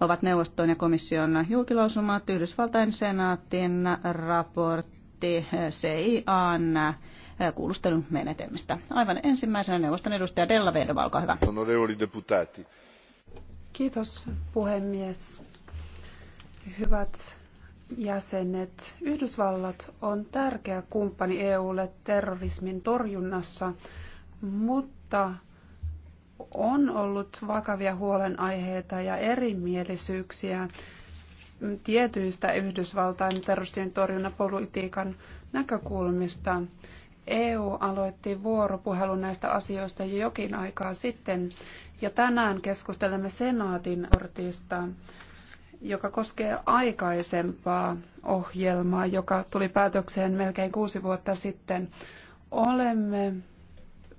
ovat neuvoston ja komission julkilausumat, Yhdysvaltain senaatin raportti CIAn kuulustelun menetelmistä. Aivan ensimmäisenä neuvoston edustaja Della Vedova, olkaa hyvä. Kiitos puhemies. Hyvät jäsenet, Yhdysvallat on tärkeä kumppani EUlle terrorismin torjunnassa, mutta on ollut vakavia huolenaiheita ja erimielisyyksiä tietyistä Yhdysvaltain terroristien torjunnan politiikan näkökulmista. EU aloitti vuoropuhelun näistä asioista jo jokin aikaa sitten, ja tänään keskustelemme senaatin ortista, joka koskee aikaisempaa ohjelmaa, joka tuli päätökseen melkein kuusi vuotta sitten. Olemme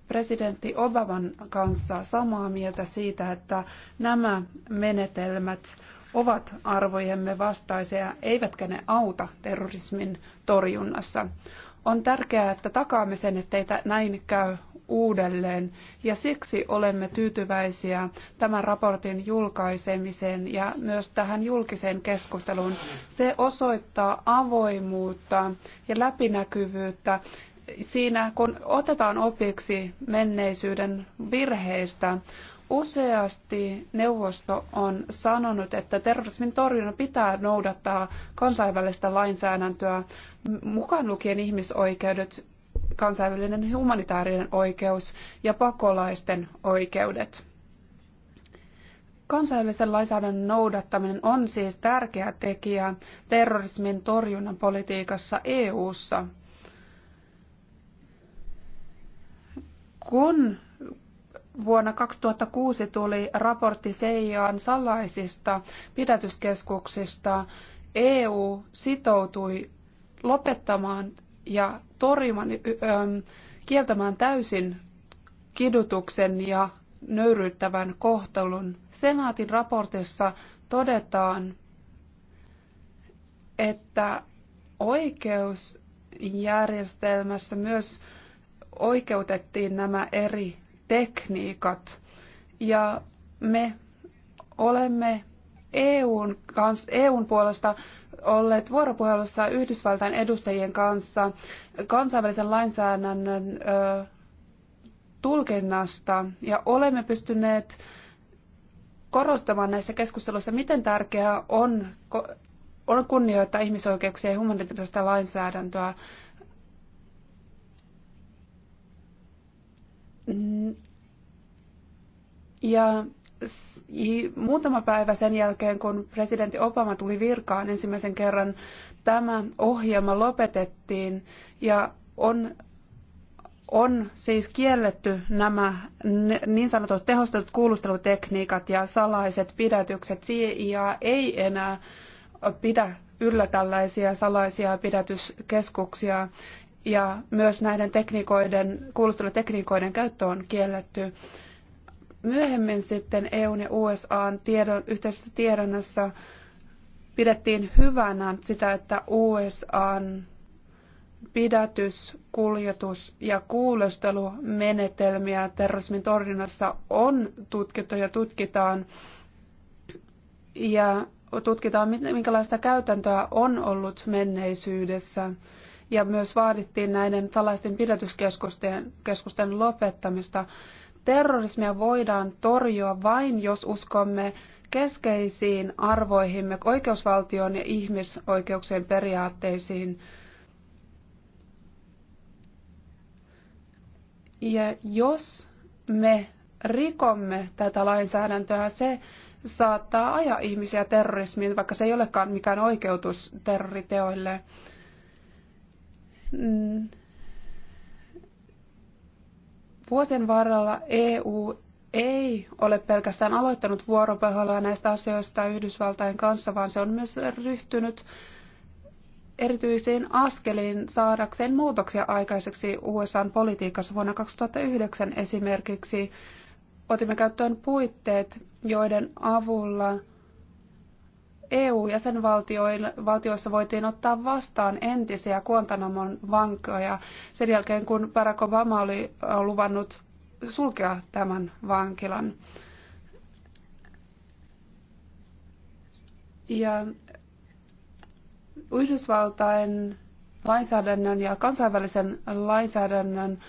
presidentti Obaman kanssa samaa mieltä siitä, että nämä menetelmät ovat arvojemme vastaisia, eivätkä ne auta terrorismin torjunnassa. On tärkeää, että takaamme sen, ettei näin käy uudelleen, ja siksi olemme tyytyväisiä tämän raportin julkaisemiseen ja myös tähän julkiseen keskusteluun. Se osoittaa avoimuutta ja läpinäkyvyyttä siinä, kun otetaan opiksi menneisyyden virheistä. Useasti neuvosto on sanonut, että terrorismin torjunnan pitää noudattaa kansainvälistä lainsäädäntöä, mukaan lukien ihmisoikeudet, kansainvälinen humanitaarinen oikeus ja pakolaisten oikeudet. Kansainvälisen lainsäädännön noudattaminen on siis tärkeä tekijä terrorismin torjunnan politiikassa EU:ssa. Kun vuonna 2006 tuli raportti CIAn salaisista pidätyskeskuksista, EU sitoutui lopettamaan ja torjumaan, kieltämään täysin kidutuksen ja nöyryyttävän kohtelun. Senaatin raportissa todetaan, että oikeusjärjestelmässä myös oikeutettiin nämä eri tekniikat. Ja me olemme EUn, kans, EUn puolesta olleet vuoropuhelussa Yhdysvaltain edustajien kanssa kansainvälisen lainsäädännön ö, tulkinnasta ja olemme pystyneet korostamaan näissä keskusteluissa, miten tärkeää on, on kunnioittaa ihmisoikeuksia ja humanitaarista lainsäädäntöä. Mm. Ja muutama päivä sen jälkeen, kun presidentti Obama tuli virkaan ensimmäisen kerran, tämä ohjelma lopetettiin ja on, on siis kielletty nämä niin sanotut tehostetut kuulustelutekniikat ja salaiset pidätykset. CIA ei enää pidä yllä tällaisia salaisia pidätyskeskuksia ja myös näiden tekniikoiden, kuulustelutekniikoiden käyttö on kielletty. Myöhemmin sitten EUn ja USAn tiedon, yhteisessä tiedonnassa pidettiin hyvänä sitä, että USAn pidätys, kuljetus ja kuulustelumenetelmiä terrorismin torjunnassa on tutkittu ja tutkitaan. Ja tutkitaan, minkälaista käytäntöä on ollut menneisyydessä ja myös vaadittiin näiden salaisten pidätyskeskusten lopettamista. Terrorismia voidaan torjua vain, jos uskomme keskeisiin arvoihimme, oikeusvaltion ja ihmisoikeuksien periaatteisiin. Ja jos me rikomme tätä lainsäädäntöä, se saattaa ajaa ihmisiä terrorismiin, vaikka se ei olekaan mikään oikeutus terroriteoille. Mm. Vuosien varrella EU ei ole pelkästään aloittanut vuoropuhelua näistä asioista Yhdysvaltain kanssa, vaan se on myös ryhtynyt erityisiin askeliin saadakseen muutoksia aikaiseksi USAn politiikassa vuonna 2009 esimerkiksi. Otimme käyttöön puitteet, joiden avulla EU-jäsenvaltioissa voitiin ottaa vastaan entisiä Guantanamon vankoja sen jälkeen, kun Barack Obama oli äh, luvannut sulkea tämän vankilan. Ja Yhdysvaltain lainsäädännön ja kansainvälisen lainsäädännön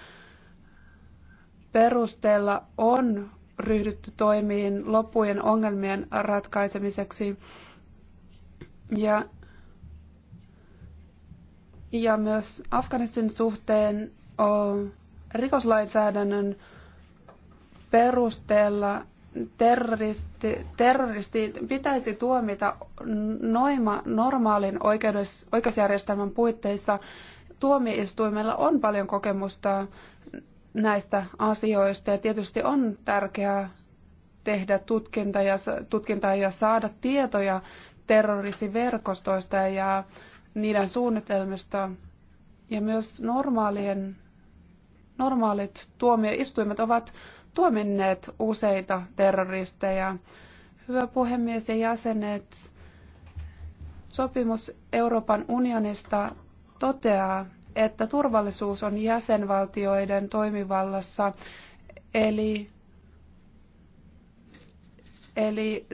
perusteella on ryhdytty toimiin loppujen ongelmien ratkaisemiseksi. Ja, ja myös Afganistin suhteen on rikoslainsäädännön perusteella terroristi, terroristi pitäisi tuomita noima, normaalin oikeudes, oikeusjärjestelmän puitteissa. Tuomioistuimella on paljon kokemusta näistä asioista ja tietysti on tärkeää tehdä tutkintaa ja, tutkintaa ja saada tietoja terroristiverkostoista ja niiden suunnitelmista. Ja myös normaalien, normaalit tuomioistuimet ovat tuominneet useita terroristeja. Hyvä puhemies ja jäsenet, sopimus Euroopan unionista toteaa, että turvallisuus on jäsenvaltioiden toimivallassa, eli, eli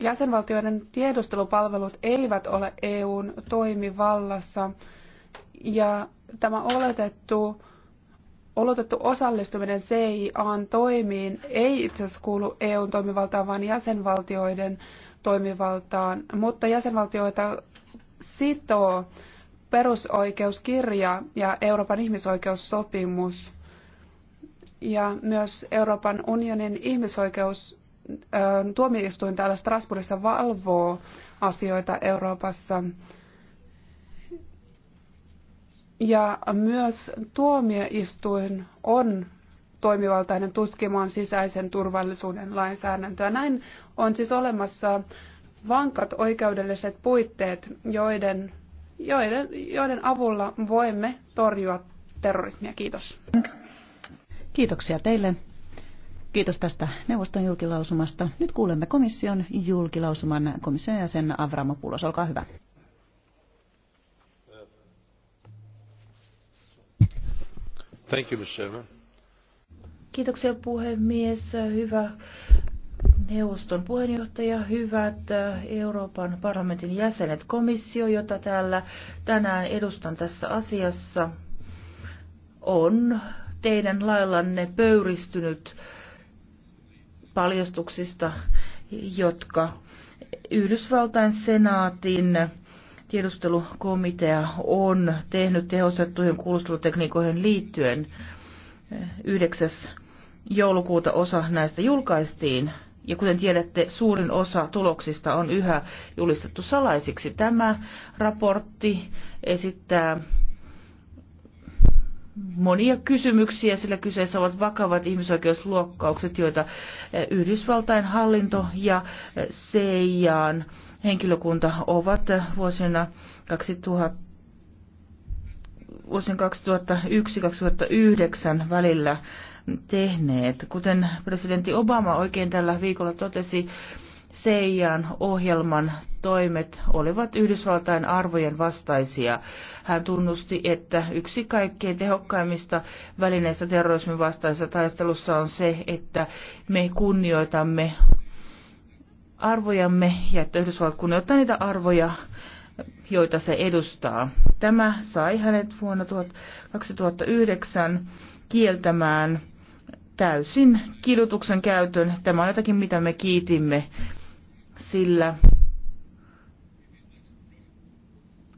jäsenvaltioiden tiedustelupalvelut eivät ole EUn toimivallassa ja tämä oletettu, oletettu osallistuminen CIAn toimiin ei itse asiassa kuulu EUn toimivaltaan, vaan jäsenvaltioiden toimivaltaan, mutta jäsenvaltioita sitoo perusoikeuskirja ja Euroopan ihmisoikeussopimus ja myös Euroopan unionin ihmisoikeus tuomioistuin täällä Strasbourgissa valvoo asioita Euroopassa. Ja myös tuomioistuin on toimivaltainen tutkimaan sisäisen turvallisuuden lainsäädäntöä. Näin on siis olemassa vankat oikeudelliset puitteet, joiden, joiden, joiden avulla voimme torjua terrorismia. Kiitos. Kiitoksia teille. Kiitos tästä neuvoston julkilausumasta. Nyt kuulemme komission julkilausuman komission jäsen Avramopoulos. Olkaa hyvä. Thank you, Mr. Kiitoksia puhemies. Hyvä neuvoston puheenjohtaja, hyvät eh, Euroopan parlamentin jäsenet, komissio, jota täällä tänään edustan tässä asiassa, on teidän laillanne pöyristynyt paljastuksista, jotka Yhdysvaltain senaatin tiedustelukomitea on tehnyt tehostettuihin kuulustelutekniikoihin liittyen. 9. joulukuuta osa näistä julkaistiin, ja kuten tiedätte, suurin osa tuloksista on yhä julistettu salaisiksi. Tämä raportti esittää monia kysymyksiä, sillä kyseessä ovat vakavat ihmisoikeusluokkaukset, joita eh, Yhdysvaltain hallinto ja eh, CIAn henkilökunta ovat eh, vuosina 2000 vuosien 2001-2009 välillä tehneet. Kuten presidentti Obama oikein tällä viikolla totesi, Seijan ohjelman toimet olivat Yhdysvaltain arvojen vastaisia. Hän tunnusti, että yksi kaikkein tehokkaimmista välineistä terrorismin vastaisessa taistelussa on se, että me kunnioitamme arvojamme ja että Yhdysvallat kunnioittaa niitä arvoja, joita se edustaa. Tämä sai hänet vuonna 2009 kieltämään täysin kidutuksen käytön. Tämä on jotakin, mitä me kiitimme sillä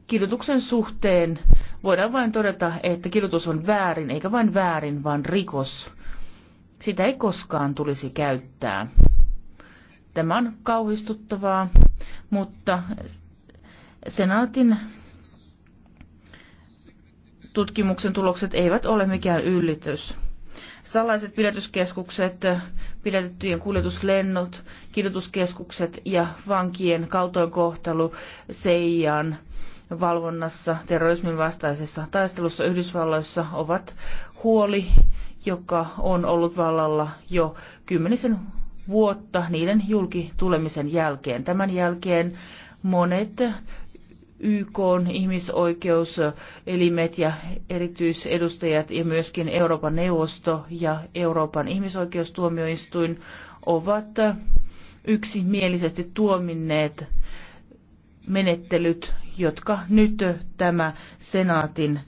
kirjoituksen suhteen voidaan vain todeta, että kirjoitus on väärin, eikä vain väärin, vaan rikos. Sitä ei koskaan tulisi käyttää. Tämä on kauhistuttavaa, mutta senaatin tutkimuksen tulokset eivät ole mikään yllätys salaiset pidätyskeskukset, pidätettyjen kuljetuslennot, kidutuskeskukset ja vankien kaltoinkohtelu Seijan valvonnassa, terrorismin vastaisessa taistelussa Yhdysvalloissa ovat huoli, joka on ollut vallalla jo kymmenisen vuotta niiden julkitulemisen jälkeen. Tämän jälkeen monet YK ihmisoikeuselimet ja erityisedustajat ja myöskin Euroopan neuvosto ja Euroopan ihmisoikeustuomioistuin ovat yksimielisesti tuominneet menettelyt, jotka nyt tämä senaatin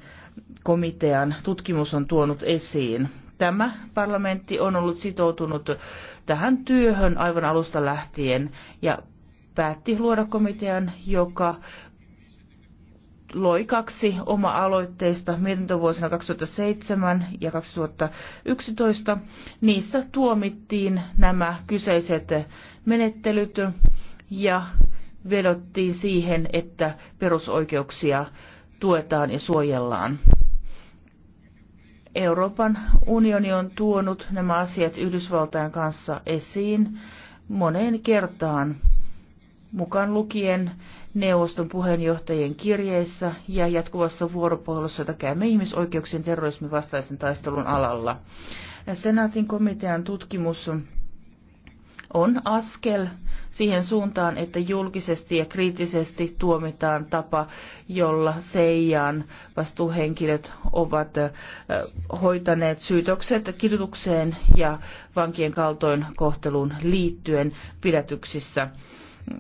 komitean tutkimus on tuonut esiin. Tämä parlamentti on ollut sitoutunut tähän työhön aivan alusta lähtien ja päätti luoda komitean, joka loi kaksi oma-aloitteista mietintövuosina 2007 ja 2011. Niissä tuomittiin nämä kyseiset menettelyt ja vedottiin siihen, että perusoikeuksia tuetaan ja suojellaan. Euroopan unioni on tuonut nämä asiat Yhdysvaltain kanssa esiin moneen kertaan, mukaan lukien neuvoston puheenjohtajien kirjeissä ja jatkuvassa vuoropuhelussa, jota käymme ihmisoikeuksien terrorismin vastaisen taistelun alalla. Senaatin komitean tutkimus on askel siihen suuntaan, että julkisesti ja kriittisesti tuomitaan tapa, jolla Seijan vastuuhenkilöt ovat hoitaneet syytökset kidutukseen ja vankien kaltoinkohteluun liittyen pidätyksissä.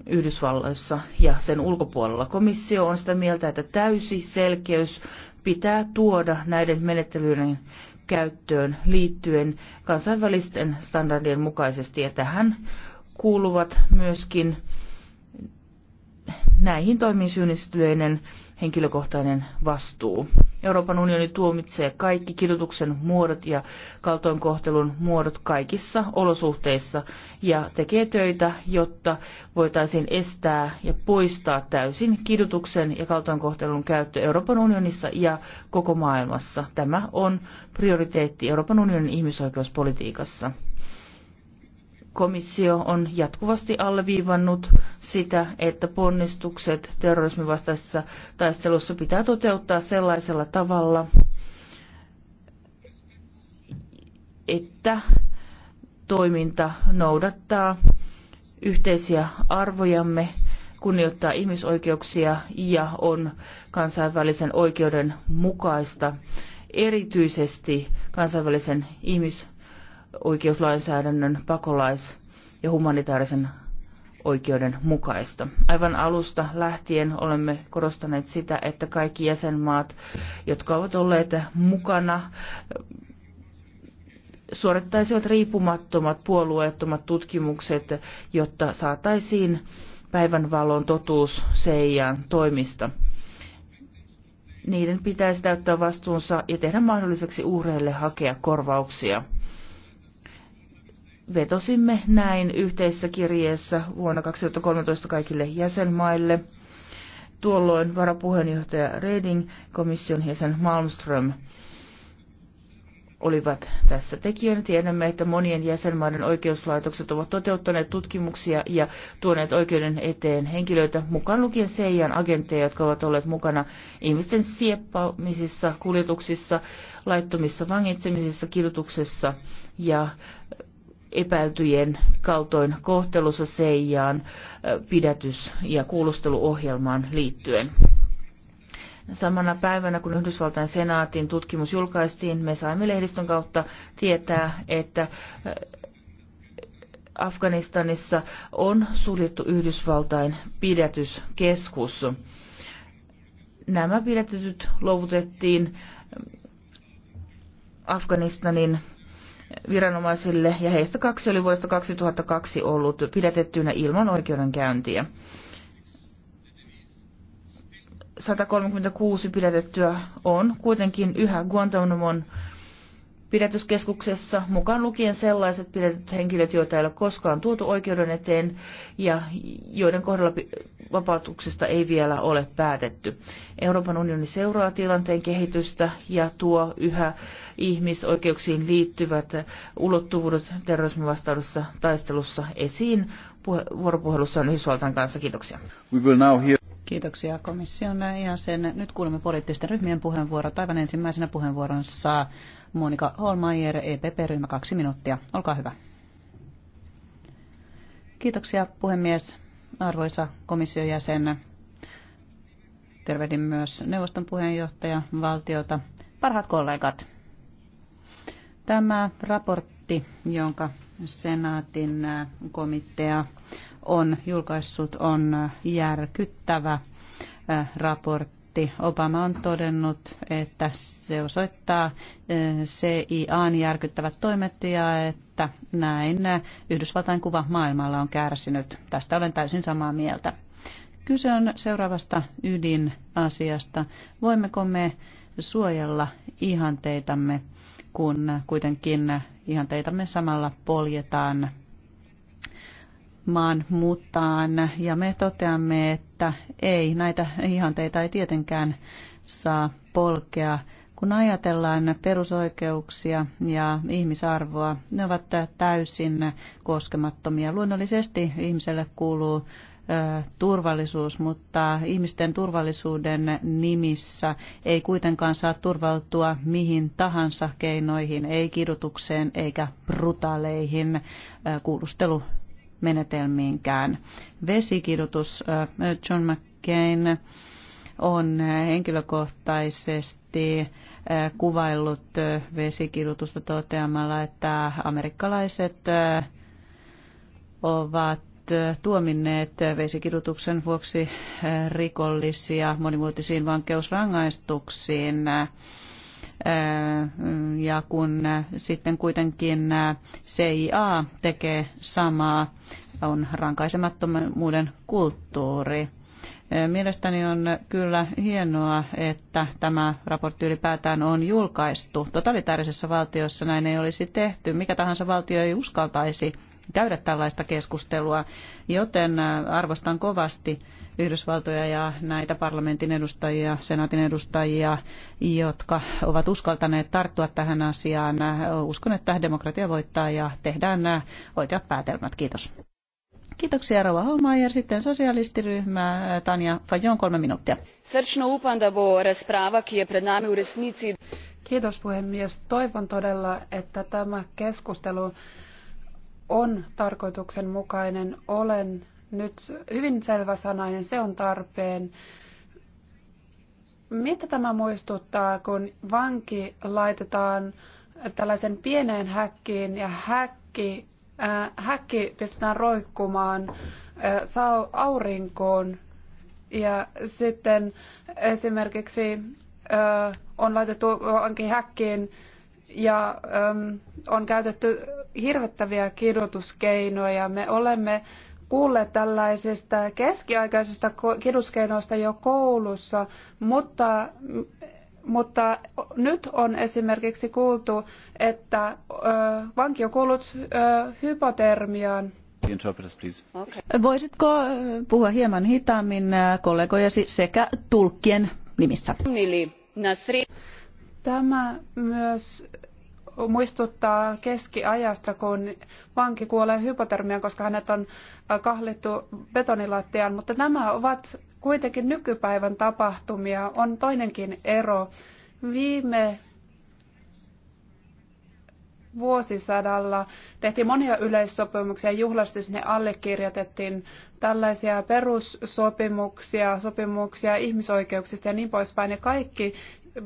Yhdysvalloissa ja sen ulkopuolella. Komissio on sitä mieltä, että täysi selkeys pitää tuoda näiden menettelyiden käyttöön liittyen kansainvälisten standardien mukaisesti ja tähän kuuluvat myöskin näihin toimiin syyllistyneiden henkilökohtainen vastuu. Euroopan unioni tuomitsee kaikki kidutuksen muodot ja kaltoinkohtelun muodot kaikissa olosuhteissa ja tekee töitä, jotta voitaisiin estää ja poistaa täysin kidutuksen ja kaltoinkohtelun käyttö Euroopan unionissa ja koko maailmassa. Tämä on prioriteetti Euroopan unionin ihmisoikeuspolitiikassa komissio on jatkuvasti alleviivannut sitä, että ponnistukset terrorismin vastaisessa taistelussa pitää toteuttaa sellaisella tavalla, että toiminta noudattaa yhteisiä arvojamme, kunnioittaa ihmisoikeuksia ja on kansainvälisen oikeuden mukaista, erityisesti kansainvälisen ihmisoikeuden oikeuslainsäädännön, pakolais- ja humanitaarisen oikeuden mukaista. Aivan alusta lähtien olemme korostaneet sitä, että kaikki jäsenmaat, jotka ovat olleet mukana, suorittaisivat riippumattomat, puolueettomat tutkimukset, jotta saataisiin päivänvalon totuus Seijan toimista. Niiden pitäisi täyttää vastuunsa ja tehdä mahdolliseksi uhreille hakea korvauksia vetosimme näin yhteisessä kirjeessä vuonna 2013 kaikille jäsenmaille. Tuolloin varapuheenjohtaja Reding, komission jäsen Malmström olivat tässä tekijöinä. Tiedämme, että monien jäsenmaiden oikeuslaitokset ovat toteuttaneet tutkimuksia ja tuoneet oikeuden eteen henkilöitä, mukaan lukien Seijan agentteja, jotka ovat olleet mukana ihmisten sieppaamisissa, kuljetuksissa, laittomissa vangitsemisissa, kidutuksessa ja epäiltyjen kaltoin kohtelussa Seijaan pidätys- ja kuulusteluohjelmaan liittyen. Samana päivänä, kun Yhdysvaltain senaatin tutkimus julkaistiin, me saimme lehdistön kautta tietää, että Afganistanissa on suljettu Yhdysvaltain pidätyskeskus. Nämä pidätetyt luovutettiin Afganistanin viranomaisille ja heistä kaksi oli vuodesta 2002 ollut pidätettynä ilman oikeudenkäyntiä. 136 pidätettyä on kuitenkin yhä Guantanamon pidätyskeskuksessa, mukaan lukien sellaiset pidätetyt henkilöt, joita ei ole koskaan tuotu oikeuden eteen ja joiden kohdalla vapautuksesta ei vielä ole päätetty. Euroopan unioni seuraa tilanteen kehitystä ja tuo yhä ihmisoikeuksiin liittyvät ulottuvuudet terrorismin vastaudessa taistelussa esiin on Yhdysvaltain kanssa. Kiitoksia. Kiitoksia komission jäsen. Nyt kuulemme poliittisten ryhmien puheenvuorot. Aivan ensimmäisenä puheenvuoron saa Monika Holmeier, EPP-ryhmä, kaksi minuuttia. Olkaa hyvä. Kiitoksia puhemies, arvoisa komission jäsen. Tervehdin myös neuvoston puheenjohtaja valtiota. Parhaat kollegat, tämä raportti, jonka senaatin komitea on julkaissut, on järkyttävä raportti mandaatti. Obama on todennut, että se osoittaa eh, CIAn järkyttävät toimet ja että näin Yhdysvaltain kuva maailmalla on kärsinyt. Tästä olen täysin samaa mieltä. Kyse on seuraavasta ydinasiasta. Voimmeko me suojella ihanteitamme, kun kuitenkin ihanteitamme samalla poljetaan maan mutaan ja me toteamme, että ei, näitä ihanteita ei tietenkään saa polkea. Kun ajatellaan perusoikeuksia ja ihmisarvoa, ne ovat täysin koskemattomia. Luonnollisesti ihmiselle kuuluu turvallisuus, mutta ihmisten turvallisuuden nimissä ei kuitenkaan saa turvautua mihin tahansa keinoihin, ei kidutukseen eikä brutaaleihin kuulustelu menetelmiinkään. Vesikidutus John McCain on henkilökohtaisesti kuvaillut vesikidutusta toteamalla, että amerikkalaiset ovat tuominneet vesikidutuksen vuoksi rikollisia monivuotisiin vankeusrangaistuksiin ja kun sitten kuitenkin CIA tekee samaa, on rankaisemattomuuden kulttuuri. Mielestäni on kyllä hienoa, että tämä raportti ylipäätään on julkaistu. Totalitaarisessa valtiossa näin ei olisi tehty. Mikä tahansa valtio ei uskaltaisi käydä tällaista keskustelua, joten arvostan kovasti Yhdysvaltoja ja näitä parlamentin edustajia, senaatin edustajia, jotka ovat uskaltaneet tarttua tähän asiaan. Uskon, että demokratia voittaa ja tehdään nämä oikeat päätelmät. Kiitos. Kiitoksia Rova Holmaier. Sitten sosialistiryhmä Tanja Fajon, kolme minuuttia. je pred resnici. Kiitos puhemies. Toivon todella, että tämä keskustelu on tarkoituksenmukainen. Olen nyt hyvin selvä sanainen se on tarpeen. Mistä tämä muistuttaa, kun vanki laitetaan tällaisen pieneen häkkiin ja häkki, äh, häkki pistetään roikkumaan äh, saa aurinkoon ja sitten esimerkiksi äh, on laitettu vanki häkkiin ja ähm, on käytetty hirvettäviä kidutuskeinoja. Me olemme äh, kuulleet tällaisista keskiaikaisista kiduskeinoista jo koulussa, mutta, mutta nyt on esimerkiksi kuultu, että ö, vanki on kuullut ö, hypotermiaan. Okay. Voisitko puhua hieman hitaammin kollegojasi sekä tulkkien nimissä? Tämä myös muistuttaa keskiajasta, kun vanki kuolee hypotermiaan, koska hänet on äh, kahlittu betonilattiaan, mutta nämä ovat kuitenkin nykypäivän tapahtumia. On toinenkin ero. Viime vuosisadalla tehtiin monia yleissopimuksia, juhlasti ne allekirjoitettiin tällaisia perussopimuksia, sopimuksia ihmisoikeuksista ja niin poispäin. Ja kaikki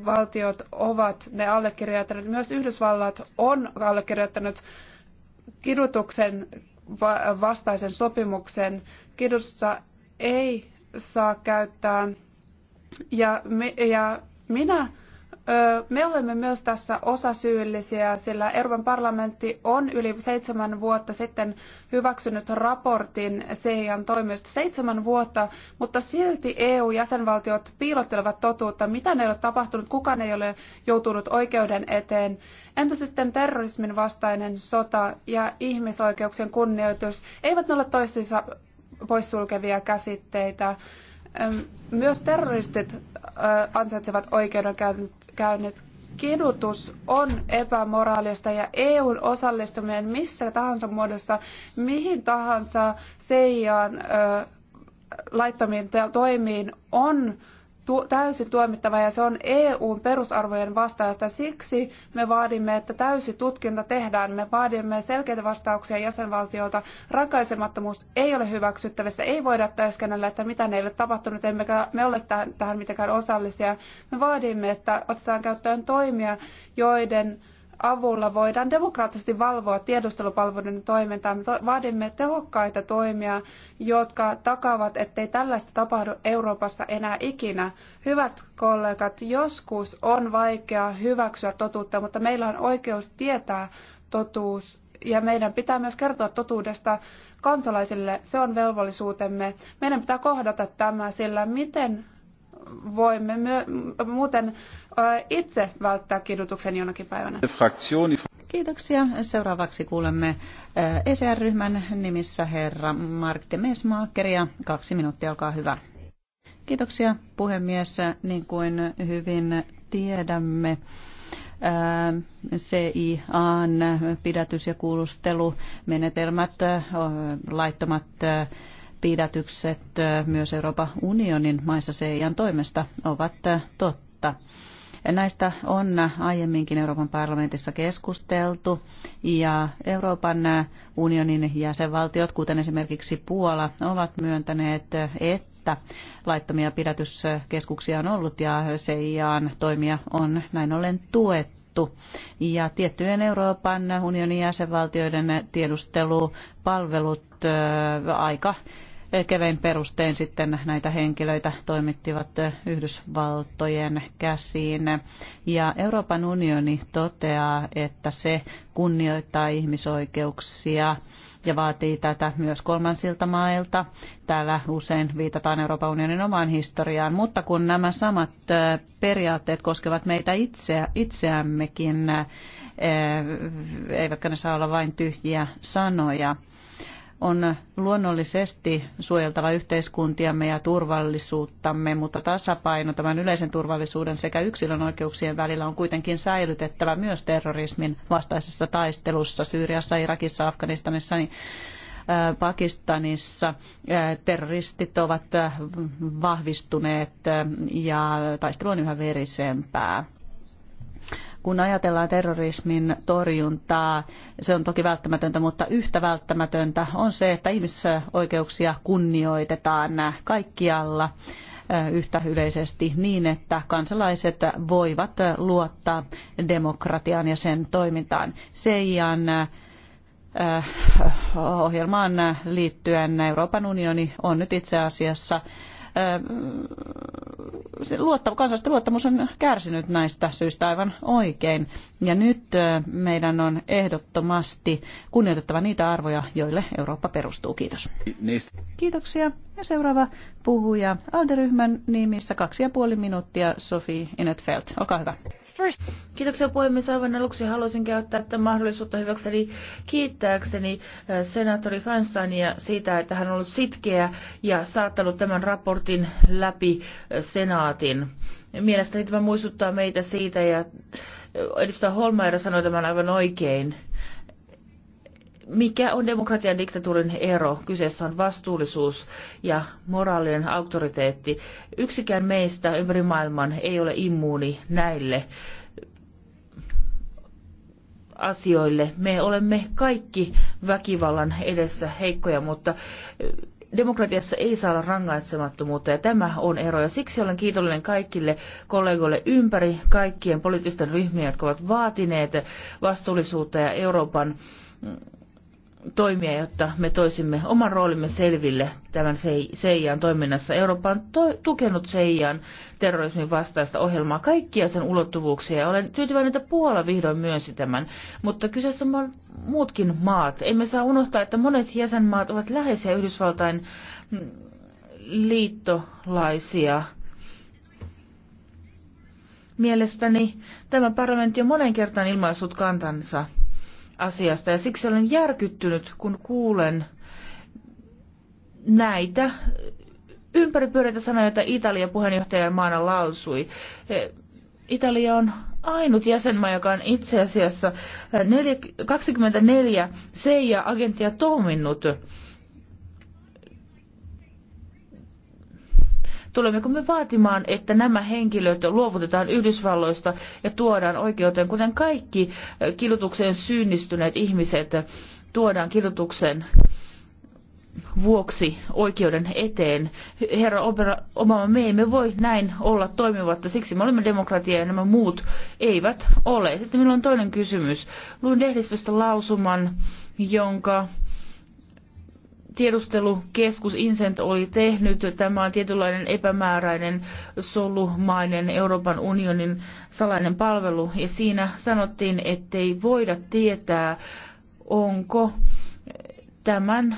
valtiot ovat ne allekirjoittaneet. Myös Yhdysvallat on allekirjoittanut kidutuksen vastaisen sopimuksen. Kidutusta ei saa käyttää. Ja, me, ja minä me olemme myös tässä osasyyllisiä, sillä Euroopan parlamentti on yli seitsemän vuotta sitten hyväksynyt raportin CIAn toimista. Seitsemän vuotta, mutta silti EU-jäsenvaltiot piilottelevat totuutta. Mitä ne ei ole tapahtunut, kukaan ei ole joutunut oikeuden eteen. Entä sitten terrorismin vastainen sota ja ihmisoikeuksien kunnioitus? Eivät ne ole toisiinsa poissulkevia käsitteitä. Myös terroristit äh, ansaitsevat oikeudenkäynnit. Kidutus on epämoraalista ja EUn osallistuminen missä tahansa muodossa, mihin tahansa seijaan äh, laittomiin toimiin on tu- täysin tuomittava ja se on EUn perusarvojen vastaista. Siksi me vaadimme, että täysi tutkinta tehdään. Me vaadimme selkeitä vastauksia jäsenvaltiolta. Rankaisemattomuus ei ole hyväksyttävissä. Ei voida täyskennellä, että mitä neille tapahtunut. Emmekä me ole tähän mitenkään osallisia. Me vaadimme, että otetaan käyttöön toimia, joiden avulla voidaan demokraattisesti valvoa tiedustelupalveluiden toimintaa. Me vaadimme tehokkaita toimia, jotka takaavat, ettei tällaista tapahdu Euroopassa enää ikinä. Hyvät kollegat, joskus on vaikea hyväksyä totuutta, mutta meillä on oikeus tietää totuus ja meidän pitää myös kertoa totuudesta kansalaisille. Se on velvollisuutemme. Meidän pitää kohdata tämä, sillä miten voimme my- muuten itse välttää kidutuksen jonakin päivänä. Kiitoksia. Seuraavaksi kuulemme ECR-ryhmän nimissä herra Mark de Mesmaker ja kaksi minuuttia, olkaa hyvä. Kiitoksia puhemies. Niin kuin hyvin tiedämme, CIAn pidätys- ja kuulustelumenetelmät, laittomat pidätykset myös Euroopan unionin maissa CIAn toimesta ovat totta. Näistä on aiemminkin Euroopan parlamentissa keskusteltu ja Euroopan unionin jäsenvaltiot, kuten esimerkiksi Puola, ovat myöntäneet, että laittomia pidätyskeskuksia on ollut ja CIAn toimia on näin ollen tuettu tutkittu. Ja tiettyjen Euroopan unionin jäsenvaltioiden tiedustelupalvelut aika kevein perustein sitten näitä henkilöitä toimittivat Yhdysvaltojen käsiin. Ja Euroopan unioni toteaa, että se kunnioittaa ihmisoikeuksia ja vaatii tätä myös kolmansilta mailta. Täällä usein viitataan Euroopan unionin omaan historiaan, mutta kun nämä samat periaatteet koskevat meitä itseä, itseämmekin, eivätkä ne saa olla vain tyhjiä sanoja on luonnollisesti suojeltava yhteiskuntiamme ja turvallisuuttamme, mutta tasapaino tämän yleisen turvallisuuden sekä yksilön oikeuksien välillä on kuitenkin säilytettävä myös terrorismin vastaisessa taistelussa Syyriassa, Irakissa, Afganistanissa, niin äh, Pakistanissa äh, terroristit ovat äh, vahvistuneet ja taistelu on yhä verisempää kun ajatellaan terrorismin torjuntaa, se on toki välttämätöntä, mutta yhtä välttämätöntä on se, että ihmisoikeuksia kunnioitetaan kaikkialla yhtä yleisesti niin, että kansalaiset voivat luottaa demokratiaan ja sen toimintaan. Seijan ohjelmaan liittyen Euroopan unioni on nyt itse asiassa se luotta, kansallisten luottamus on kärsinyt näistä syistä aivan oikein. Ja nyt meidän on ehdottomasti kunnioitettava niitä arvoja, joille Eurooppa perustuu. Kiitos. Kiitoksia. Ja seuraava puhuja Alderyhmän nimissä kaksi ja puoli minuuttia, Sofi Inetfeld. Olkaa hyvä first... Kiitoksia puhemies. Aivan aluksi haluaisin käyttää tämän mahdollisuutta hyväkseni kiittääkseni äh, senaattori Feinsteinia siitä, että hän on ollut sitkeä ja saattanut tämän raportin läpi äh, senaatin. Mielestäni tämä muistuttaa meitä siitä ja äh, edustaja Holmaira sanoi tämän aivan oikein mikä on demokratian diktatuurin ero? Kyseessä on vastuullisuus ja moraalinen auktoriteetti. Yksikään meistä ympäri maailman ei ole immuuni näille asioille. Me olemme kaikki väkivallan edessä heikkoja, mutta eh, demokratiassa ei saa olla rangaitsemattomuutta ja tämä on ero. Ja siksi olen kiitollinen kaikille kollegoille ympäri kaikkien poliittisten ryhmien, jotka ovat vaatineet vastuullisuutta ja Euroopan mm, toimia, jotta me toisimme oman roolimme selville tämän Seijan toiminnassa. Eurooppa on to- tukenut Seijan terrorismin vastaista ohjelmaa, kaikkia sen ulottuvuuksia. Olen tyytyväinen, että Puola vihdoin myönsi tämän, mutta kyseessä on muutkin maat. Emme saa unohtaa, että monet jäsenmaat ovat läheisiä Yhdysvaltain mm, liittolaisia. Mielestäni tämä parlamentti on monen kertaan ilmaissut kantansa – asiasta ja siksi olen järkyttynyt, kun kuulen näitä ympäripyöreitä sanoja, joita Italia puheenjohtaja maana lausui. Italia on ainut jäsenmaa, joka on itse asiassa 24 seija-agenttia toiminut Tulemmeko me vaatimaan, että nämä henkilöt luovutetaan Yhdysvalloista ja tuodaan oikeuteen, kuten kaikki eh, kidutukseen syyllistyneet ihmiset eh, tuodaan kidutuksen vuoksi oikeuden eteen. Herra Obama, me emme voi näin olla toimivatta, siksi me olemme demokratia ja nämä muut eivät ole. Sitten minulla on toinen kysymys. Luin lehdistöstä lausuman, jonka tiedustelukeskus Incent oli tehnyt. Tämä on tietynlainen epämääräinen solumainen Euroopan unionin salainen palvelu ja siinä sanottiin, ettei voida tietää, onko tämän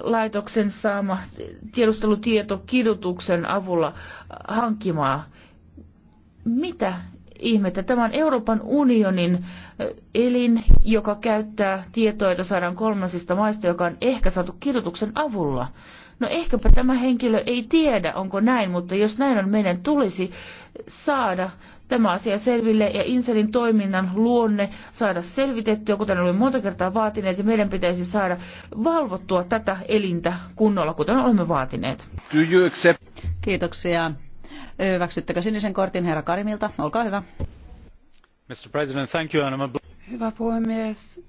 laitoksen saama tiedustelutieto kidutuksen avulla hankkimaa. Mitä ihmettä. Tämä on Euroopan unionin elin, joka käyttää tietoa, jota saadaan kolmansista maista, joka on ehkä saatu kirjoituksen avulla. No ehkäpä tämä henkilö ei tiedä, onko näin, mutta jos näin on, meidän tulisi saada tämä asia selville ja Inselin toiminnan luonne saada selvitettyä, kuten olemme monta kertaa vaatineet, ja meidän pitäisi saada valvottua tätä elintä kunnolla, kuten olemme vaatineet. Kiitoksia. Hyväksyttekö sinisen kortin herra Karimilta? Olkaa hyvä. Mr. President, thank you, Hyvä puhemies.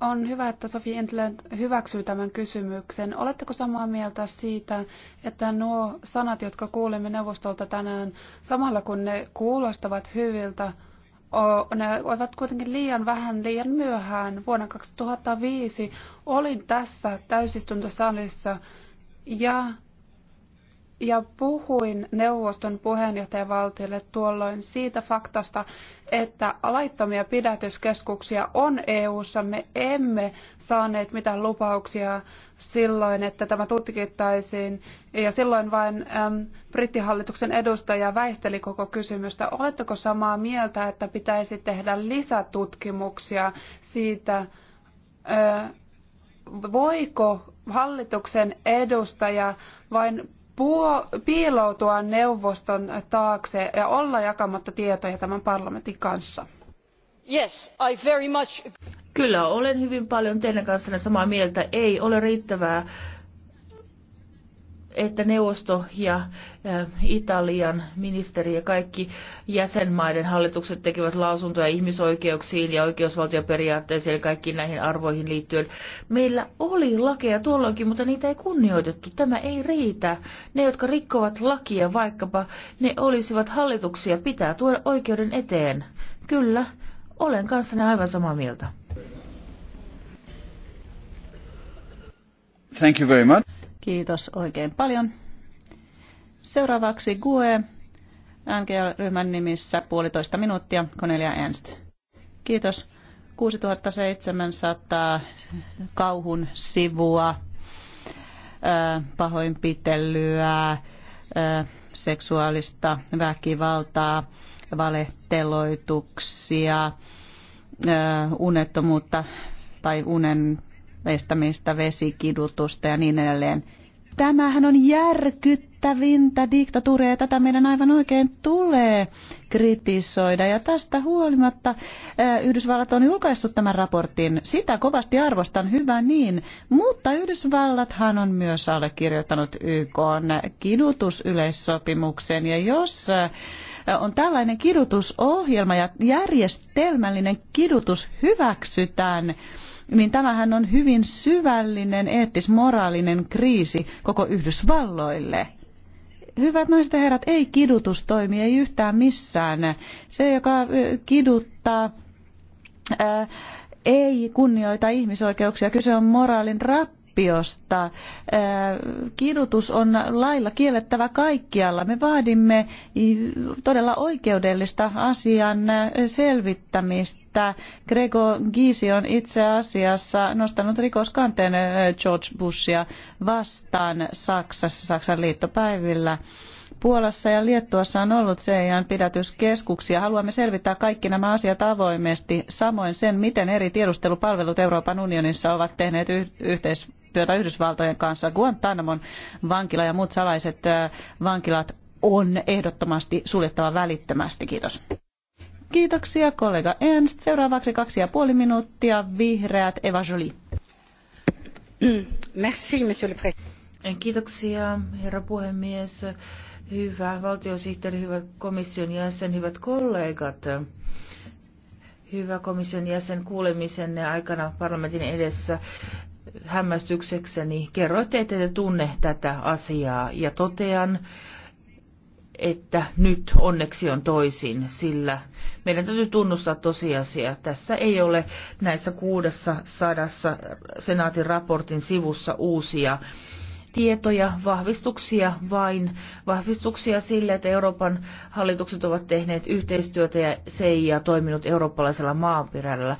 On hyvä, että Sofi Entland hyväksyy tämän kysymyksen. Oletteko samaa mieltä siitä, että nuo sanat, jotka kuulemme neuvostolta tänään, samalla kun ne kuulostavat hyviltä, ne ovat kuitenkin liian vähän, liian myöhään. Vuonna 2005 olin tässä täysistuntosalissa ja ja puhuin neuvoston puheenjohtajavaltiolle tuolloin siitä faktasta, että laittomia pidätyskeskuksia on EU:ssa. Me emme saaneet mitään lupauksia silloin, että tämä tutkittaisiin, ja silloin vain äm, brittihallituksen edustaja väisteli koko kysymystä. Oletteko samaa mieltä, että pitäisi tehdä lisätutkimuksia siitä, ö, voiko hallituksen edustaja vain puo, piiloutua neuvoston taakse ja olla jakamatta tietoja tämän parlamentin kanssa. Yes, I very much... Kyllä, olen hyvin paljon teidän kanssanne samaa mieltä. Ei ole riittävää että neuvosto ja Italian ministeri ja kaikki jäsenmaiden hallitukset tekevät lausuntoja ihmisoikeuksiin ja oikeusvaltioperiaatteeseen ja kaikkiin näihin arvoihin liittyen. Meillä oli lakeja tuolloinkin, mutta niitä ei kunnioitettu. Tämä ei riitä. Ne, jotka rikkovat lakia, vaikkapa ne olisivat hallituksia, pitää tuoda oikeuden eteen. Kyllä, olen kanssanne aivan samaa mieltä. Thank you very much. Kiitos oikein paljon. Seuraavaksi GUE, NGL-ryhmän nimissä puolitoista minuuttia, Cornelia Ernst. Kiitos. 6700 kauhun sivua, pahoinpitelyä, seksuaalista väkivaltaa, valehteloituksia, unettomuutta tai unen estämistä, vesikidutusta ja niin edelleen. Tämähän on järkyttävintä diktatuuria ja tätä meidän aivan oikein tulee kritisoida. Ja tästä huolimatta eh, Yhdysvallat on julkaissut tämän raportin. Sitä kovasti arvostan, hyvä niin. Mutta Yhdysvallathan on myös allekirjoittanut YK kidutusyleissopimuksen. Ja jos eh, on tällainen kidutusohjelma ja järjestelmällinen kidutus hyväksytään, niin tämähän on hyvin syvällinen eettis-moraalinen kriisi koko Yhdysvalloille. Hyvät naiset ja herrat, ei kidutus toimi, ei yhtään missään. Se, joka kiduttaa, ää, ei kunnioita ihmisoikeuksia. Kyse on moraalin rappeuksesta tappiosta. Kidutus on lailla kiellettävä kaikkialla. Me vaadimme todella oikeudellista asian selvittämistä. Grego Gysi on itse asiassa nostanut rikoskanteen George Bushia vastaan Saksassa, Saksan liittopäivillä. Puolassa ja Liettuassa on ollut CIAn pidätyskeskuksia. Haluamme selvittää kaikki nämä asiat avoimesti, samoin sen, miten eri tiedustelupalvelut Euroopan unionissa ovat tehneet yhteistyötä Yhdysvaltojen kanssa. Guantanamon vankila ja muut salaiset vankilat on ehdottomasti suljettava välittömästi. Kiitos. Kiitoksia kollega Ernst. Seuraavaksi kaksi ja puoli minuuttia vihreät Eva Jolie. Merci, monsieur le président. Kiitoksia, herra puhemies. Hyvä valtiosihteeri, hyvä komission jäsen, hyvät kollegat. Hyvä komission jäsen kuulemisenne aikana parlamentin edessä hämmästyksekseni kerroitte, että te tunne tätä asiaa ja totean, että nyt onneksi on toisin, sillä meidän täytyy tunnustaa tosiasia. Tässä ei ole näissä kuudessa sadassa senaatin raportin sivussa uusia tietoja, vahvistuksia vain, vahvistuksia sille, että Euroopan hallitukset ovat tehneet yhteistyötä ja CIA toiminut eurooppalaisella maanperällä.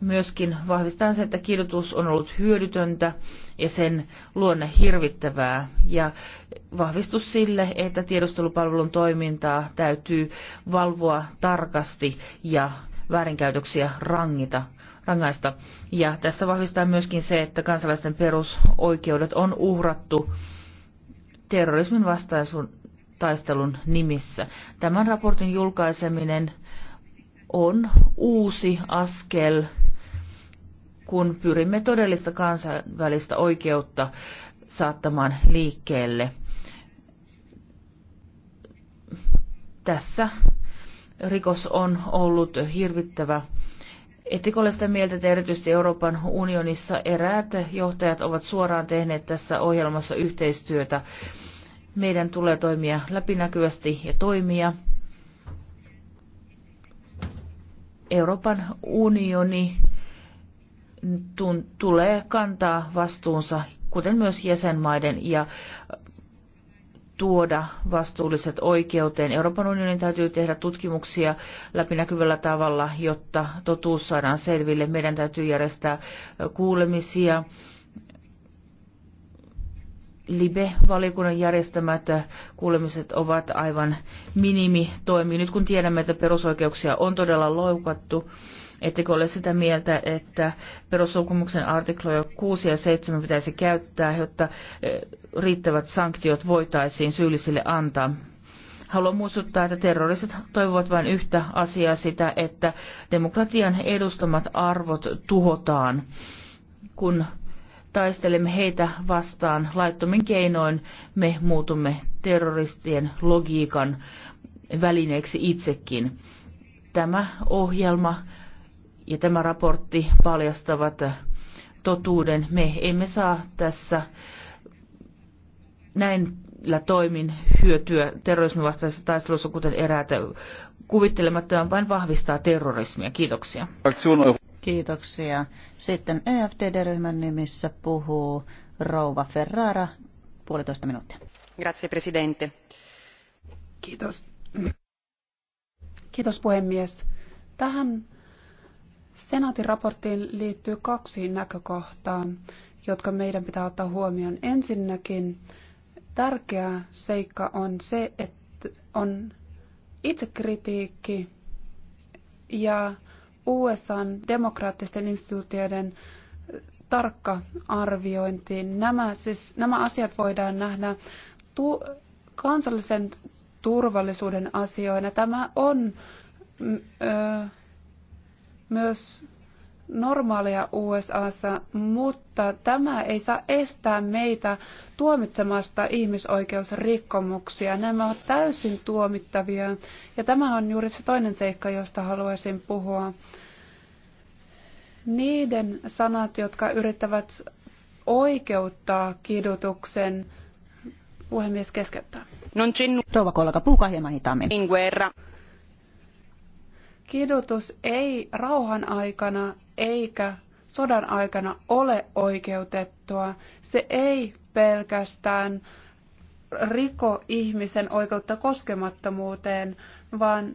Myöskin vahvistetaan se, että kidutus on ollut hyödytöntä ja sen luonne hirvittävää. Ja vahvistus sille, että tiedustelupalvelun toimintaa täytyy valvoa tarkasti ja väärinkäytöksiä rangita rangaista. Ja tässä vahvistaa myöskin se, että kansalaisten perusoikeudet on uhrattu terrorismin vastaisuun taistelun nimissä. Tämän raportin julkaiseminen on uusi askel, kun pyrimme todellista kansainvälistä oikeutta saattamaan liikkeelle. Tässä rikos on ollut hirvittävä Ettekö ole sitä mieltä, että erityisesti Euroopan unionissa eräät johtajat ovat suoraan tehneet tässä ohjelmassa yhteistyötä? Meidän tulee toimia läpinäkyvästi ja toimia. Euroopan unioni tulee kantaa vastuunsa, kuten myös jäsenmaiden ja tuoda vastuulliset oikeuteen. Euroopan unionin täytyy tehdä tutkimuksia läpinäkyvällä tavalla, jotta totuus saadaan selville. Meidän täytyy järjestää kuulemisia. LIBE-valikunnan järjestämät kuulemiset ovat aivan minimitoimi. Nyt kun tiedämme, että perusoikeuksia on todella loukattu, Ettekö ole sitä mieltä, että perussopimuksen artikloja 6 ja 7 pitäisi käyttää, jotta eh, riittävät sanktiot voitaisiin syyllisille antaa? Haluan muistuttaa, että terroristit toivovat vain yhtä asiaa sitä, että demokratian edustamat arvot tuhotaan, kun taistelemme heitä vastaan laittomin keinoin, me muutumme terroristien logiikan välineeksi itsekin. Tämä ohjelma ja tämä raportti paljastavat totuuden. Me emme saa tässä näillä toimin hyötyä terrorismin vastaisessa taistelussa, kuten eräät kuvittelemattoman vain vahvistaa terrorismia. Kiitoksia. Kiitoksia. Sitten EFDD-ryhmän nimissä puhuu Rouva Ferrara, puolitoista minuuttia. Grazie, presidente. Kiitos. Kiitos puhemies. Tähän Senaatin raporttiin liittyy kaksi näkökohtaa, jotka meidän pitää ottaa huomioon. Ensinnäkin tärkeä seikka on se, että on itsekritiikki ja USAn demokraattisten instituutioiden tarkka arviointi. Nämä, siis, nämä asiat voidaan nähdä tu- kansallisen turvallisuuden asioina. Tämä on mm, ö, myös normaalia USAssa, mutta tämä ei saa estää meitä tuomitsemasta ihmisoikeusrikkomuksia. Nämä ovat täysin tuomittavia ja tämä on juuri se toinen seikka, josta haluaisin puhua. Niiden sanat, jotka yrittävät oikeuttaa kidutuksen, puhemies keskeyttää. Rouva kollega, puhukaa hieman hitaammin. Kidutus ei rauhan aikana eikä sodan aikana ole oikeutettua. Se ei pelkästään riko ihmisen oikeutta koskemattomuuteen, vaan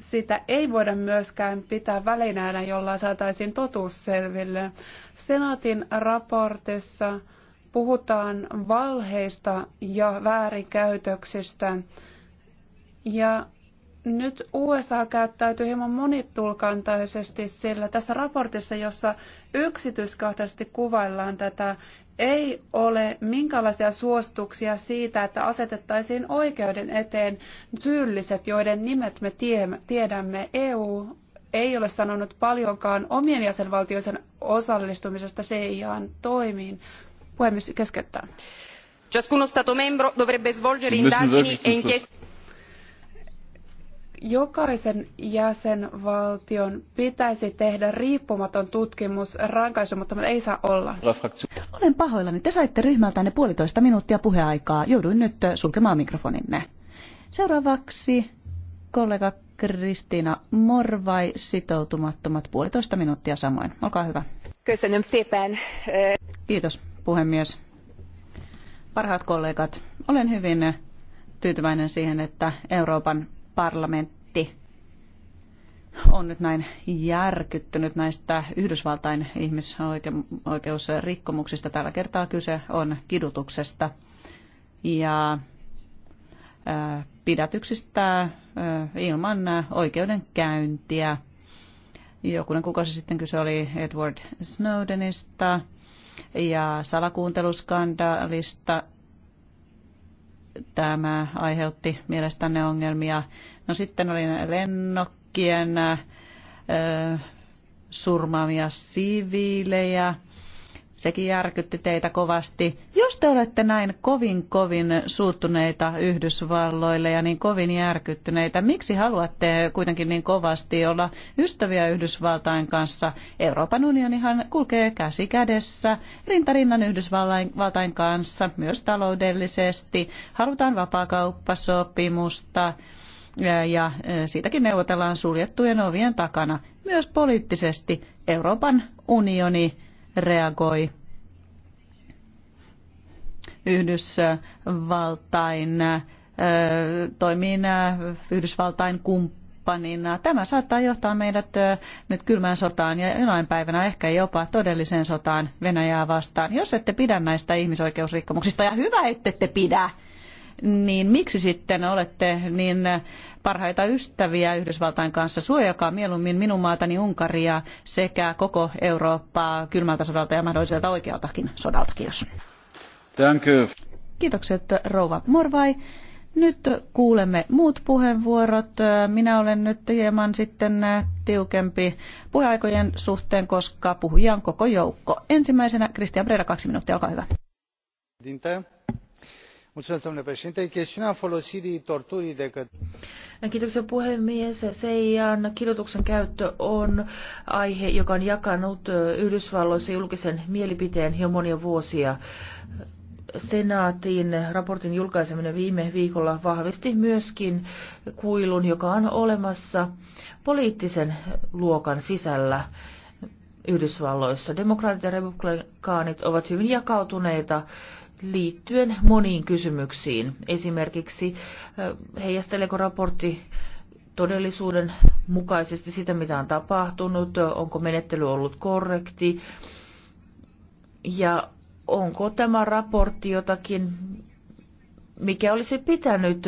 sitä ei voida myöskään pitää välineenä, jolla saataisiin totuus selville. Senaatin raportissa puhutaan valheista ja väärinkäytöksistä. Ja nyt USA käyttäytyy hieman monitulkantaisesti, sillä tässä raportissa, jossa yksityiskohtaisesti kuvaillaan tätä, ei ole minkälaisia suostuksia siitä, että asetettaisiin oikeuden eteen syylliset, joiden nimet me tiedämme. EU ei ole sanonut paljonkaan omien jäsenvaltioiden osallistumisesta CIAan toimiin. Puhemies keskeyttää. Ciascuno Stato membro dovrebbe svolgere indagini e inchieste jokaisen jäsenvaltion pitäisi tehdä riippumaton tutkimus rankaisemattomuutta ei saa olla. Olen pahoillani. Te saitte ryhmältänne puolitoista minuuttia puheaikaa. Jouduin nyt äh, sulkemaan mikrofoninne. Seuraavaksi kollega Kristiina Morvai, sitoutumattomat puolitoista minuuttia samoin. Olkaa hyvä. Kiitos puhemies. Parhaat kollegat, olen hyvin tyytyväinen siihen, että Euroopan parlamentti britti on nyt näin järkyttynyt näistä Yhdysvaltain ihmisoikeusrikkomuksista. Tällä kertaa kyse on kidutuksesta ja pidätyksistä ilman oikeudenkäyntiä. Jokunen kuukausi sitten kyse oli Edward Snowdenista ja salakuunteluskandaalista. Tämä aiheutti mielestänne ongelmia No sitten oli lennokkien surmaamia siviilejä. Sekin järkytti teitä kovasti. Jos te olette näin kovin kovin suuttuneita Yhdysvalloille ja niin kovin järkyttyneitä, miksi haluatte kuitenkin niin kovasti olla ystäviä Yhdysvaltain kanssa? Euroopan unionihan kulkee käsi kädessä rintarinnan Yhdysvaltain kanssa myös taloudellisesti. Halutaan vapaakauppasopimusta. kauppasopimusta ja siitäkin neuvotellaan suljettujen ovien takana. Myös poliittisesti Euroopan unioni reagoi Yhdysvaltain toimiin Yhdysvaltain kumppanina. Tämä saattaa johtaa meidät nyt kylmään sotaan ja jonain päivänä ehkä jopa todelliseen sotaan Venäjää vastaan, jos ette pidä näistä ihmisoikeusrikkomuksista. Ja hyvä, ette te pidä, niin miksi sitten olette niin parhaita ystäviä Yhdysvaltain kanssa? Suojakaa mieluummin minun maatani Unkaria sekä koko Eurooppaa kylmältä sodalta ja mahdolliselta oikealtakin sodalta. Kiitos. Thank you. Kiitokset rouva Morvai. Nyt kuulemme muut puheenvuorot. Minä olen nyt hieman sitten tiukempi puheaikojen suhteen, koska puhujia on koko joukko. Ensimmäisenä Kristian Breda, kaksi minuuttia, olkaa hyvä. Dinte domnule președinte chestiunea folosirii torturii de către. Kiitoksia puhemies. Seijan kidutuksen käyttö on aihe, joka on jakanut äh, Yhdysvalloissa julkisen mielipiteen jo monia vuosia. Senaatin raportin julkaiseminen viime viikolla vahvisti myöskin kuilun, joka on olemassa poliittisen luokan sisällä. Yhdysvalloissa. Demokraatit ja republikaanit ovat hyvin jakautuneita liittyen moniin kysymyksiin. Esimerkiksi äh, heijasteleeko raportti todellisuuden mukaisesti sitä, mitä on tapahtunut, onko menettely ollut korrekti ja onko tämä raportti jotakin, mikä olisi pitänyt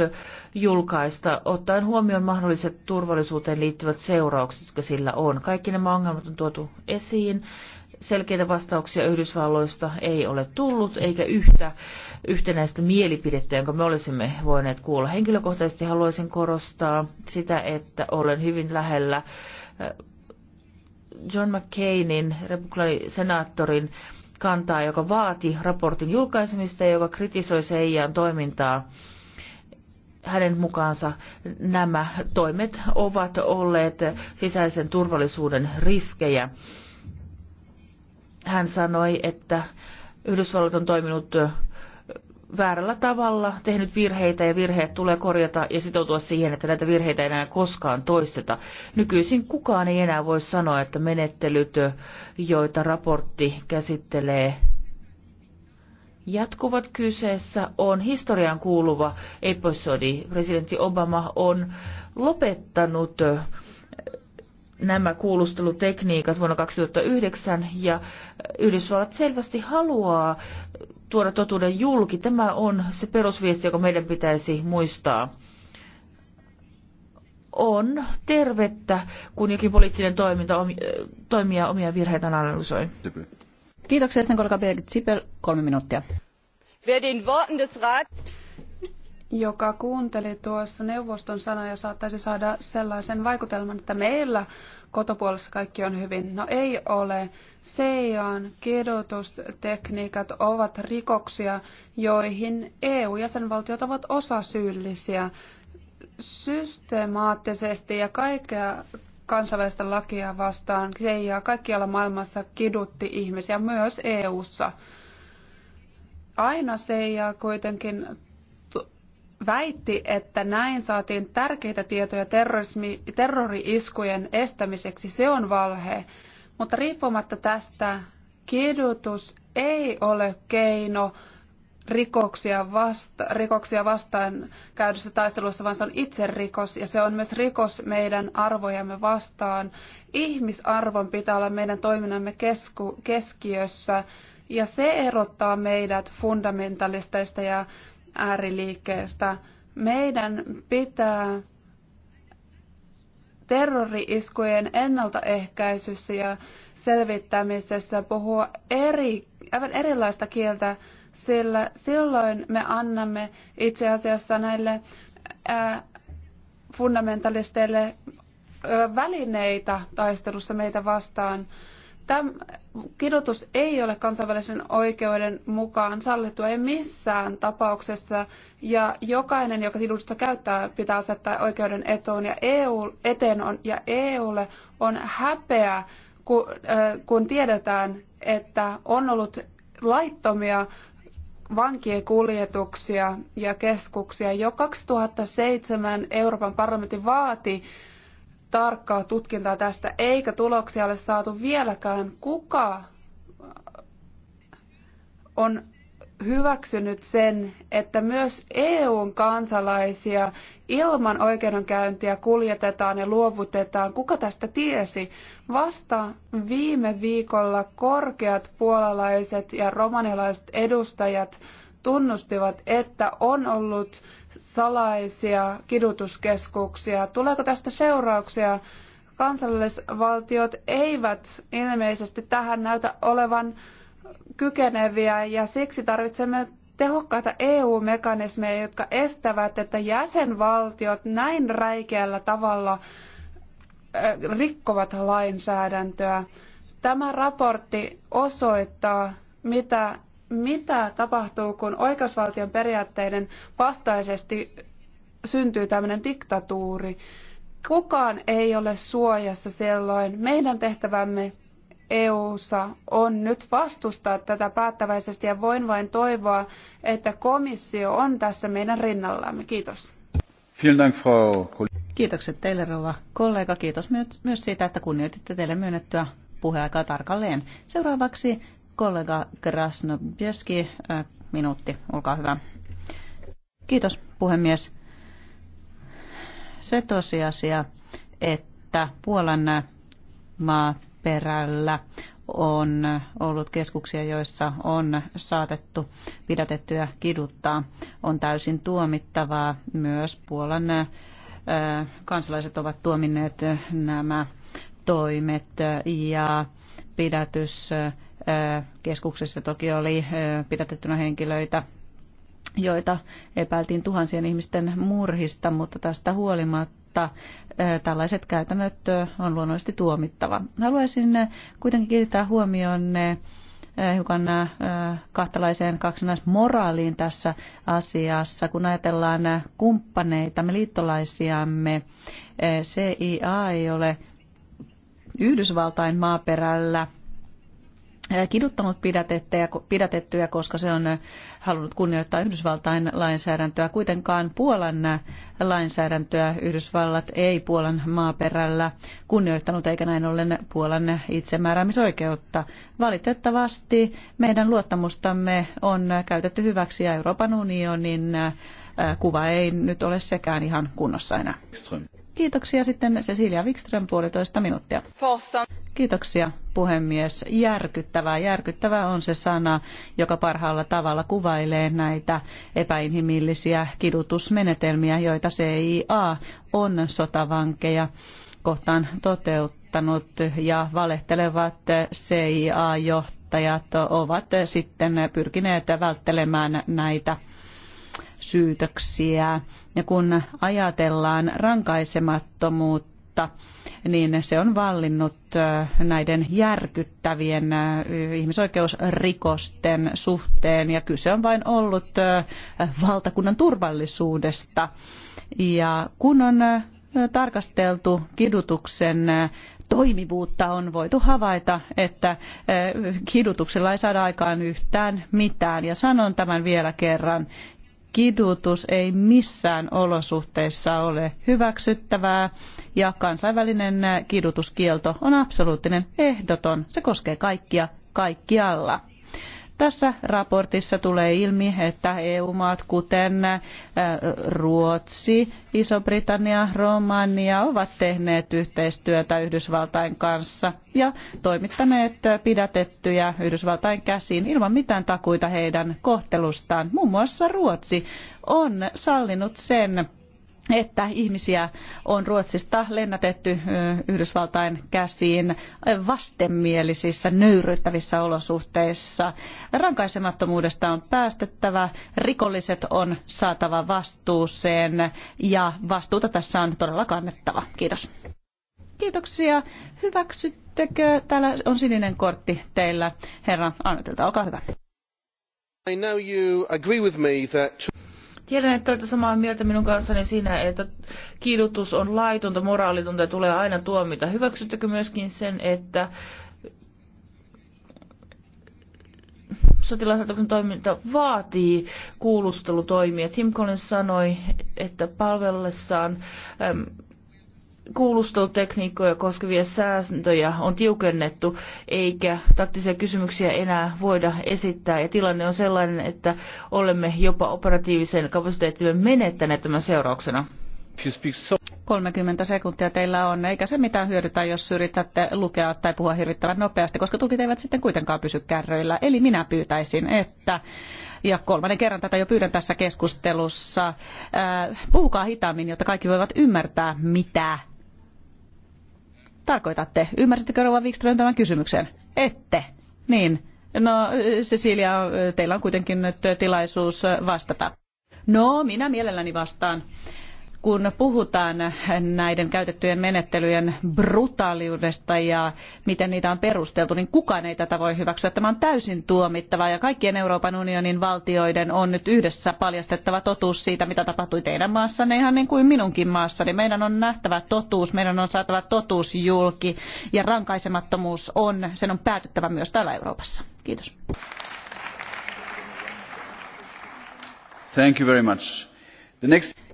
julkaista, ottaen huomioon mahdolliset turvallisuuteen liittyvät seuraukset, jotka sillä on. Kaikki nämä ongelmat on tuotu esiin Selkeitä vastauksia Yhdysvalloista ei ole tullut, eikä yhtä yhtenäistä mielipidettä, jonka me olisimme voineet kuulla. Henkilökohtaisesti haluaisin korostaa sitä, että olen hyvin lähellä eh, John McCainin, senaattorin, kantaa, joka vaati raportin julkaisemista ja joka kritisoi CIAn toimintaa. Hänen mukaansa nämä toimet ovat olleet sisäisen turvallisuuden riskejä. Hän sanoi, että Yhdysvallat on toiminut väärällä tavalla, tehnyt virheitä ja virheet tulee korjata ja sitoutua siihen, että näitä virheitä ei enää koskaan toisteta. Nykyisin kukaan ei enää voi sanoa, että menettelyt, joita raportti käsittelee, jatkuvat kyseessä on historian kuuluva episodi. Presidentti Obama on lopettanut nämä kuulustelutekniikat vuonna 2009 ja Yhdysvallat selvästi haluaa tuoda totuuden julki. Tämä on se perusviesti, joka meidän pitäisi muistaa. On tervettä, kun jokin poliittinen toiminta om, toimija omia virheitään analysoi. Kiitoksia, sitten kollega Birgit Sipel, kolme minuuttia. Wer den Worten des Rats joka kuunteli tuossa neuvoston sanoja, saattaisi saada sellaisen vaikutelman, että meillä kotopuolessa kaikki on hyvin. No ei ole. Seijaan kidutustekniikat ovat rikoksia, joihin EU-jäsenvaltiot ovat osasyyllisiä systemaattisesti ja kaikkea kansainvälistä lakia vastaan. Seija kaikkialla maailmassa kidutti ihmisiä, myös EU:ssa. Aina Seija kuitenkin väitti, että näin saatiin tärkeitä tietoja terrorismi, terrori-iskujen estämiseksi. Se on valhe. Mutta riippumatta tästä, kidutus ei ole keino rikoksia, vasta, rikoksia vastaan käydyssä taistelussa, vaan se on itse rikos ja se on myös rikos meidän arvojamme vastaan. Ihmisarvon pitää olla meidän toiminnamme kesku, keskiössä ja se erottaa meidät fundamentalisteista ja ääriliikkeestä. Meidän pitää terrori-iskujen ennaltaehkäisyssä ja selvittämisessä puhua eri, aivan erilaista kieltä, sillä silloin me annamme itse asiassa näille ää, fundamentalisteille välineitä taistelussa meitä vastaan. Täm, kidutus ei ole kansainvälisen oikeuden mukaan sallittua ei missään tapauksessa, ja jokainen, joka kidutusta käyttää, pitää asettaa oikeuden etuun, ja EU, eteen on, ja EUlle on häpeä, kun, äh, kun tiedetään, että on ollut laittomia vankien kuljetuksia ja keskuksia. Jo 2007 Euroopan parlamentti vaati äh, tarkkaa tutkintaa tästä, eikä tuloksia ole saatu vieläkään. Kuka on hyväksynyt sen, että myös EUn kansalaisia ilman oikeudenkäyntiä kuljetetaan ja luovutetaan. Kuka tästä tiesi? Vasta viime viikolla korkeat puolalaiset ja romanialaiset edustajat tunnustivat, että on ollut salaisia kidutuskeskuksia. Tuleeko tästä seurauksia? Kansallisvaltiot eivät ilmeisesti tähän näytä olevan kykeneviä ja siksi tarvitsemme tehokkaita EU-mekanismeja, jotka estävät, että jäsenvaltiot näin räikeällä tavalla äh, rikkovat lainsäädäntöä. Tämä raportti osoittaa, mitä mitä tapahtuu, kun oikeusvaltion periaatteiden vastaisesti syntyy tämmöinen diktatuuri. Kukaan ei ole suojassa silloin. Meidän tehtävämme EU:ssa on nyt vastustaa tätä päättäväisesti ja voin vain toivoa, että komissio on tässä meidän rinnallamme. Kiitos. Kiitokset teille, rouva kollega. Kiitos myös siitä, että kunnioititte teille myönnettyä puheaikaa tarkalleen. Seuraavaksi Kollega Krasnobierski, minuutti, olkaa hyvä. Kiitos puhemies. Se tosiasia, että Puolan maaperällä on ollut keskuksia, joissa on saatettu pidätettyä kiduttaa, on täysin tuomittavaa. Myös Puolan kansalaiset ovat tuominneet nämä toimet ja pidätys keskuksessa toki oli pidätettynä henkilöitä, joita epäiltiin tuhansien ihmisten murhista, mutta tästä huolimatta tällaiset käytännöt on luonnollisesti tuomittava. Haluaisin kuitenkin kiinnittää huomioon hiukan kahtalaiseen kaksinaismoraaliin tässä asiassa, kun ajatellaan kumppaneita, me liittolaisiamme. CIA ei ole Yhdysvaltain maaperällä kiduttanut pidätettyjä, koska se on halunnut kunnioittaa Yhdysvaltain lainsäädäntöä. Kuitenkaan Puolan lainsäädäntöä Yhdysvallat ei Puolan maaperällä kunnioittanut, eikä näin ollen Puolan itsemääräämisoikeutta. Valitettavasti meidän luottamustamme on käytetty hyväksi ja Euroopan unionin kuva ei nyt ole sekään ihan kunnossa enää. Kiitoksia sitten Cecilia Wikström puolitoista minuuttia. Fossa. Kiitoksia puhemies. Järkyttävää, järkyttävää on se sana, joka parhaalla tavalla kuvailee näitä epäinhimillisiä kidutusmenetelmiä, joita CIA on sotavankeja kohtaan toteuttanut ja valehtelevat CIA-johtajat ovat sitten pyrkineet välttelemään näitä syytöksiä. Ja kun ajatellaan rankaisemattomuutta, niin se on vallinnut näiden järkyttävien ihmisoikeusrikosten suhteen ja kyse on vain ollut valtakunnan turvallisuudesta. Ja kun on tarkasteltu kidutuksen toimivuutta, on voitu havaita, että kidutuksella ei saada aikaan yhtään mitään. Ja sanon tämän vielä kerran, kidutus ei missään olosuhteissa ole hyväksyttävää ja kansainvälinen kidutuskielto on absoluuttinen ehdoton. Se koskee kaikkia kaikkialla. Tässä raportissa tulee ilmi, että EU-maat kuten äh, Ruotsi, Iso-Britannia, Romania ovat tehneet yhteistyötä Yhdysvaltain kanssa ja toimittaneet pidätettyjä Yhdysvaltain käsiin ilman mitään takuita heidän kohtelustaan. Muun muassa Ruotsi on sallinut sen, että ihmisiä on Ruotsista lennätetty Yhdysvaltain käsiin vastenmielisissä, nöyryyttävissä olosuhteissa. Rankaisemattomuudesta on päästettävä, rikolliset on saatava vastuuseen ja vastuuta tässä on todella kannettava. Kiitos. Kiitoksia. Hyväksyttekö? Täällä on sininen kortti teillä. Herra Arnotilta, olkaa hyvä. I know you agree with me that... Tiedän, että olette samaa mieltä minun kanssani siinä, että kiidutus on laitonta, moraalitonta ja tulee aina tuomita. Hyväksyttekö myöskin sen, että sotilaslaitoksen toiminta vaatii kuulustelutoimia. Tim Collins sanoi, että palvellessaan kuulustelutekniikkoja koskevia sääntöjä on tiukennettu, eikä taktisia kysymyksiä enää voida esittää. Ja tilanne on sellainen, että olemme jopa operatiivisen kapasiteettimme menettäneet tämän seurauksena. 30 sekuntia teillä on, eikä se mitään hyödytä, jos yritätte lukea tai puhua hirvittävän nopeasti, koska tulkit eivät sitten kuitenkaan pysy kärryillä. Eli minä pyytäisin, että ja kolmannen kerran tätä jo pyydän tässä keskustelussa. Puhukaa hitaammin, jotta kaikki voivat ymmärtää, mitä tarkoitatte? Ymmärsittekö Rova Wikström tämän kysymyksen? Ette. Niin. No, Cecilia, teillä on kuitenkin nyt tilaisuus vastata. No, minä mielelläni vastaan kun puhutaan näiden käytettyjen menettelyjen brutaaliudesta ja miten niitä on perusteltu, niin kukaan ei tätä voi hyväksyä. Tämä on täysin tuomittavaa ja kaikkien Euroopan unionin valtioiden on nyt yhdessä paljastettava totuus siitä, mitä tapahtui teidän maassanne ihan niin kuin minunkin maassani. Meidän on nähtävä totuus, meidän on saatava totuus julki ja rankaisemattomuus on, sen on päätyttävä myös täällä Euroopassa. Kiitos. Thank you very much.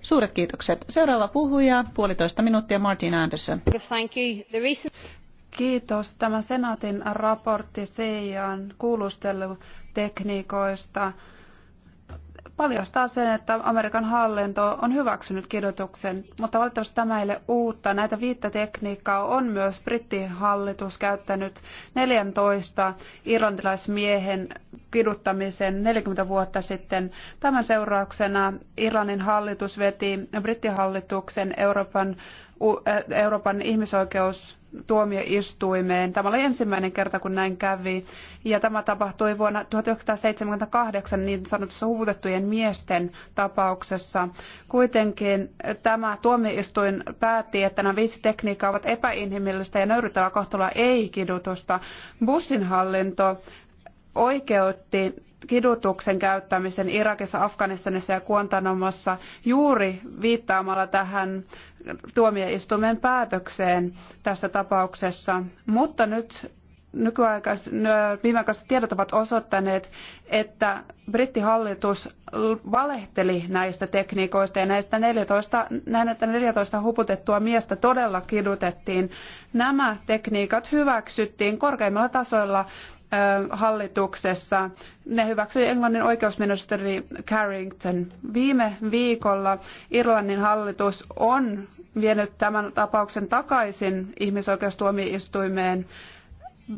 Suuret kiitokset. Seuraava puhuja, puolitoista minuuttia, Martin Anderson. Kiitos. Tämä senaatin raportti CIAn kuulustelutekniikoista paljastaa sen, että Amerikan hallinto on hyväksynyt kidutuksen, mutta valitettavasti tämä ei ole uutta. Näitä viittä tekniikkaa on myös brittihallitus käyttänyt 14 irlantilaismiehen kiduttamisen 40 vuotta sitten. Tämän seurauksena Irlannin hallitus veti brittihallituksen Euroopan, Euroopan ihmisoikeus tuomioistuimeen. Tämä oli ensimmäinen kerta, kun näin kävi. Ja tämä tapahtui vuonna 1978 niin sanotussa huvutettujen miesten tapauksessa. Kuitenkin tämä tuomioistuin päätti, että nämä viisi tekniikkaa ovat epäinhimillistä ja nöyryttävää kohtelua ei kidutusta. Bussin hallinto oikeutti kidutuksen käyttämisen Irakissa, Afganistanissa ja Guantanamossa juuri viittaamalla tähän tuomioistuimen päätökseen tässä tapauksessa. Mutta nyt viimeaikaiset tiedot ovat osoittaneet, että brittihallitus valehteli näistä tekniikoista ja näistä 14, näitä 14 huputettua miestä todella kidutettiin. Nämä tekniikat hyväksyttiin korkeimmilla tasoilla hallituksessa. Ne hyväksyi Englannin oikeusministeri Carrington. Viime viikolla Irlannin hallitus on vienyt tämän tapauksen takaisin ihmisoikeustuomioistuimeen.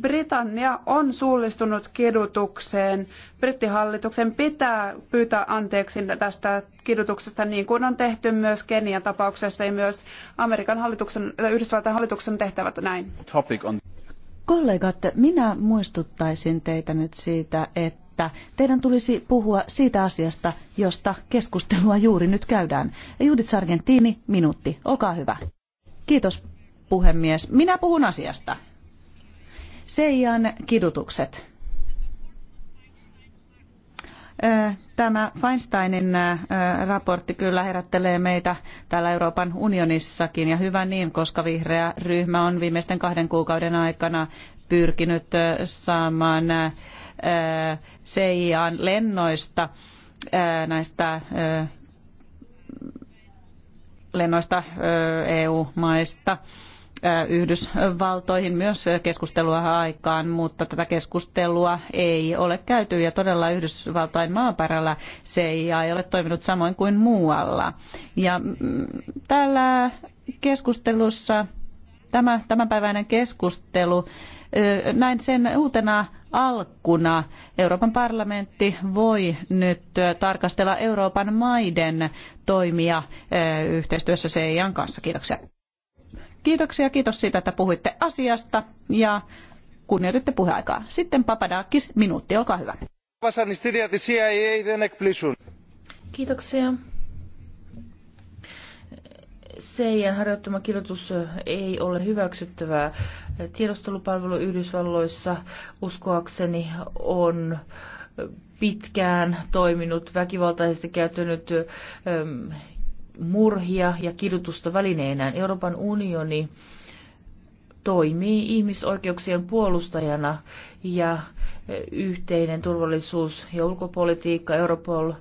Britannia on suullistunut kidutukseen. Brittihallituksen pitää pyytää anteeksi tästä kidutuksesta, niin kuin on tehty myös Kenian tapauksessa ja myös Amerikan hallituksen, Yhdysvaltain hallituksen tehtävät näin. Topic on... Kollegat, minä muistuttaisin teitä nyt siitä, että teidän tulisi puhua siitä asiasta, josta keskustelua juuri nyt käydään. Judith Sargentini, minuutti. Olkaa hyvä. Kiitos, puhemies. Minä puhun asiasta. Seijan kidutukset Tämä Feinsteinin raportti kyllä herättelee meitä täällä Euroopan unionissakin ja hyvä niin, koska vihreä ryhmä on viimeisten kahden kuukauden aikana pyrkinyt saamaan CIAn lennoista näistä lennoista EU-maista Yhdysvaltoihin myös keskustelua aikaan, mutta tätä keskustelua ei ole käyty ja todella Yhdysvaltain maaperällä CIA ei ole toiminut samoin kuin muualla. Ja mm, täällä keskustelussa, tämä tämänpäiväinen keskustelu, näin sen uutena alkuna Euroopan parlamentti voi nyt tarkastella Euroopan maiden toimia yhteistyössä CIAn kanssa. Kiitoksia. Kiitoksia, kiitos siitä, että puhuitte asiasta ja kunnioititte puheaikaa. Sitten Papadakis, minuutti, olkaa hyvä. Kiitoksia. CIAn harjoittama kirjoitus ei ole hyväksyttävää. Tiedostelupalvelu Yhdysvalloissa uskoakseni on pitkään toiminut, väkivaltaisesti käytynyt murhia ja kidutusta välineenään. Euroopan unioni toimii ihmisoikeuksien puolustajana ja e, yhteinen turvallisuus- ja ulkopolitiikka, Europol,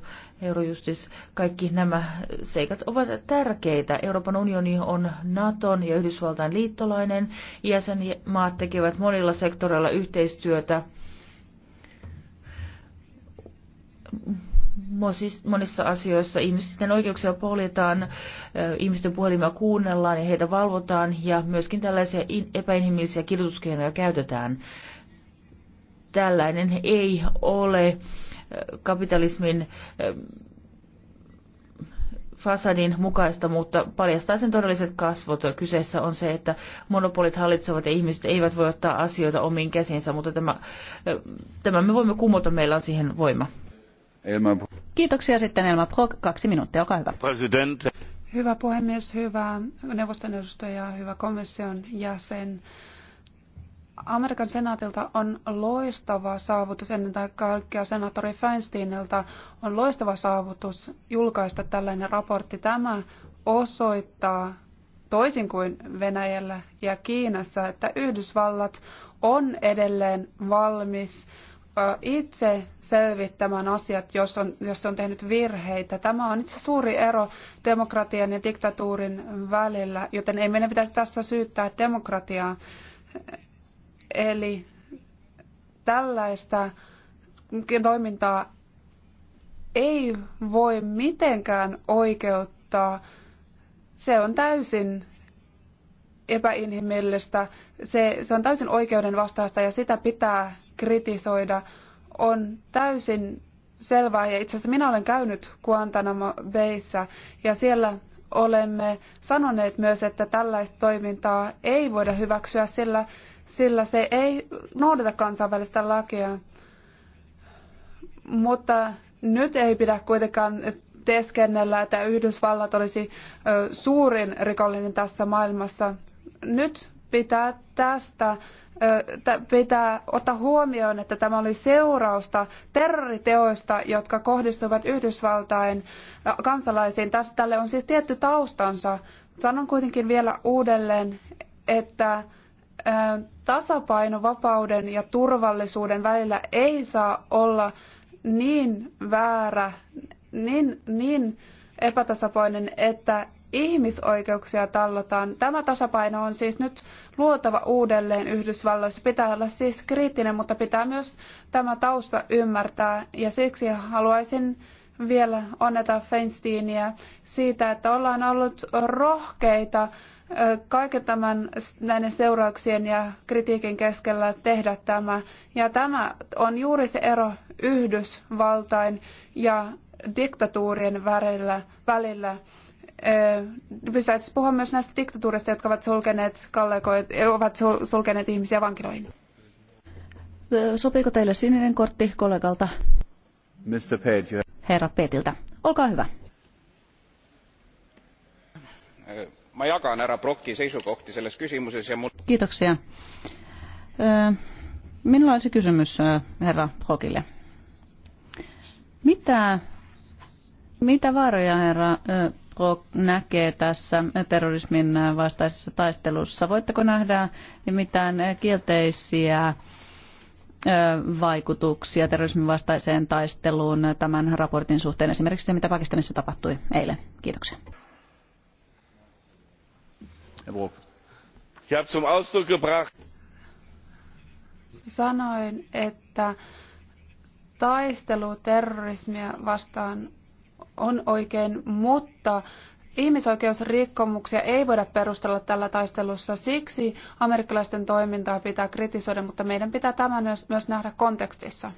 Eurojustis, kaikki nämä seikat ovat tärkeitä. Euroopan unioni on Naton ja Yhdysvaltain liittolainen. Jäsenmaat tekevät monilla sektoreilla yhteistyötä monissa asioissa ihmisten oikeuksia poljetaan, ihmisten puhelimia kuunnellaan ja heitä valvotaan ja myöskin tällaisia epäinhimillisiä kidutuskeinoja käytetään. Tällainen ei ole kapitalismin fasadin mukaista, mutta paljastaa sen todelliset kasvot. Kyseessä on se, että monopolit hallitsevat ja ihmiset eivät voi ottaa asioita omiin käsinsä, mutta tämä, tämä me voimme kumota, meillä on siihen voima. Elma... Kiitoksia sitten Elma Brok. Kaksi minuuttia, olkaa hyvä. President. Hyvä puhemies, hyvä neuvoston ja hyvä komission jäsen. Amerikan senaatilta on loistava saavutus, ennen kaikkea senaattori Feinsteinilta on loistava saavutus julkaista tällainen raportti. Tämä osoittaa toisin kuin Venäjällä ja Kiinassa, että Yhdysvallat on edelleen valmis itse selvittämään asiat, jos on, jos on tehnyt virheitä. Tämä on itse suuri ero demokratian ja diktatuurin välillä, joten ei meidän pitäisi tässä syyttää demokratiaa. Eli tällaista toimintaa ei voi mitenkään oikeuttaa. Se on täysin epäinhimillistä. Se, se on täysin oikeudenvastaista ja sitä pitää kritisoida. On täysin selvää, ja itse asiassa minä olen käynyt Guantanamo Bayssä, ja siellä olemme sanoneet myös, että tällaista toimintaa ei voida hyväksyä, sillä, sillä se ei noudata kansainvälistä lakia. Mutta nyt ei pidä kuitenkaan teeskennellä, että Yhdysvallat olisi suurin rikollinen tässä maailmassa nyt pitää tästä pitää ottaa huomioon, että tämä oli seurausta terroriteoista, jotka kohdistuvat Yhdysvaltain kansalaisiin. Tälle on siis tietty taustansa. Sanon kuitenkin vielä uudelleen, että tasapaino vapauden ja turvallisuuden välillä ei saa olla niin väärä, niin, niin epätasapainen, että ihmisoikeuksia tallotaan. Tämä tasapaino on siis nyt luotava uudelleen Yhdysvalloissa. Pitää olla siis kriittinen, mutta pitää myös tämä tausta ymmärtää. Ja siksi haluaisin vielä onneta Feinsteiniä siitä, että ollaan ollut rohkeita kaiken tämän näiden seurauksien ja kritiikin keskellä tehdä tämä. Ja tämä on juuri se ero Yhdysvaltain ja diktatuurien välillä pitäisi puhua myös näistä diktatuureista, jotka ovat sulkeneet, kollegoit, ovat sulkeneet ihmisiä vankiloihin. Sopiiko teille sininen kortti kollegalta? Mr. Page, you... Herra Petiltä. Olkaa hyvä. Mä jakan herra Brokkin seisukohti selles kysymyksessä. Ja mut... Kiitoksia. Minulla olisi kysymys herra Brockille. Mitä, mitä vaaroja herra näkee tässä terrorismin vastaisessa taistelussa? Voitteko nähdä mitään kielteisiä vaikutuksia terrorismin vastaiseen taisteluun tämän raportin suhteen, esimerkiksi se, mitä Pakistanissa tapahtui eilen? Kiitoksia. Sanoin, että taistelu terrorismia vastaan on oikein, mutta ihmisoikeusrikkomuksia ei voida perustella tällä taistelussa. Siksi amerikkalaisten toimintaa pitää kritisoida, mutta meidän pitää tämä myös, myös nähdä kontekstissa.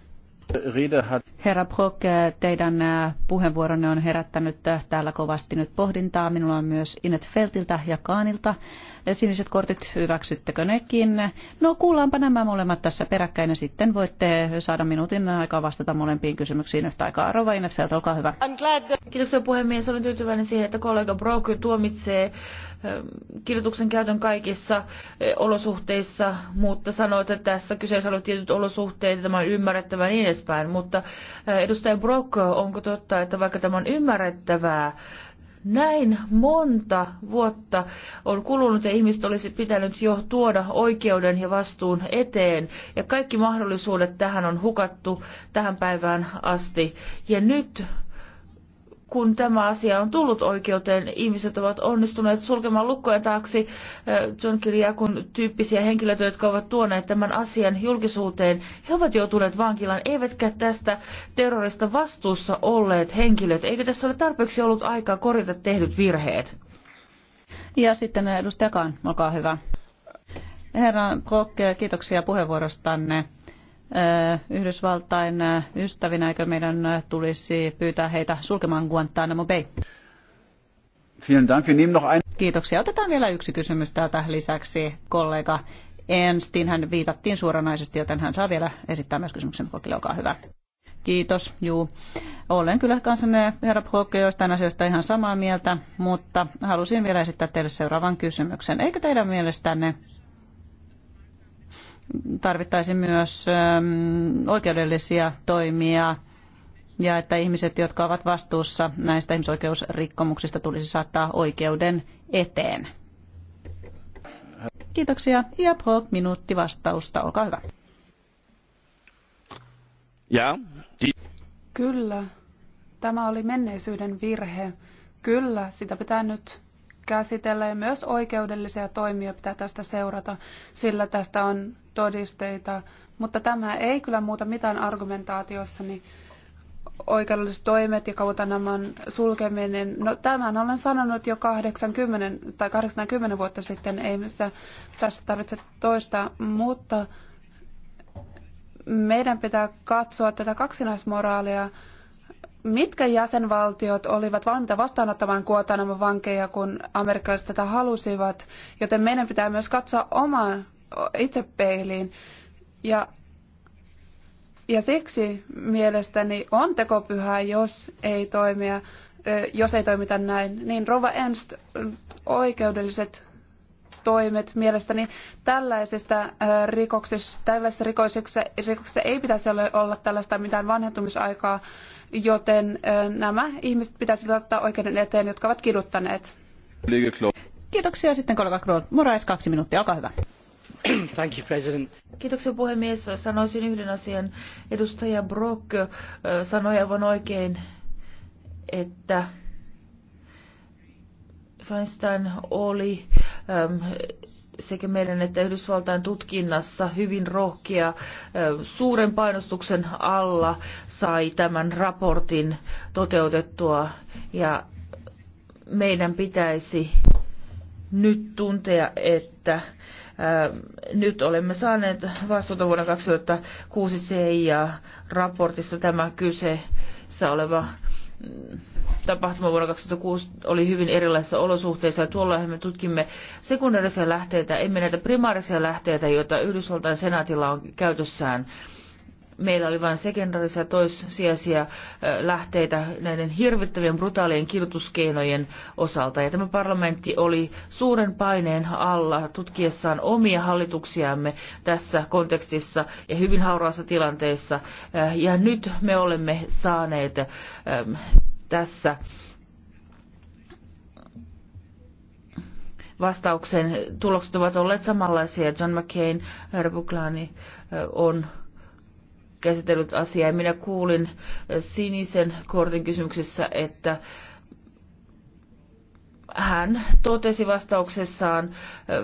Herra Brock, teidän äh, puheenvuoronne on herättänyt äh, täällä kovasti nyt pohdintaa. Minulla on myös Inet Feltiltä ja Kaanilta siniset kortit, hyväksyttekö nekin? No kuullaanpa nämä molemmat tässä peräkkäin ja sitten voitte saada minuutin aikaa vastata molempiin kysymyksiin yhtä aikaa. Rova Innetfeld, olkaa hyvä. That... Kiitoksia puhemies. Olen tyytyväinen siihen, että kollega Broky tuomitsee kirjoituksen käytön kaikissa olosuhteissa, mutta sanoit, että tässä kyseessä oli tietyt olosuhteet, tämä on ymmärrettävä niin edespäin, mutta edustaja Brock, onko totta, että vaikka tämä on ymmärrettävää, näin monta vuotta on kulunut ja ihmiset olisi pitänyt jo tuoda oikeuden ja vastuun eteen. Ja kaikki mahdollisuudet tähän on hukattu tähän päivään asti. Ja nyt kun tämä asia on tullut oikeuteen, ihmiset ovat onnistuneet sulkemaan lukkoja taakse eh, John Kirjakun tyyppisiä henkilöitä, jotka ovat tuoneet tämän asian julkisuuteen. He ovat joutuneet vankilaan, eivätkä tästä terrorista vastuussa olleet henkilöt. Eikö tässä ole tarpeeksi ollut aikaa korjata tehdyt virheet? Ja sitten edustaja Kahn, olkaa hyvä. Herra Kokke, kiitoksia puheenvuorostanne. Yhdysvaltain ystävinä, eikö meidän tulisi pyytää heitä sulkemaan Guantanamo Bay? Kiitoksia. Otetaan vielä yksi kysymys täältä lisäksi kollega Enstin. Hän viitattiin suoranaisesti, joten hän saa vielä esittää myös kysymyksen kokille. Olkaa hyvä. Kiitos, juu. Olen kyllä kanssanne, herra Hokke, joistain asioista ihan samaa mieltä, mutta halusin vielä esittää teille seuraavan kysymyksen. Eikö teidän mielestänne tarvittaisiin myös ähm, oikeudellisia toimia ja että ihmiset, jotka ovat vastuussa näistä ihmisoikeusrikkomuksista, tulisi saattaa oikeuden eteen. Kiitoksia. Ja Brock, minuutti vastausta. Olkaa hyvä. Ja. Kyllä. Tämä oli menneisyyden virhe. Kyllä, sitä pitää nyt käsitellä ja myös oikeudellisia toimia pitää tästä seurata, sillä tästä on todisteita. Mutta tämä ei kyllä muuta mitään argumentaatiossani niin oikeudelliset toimet ja kautanaman sulkeminen. No tämän olen sanonut jo 80 tai 80 vuotta sitten, ei sitä tässä tarvitse toistaa, mutta meidän pitää katsoa tätä kaksinaismoraalia mitkä jäsenvaltiot olivat valmiita vastaanottamaan Guantanamon vankeja, kun amerikkalaiset tätä halusivat, joten meidän pitää myös katsoa omaan itse peiliin. Ja, ja siksi mielestäni on tekopyhää, jos ei toimia, jos ei toimita näin. Niin Rova Ernst, oikeudelliset toimet mielestäni tällaisista rikoksista, tällaisissa rikoksissa, rikoksissa ei pitäisi olla tällaista mitään vanhentumisaikaa joten nämä ihmiset pitäisi ottaa oikeuden eteen, jotka ovat kiduttaneet. Kiitoksia sitten kollega Kroon. Morais kaksi minuuttia, olkaa hyvä. Thank you, President. Kiitoksia puhemies. Sanoisin yhden asian. Edustaja Brock sanoi aivan oikein, että Feinstein oli ähm, sekä meidän että Yhdysvaltain tutkinnassa hyvin rohkea suuren painostuksen alla sai tämän raportin toteutettua ja meidän pitäisi nyt tuntea, että nyt olemme saaneet vastuuta vuonna 2006 CIA-raportissa tämä kyseessä oleva tapahtuma vuonna 2006 oli hyvin erilaisissa olosuhteissa ja tuolloin me tutkimme sekundaarisia lähteitä, emme näitä primaarisia lähteitä, joita Yhdysvaltain senaatilla on käytössään. Meillä oli vain sekundaarisia toissijaisia lähteitä näiden hirvittävien brutaalien kirjoituskeinojen osalta. Ja tämä parlamentti oli suuren paineen alla tutkiessaan omia hallituksiamme tässä kontekstissa ja hyvin hauraassa tilanteessa. Ja nyt me olemme saaneet tässä vastauksen. Tulokset ovat olleet samanlaisia. John McCain, herra Buklani, on käsitellyt asiaa. Minä kuulin sinisen kortin kysymyksessä, että hän totesi vastauksessaan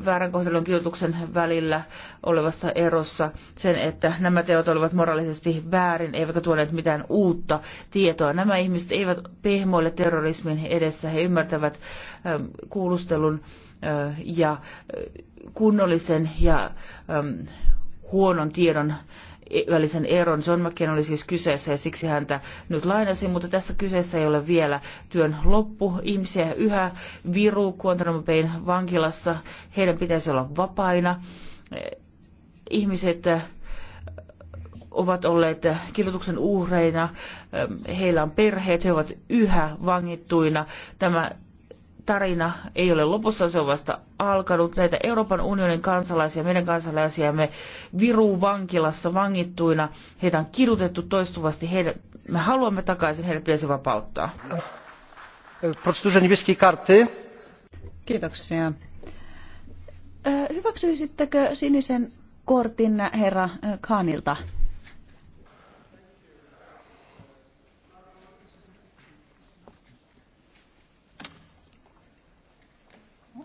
väärän kohtelun kidutuksen välillä olevassa erossa sen, että nämä teot olivat moraalisesti väärin, eivätkä tuoneet mitään uutta tietoa. Nämä ihmiset eivät pehmoille terrorismin edessä. He ymmärtävät kuulustelun ja kunnollisen ja huonon tiedon välisen eron. John McCain oli siis kyseessä ja siksi häntä nyt lainasi, mutta tässä kyseessä ei ole vielä työn loppu. Ihmisiä yhä viruu Guantanamo Bayn vankilassa. Heidän pitäisi olla vapaina. Ihmiset äh, ovat olleet kilotuksen uhreina, ähm, heillä on perheet, he ovat yhä vangittuina. Tämä tarina ei ole lopussa, se on vasta alkanut. Näitä Euroopan unionin kansalaisia, meidän kansalaisiamme viruu vankilassa vangittuina. Heitä on kidutettu toistuvasti. Heidät, me haluamme takaisin, heidät pitäisi vapauttaa. Kiitoksia. Hyväksyisittekö sinisen kortin herra Kaanilta?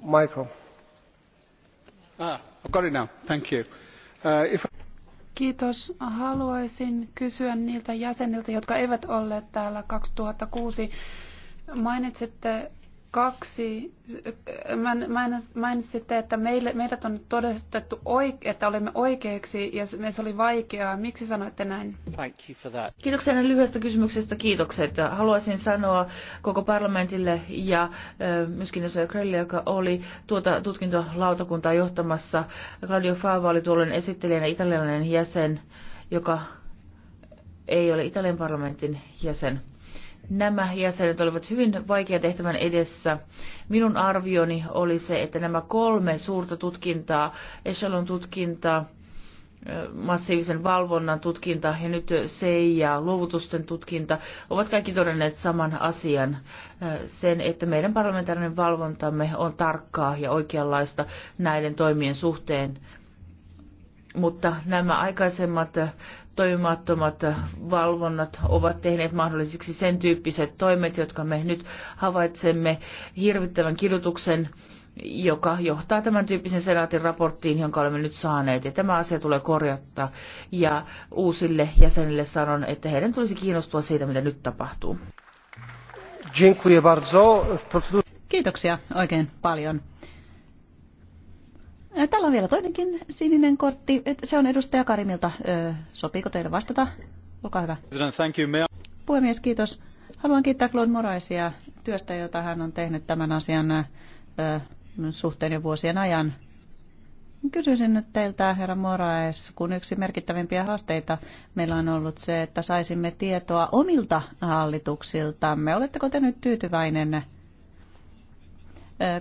Ah, uh, Kiitos. Haluaisin kysyä niiltä jäseniltä, jotka eivät olleet täällä 2006. Mainitsitte kaksi, mainitsitte, että meille, meidät on todistettu, että olemme oikeiksi ja se oli vaikeaa. Miksi sanoitte näin? Thank you for that. Kiitoksia näin lyhyestä kysymyksestä. Kiitokset. Haluaisin sanoa koko parlamentille ja myöskin Jose Krelli, joka oli tuota tutkintolautakuntaa johtamassa. Claudio Fava oli tuolloin esittelijänä italialainen jäsen, joka ei ole Italian parlamentin jäsen. Nämä jäsenet olivat hyvin vaikea tehtävän edessä. Minun arvioni oli se, että nämä kolme suurta tutkintaa, Echelon tutkinta, massiivisen valvonnan tutkinta ja nyt CIA, luovutusten tutkinta, ovat kaikki todenneet saman asian, sen, että meidän parlamentaarinen valvontamme on tarkkaa ja oikeanlaista näiden toimien suhteen. Mutta nämä aikaisemmat toimimattomat valvonnat ovat tehneet mahdollisiksi sen tyyppiset toimet, jotka me nyt havaitsemme hirvittävän kidutuksen joka johtaa tämän tyyppisen senaatin raporttiin, jonka olemme nyt saaneet. Ja tämä asia tulee korjata ja uusille jäsenille sanon, että heidän tulisi kiinnostua siitä, mitä nyt tapahtuu. Kiitoksia oikein paljon. Täällä on vielä toinenkin sininen kortti. Se on edustaja Karimilta. Sopiiko teille vastata? Olkaa hyvä. Puhemies, kiitos. Haluan kiittää Claude Moraisia työstä, jota hän on tehnyt tämän asian suhteen jo vuosien ajan. Kysyisin nyt teiltä, herra Moraes, kun yksi merkittävimpiä haasteita meillä on ollut se, että saisimme tietoa omilta hallituksiltamme. Oletteko te nyt tyytyväinen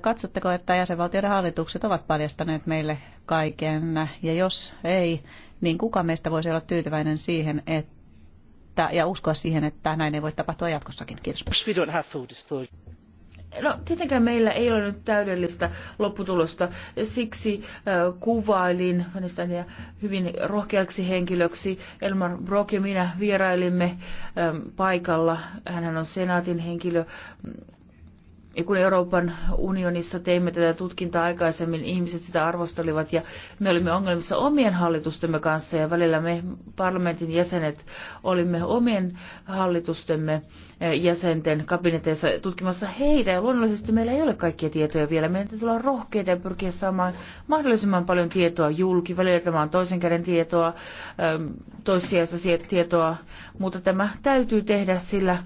Katsotteko, että jäsenvaltioiden hallitukset ovat paljastaneet meille kaiken, ja jos ei, niin kuka meistä voisi olla tyytyväinen siihen, että, ja uskoa siihen, että näin ei voi tapahtua jatkossakin? Kiitos. No tietenkään meillä ei ole nyt täydellistä lopputulosta, siksi äh, kuvailin Vanistania hyvin rohkeaksi henkilöksi. Elmar Brock ja minä vierailimme äh, paikalla, hän on senaatin henkilö, kun Euroopan unionissa teimme tätä tutkintaa aikaisemmin, ihmiset sitä arvostelivat ja me olimme ongelmissa omien hallitustemme kanssa ja välillä me parlamentin jäsenet olimme omien hallitustemme eh, jäsenten kabineteissa tutkimassa heitä ja luonnollisesti meillä ei ole kaikkia tietoja vielä. Meidän täytyy olla rohkeita ja pyrkiä saamaan mahdollisimman paljon tietoa julki. Välillä tämä on toisen käden tietoa, eh, toissijaista tietoa, mutta tämä täytyy tehdä, sillä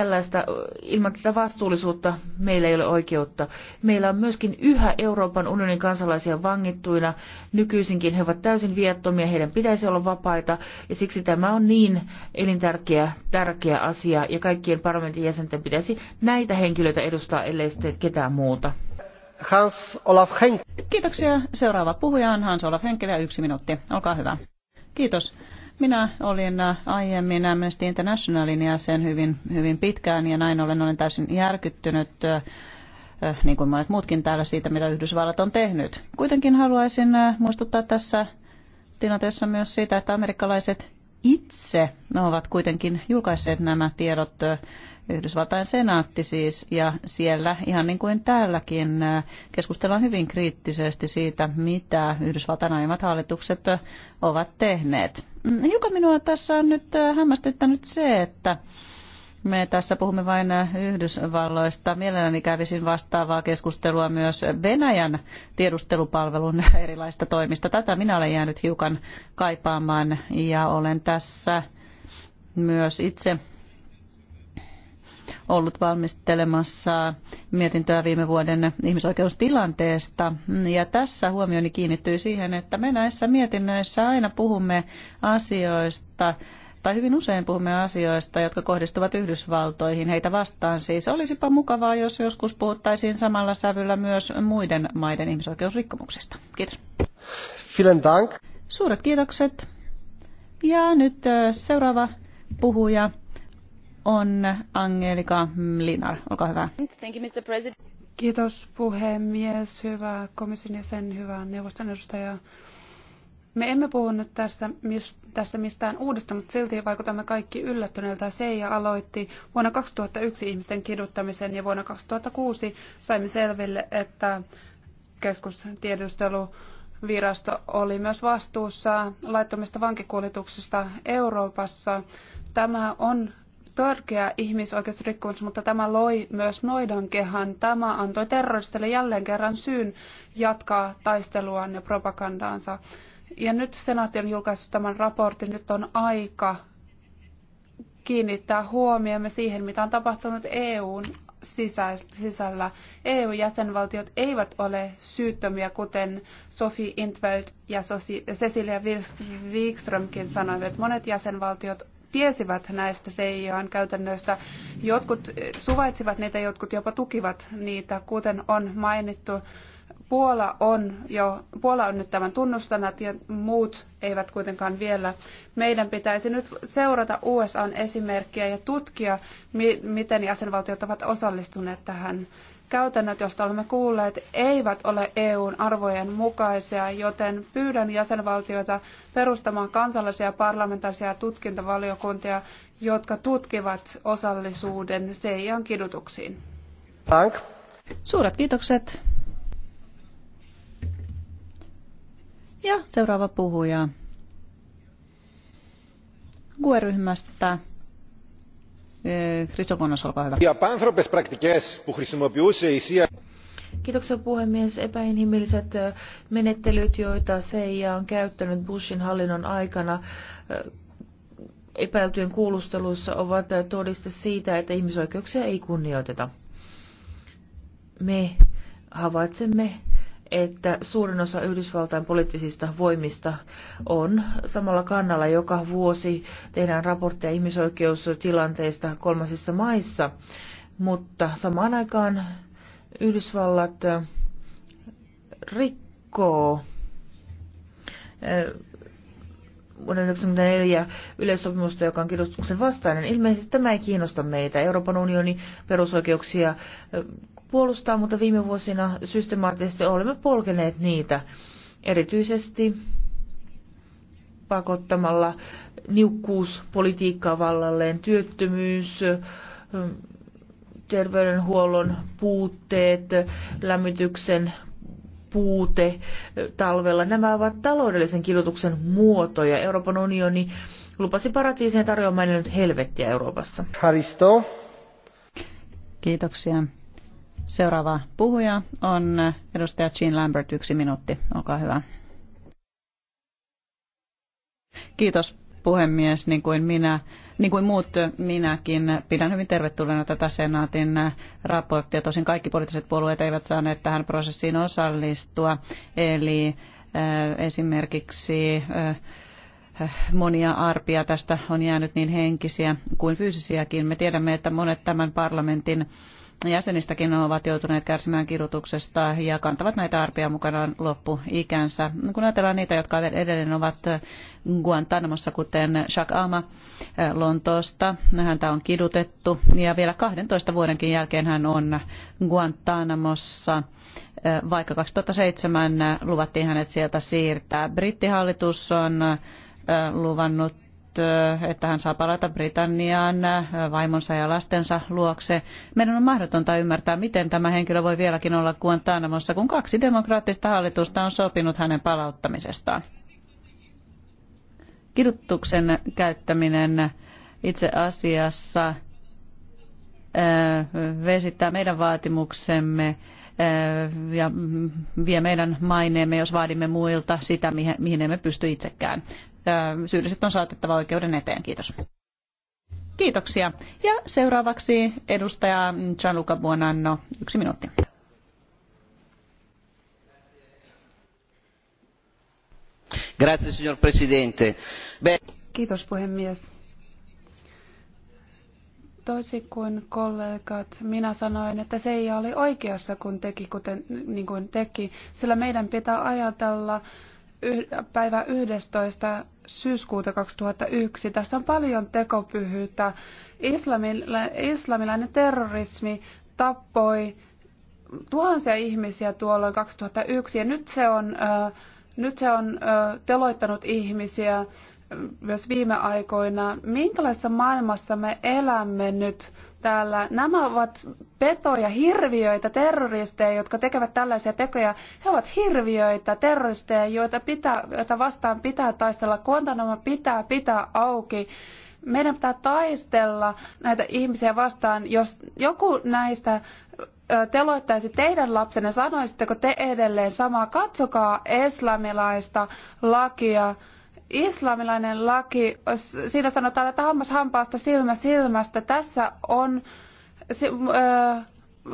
tällaista, ilman tätä vastuullisuutta meillä ei ole oikeutta. Meillä on myöskin yhä Euroopan unionin kansalaisia vangittuina. Nykyisinkin he ovat täysin viattomia, heidän pitäisi olla vapaita ja siksi tämä on niin elintärkeä tärkeä asia ja kaikkien parlamentin jäsenten pitäisi näitä henkilöitä edustaa, ellei sitten ketään muuta. Hans Olaf Henk. Kiitoksia. Seuraava puhuja on Hans Olaf Henkel ja yksi minuutti. Olkaa hyvä. Kiitos. Minä olin äh, aiemmin Amnesty Internationalin jäsen hyvin, hyvin pitkään ja näin ollen olen täysin järkyttynyt äh, äh, niin kuin monet muutkin täällä siitä, mitä Yhdysvallat on tehnyt. Kuitenkin haluaisin muistuttaa tässä tilanteessa myös siitä, että amerikkalaiset itse ovat kuitenkin julkaisseet nämä tiedot Yhdysvaltain senaatti siis, ja siellä ihan niin kuin täälläkin keskustellaan hyvin kriittisesti siitä, mitä Yhdysvaltain aiemmat hallitukset ovat tehneet. Hiukan minua tässä on nyt äh, hämmästyttänyt se, että me tässä puhumme vain äh, Yhdysvalloista. Mielelläni kävisin vastaavaa keskustelua myös Venäjän tiedustelupalvelun erilaista toimista. Tätä minä olen jäänyt hiukan kaipaamaan ja olen tässä myös itse ollut valmistelemassa mietintöä viime vuoden ihmisoikeustilanteesta. Ja tässä huomioni kiinnittyy siihen, että me näissä mietinnöissä aina puhumme asioista, tai hyvin usein puhumme asioista, jotka kohdistuvat Yhdysvaltoihin heitä vastaan. Siis olisipa mukavaa, jos joskus puhuttaisiin samalla sävyllä myös muiden maiden ihmisoikeusrikkomuksista. Kiitos. Vielen dank. Suuret kiitokset. Ja nyt seuraava puhuja on Angelika Linar. Olkaa hyvä. Thank you, Mr. President. Kiitos puhemies, hyvä komission jäsen, hyvä neuvoston edustaja. Me emme puhu nyt tästä, tästä mistään uudesta, mutta silti vaikutamme kaikki yllättyneeltä. Seija aloitti vuonna 2001 ihmisten kiduttamisen ja vuonna 2006 saimme selville, että keskustiedustelu virasto oli myös vastuussa laittomista vankikuljetuksista Euroopassa. Tämä on törkeä ihmisoikeusrikkomus, mutta tämä loi myös noidan noidankehän. Tämä antoi terroristille jälleen kerran syyn jatkaa taisteluaan ja propagandaansa. Ja nyt senaatti on julkaissut tämän raportin. Nyt on aika kiinnittää huomiomme siihen, mitä on tapahtunut EUn sisällä. EU-jäsenvaltiot eivät ole syyttömiä, kuten Sofi Intveld ja Cecilia Wikströmkin sanoivat. Monet jäsenvaltiot tiesivät näistä CIAn käytännöistä. Jotkut eh, suvaitsivat niitä, jotkut jopa tukivat niitä, kuten on mainittu. Puola on, jo, Puola on nyt tämän tunnustanut ja muut eivät kuitenkaan vielä. Meidän pitäisi nyt seurata USAn esimerkkiä ja tutkia, miten jäsenvaltiot ovat osallistuneet tähän Käytännöt, joista olemme kuulleet, eivät ole EUn arvojen mukaisia, joten pyydän jäsenvaltioita perustamaan kansallisia parlamentaarisia tutkintavaliokuntia, jotka tutkivat osallisuuden CIAn kidutuksiin. Tank. Suuret kiitokset. Ja seuraava puhuja. GUE-ryhmästä arvoisa eh, puhemies. Epäinhimilliset menettelyt, joita CIA on käyttänyt Bushin hallinnon aikana eh, epäiltyjen kuulusteluissa, ovat eh, todiste siitä, että ihmisoikeuksia ei kunnioiteta. Me havaitsemme että suurin osa Yhdysvaltain poliittisista voimista on samalla kannalla. Joka vuosi tehdään raportteja ihmisoikeustilanteista kolmasissa maissa, mutta samaan aikaan Yhdysvallat äh, rikkoo äh, vuoden 1994 yleissopimusta, joka on kirjoituksen vastainen. Ilmeisesti tämä ei kiinnosta meitä. Euroopan unionin perusoikeuksia äh, puolustaa, mutta viime vuosina systemaattisesti olemme polkeneet niitä erityisesti pakottamalla niukkuuspolitiikkaa vallalleen, työttömyys, mm, terveydenhuollon puutteet, lämmityksen puute talvella. Nämä ovat taloudellisen kidutuksen muotoja. Euroopan unioni lupasi paratiiseen tarjoamaan nyt helvettiä Euroopassa. Haristo. Kiitoksia. Seuraava puhuja on edustaja Jean Lambert, yksi minuutti. Olkaa hyvä. Kiitos puhemies, niin kuin minä, niin kuin muut minäkin, pidän hyvin tervetulleena tätä senaatin raporttia. Tosin kaikki poliittiset puolueet eivät saaneet tähän prosessiin osallistua, eli äh, esimerkiksi äh, monia arpia tästä on jäänyt niin henkisiä kuin fyysisiäkin. Me tiedämme, että monet tämän parlamentin jäsenistäkin ovat joutuneet kärsimään kidutuksesta ja kantavat näitä arpia mukanaan loppuikänsä. Kun ajatellaan niitä, jotka edelleen ovat Guantanamossa, kuten Jacques Ama eh, Lontoosta, häntä on kidutettu ja vielä 12 vuodenkin jälkeen hän on Guantanamossa eh, vaikka 2007 eh, luvattiin hänet sieltä siirtää. Brittihallitus on luvannut että hän saa palata Britanniaan vaimonsa ja lastensa luokse. Meidän on mahdotonta ymmärtää, miten tämä henkilö voi vieläkin olla Guantanamossa, kun kaksi demokraattista hallitusta on sopinut hänen palauttamisestaan. Kidutuksen käyttäminen itse asiassa vesittää meidän vaatimuksemme ja vie meidän maineemme, jos vaadimme muilta sitä, mihin emme pysty itsekään syylliset on saatettava oikeuden eteen. Kiitos. Kiitoksia. Ja seuraavaksi edustaja Gianluca Buonanno, yksi minuutti. Grazie, signor Presidente. Be- Kiitos puhemies. Toisin kuin kollegat, minä sanoin, että Seija oli oikeassa, kun teki, kuten, niin kuin teki, sillä meidän pitää ajatella yh, päivä 11 syyskuuta 2001. Tässä on paljon tekopyhyyttä. islamilainen terrorismi tappoi tuhansia ihmisiä tuolloin 2001 ja nyt se on, äh, nyt se on äh, teloittanut ihmisiä myös viime aikoina. Minkälaisessa maailmassa me elämme nyt? täällä. Nämä ovat petoja, hirviöitä, terroristeja, jotka tekevät tällaisia tekoja. He ovat hirviöitä, terroristeja, joita, pitää, joita vastaan pitää taistella. Guantanamo pitää pitää auki. Meidän pitää taistella näitä ihmisiä vastaan. Jos joku näistä teloittaisi teidän lapsenne, sanoisitteko te edelleen samaa? Katsokaa islamilaista lakia islamilainen laki, siinä sanotaan, että hammas hampaasta silmä silmästä. Tässä on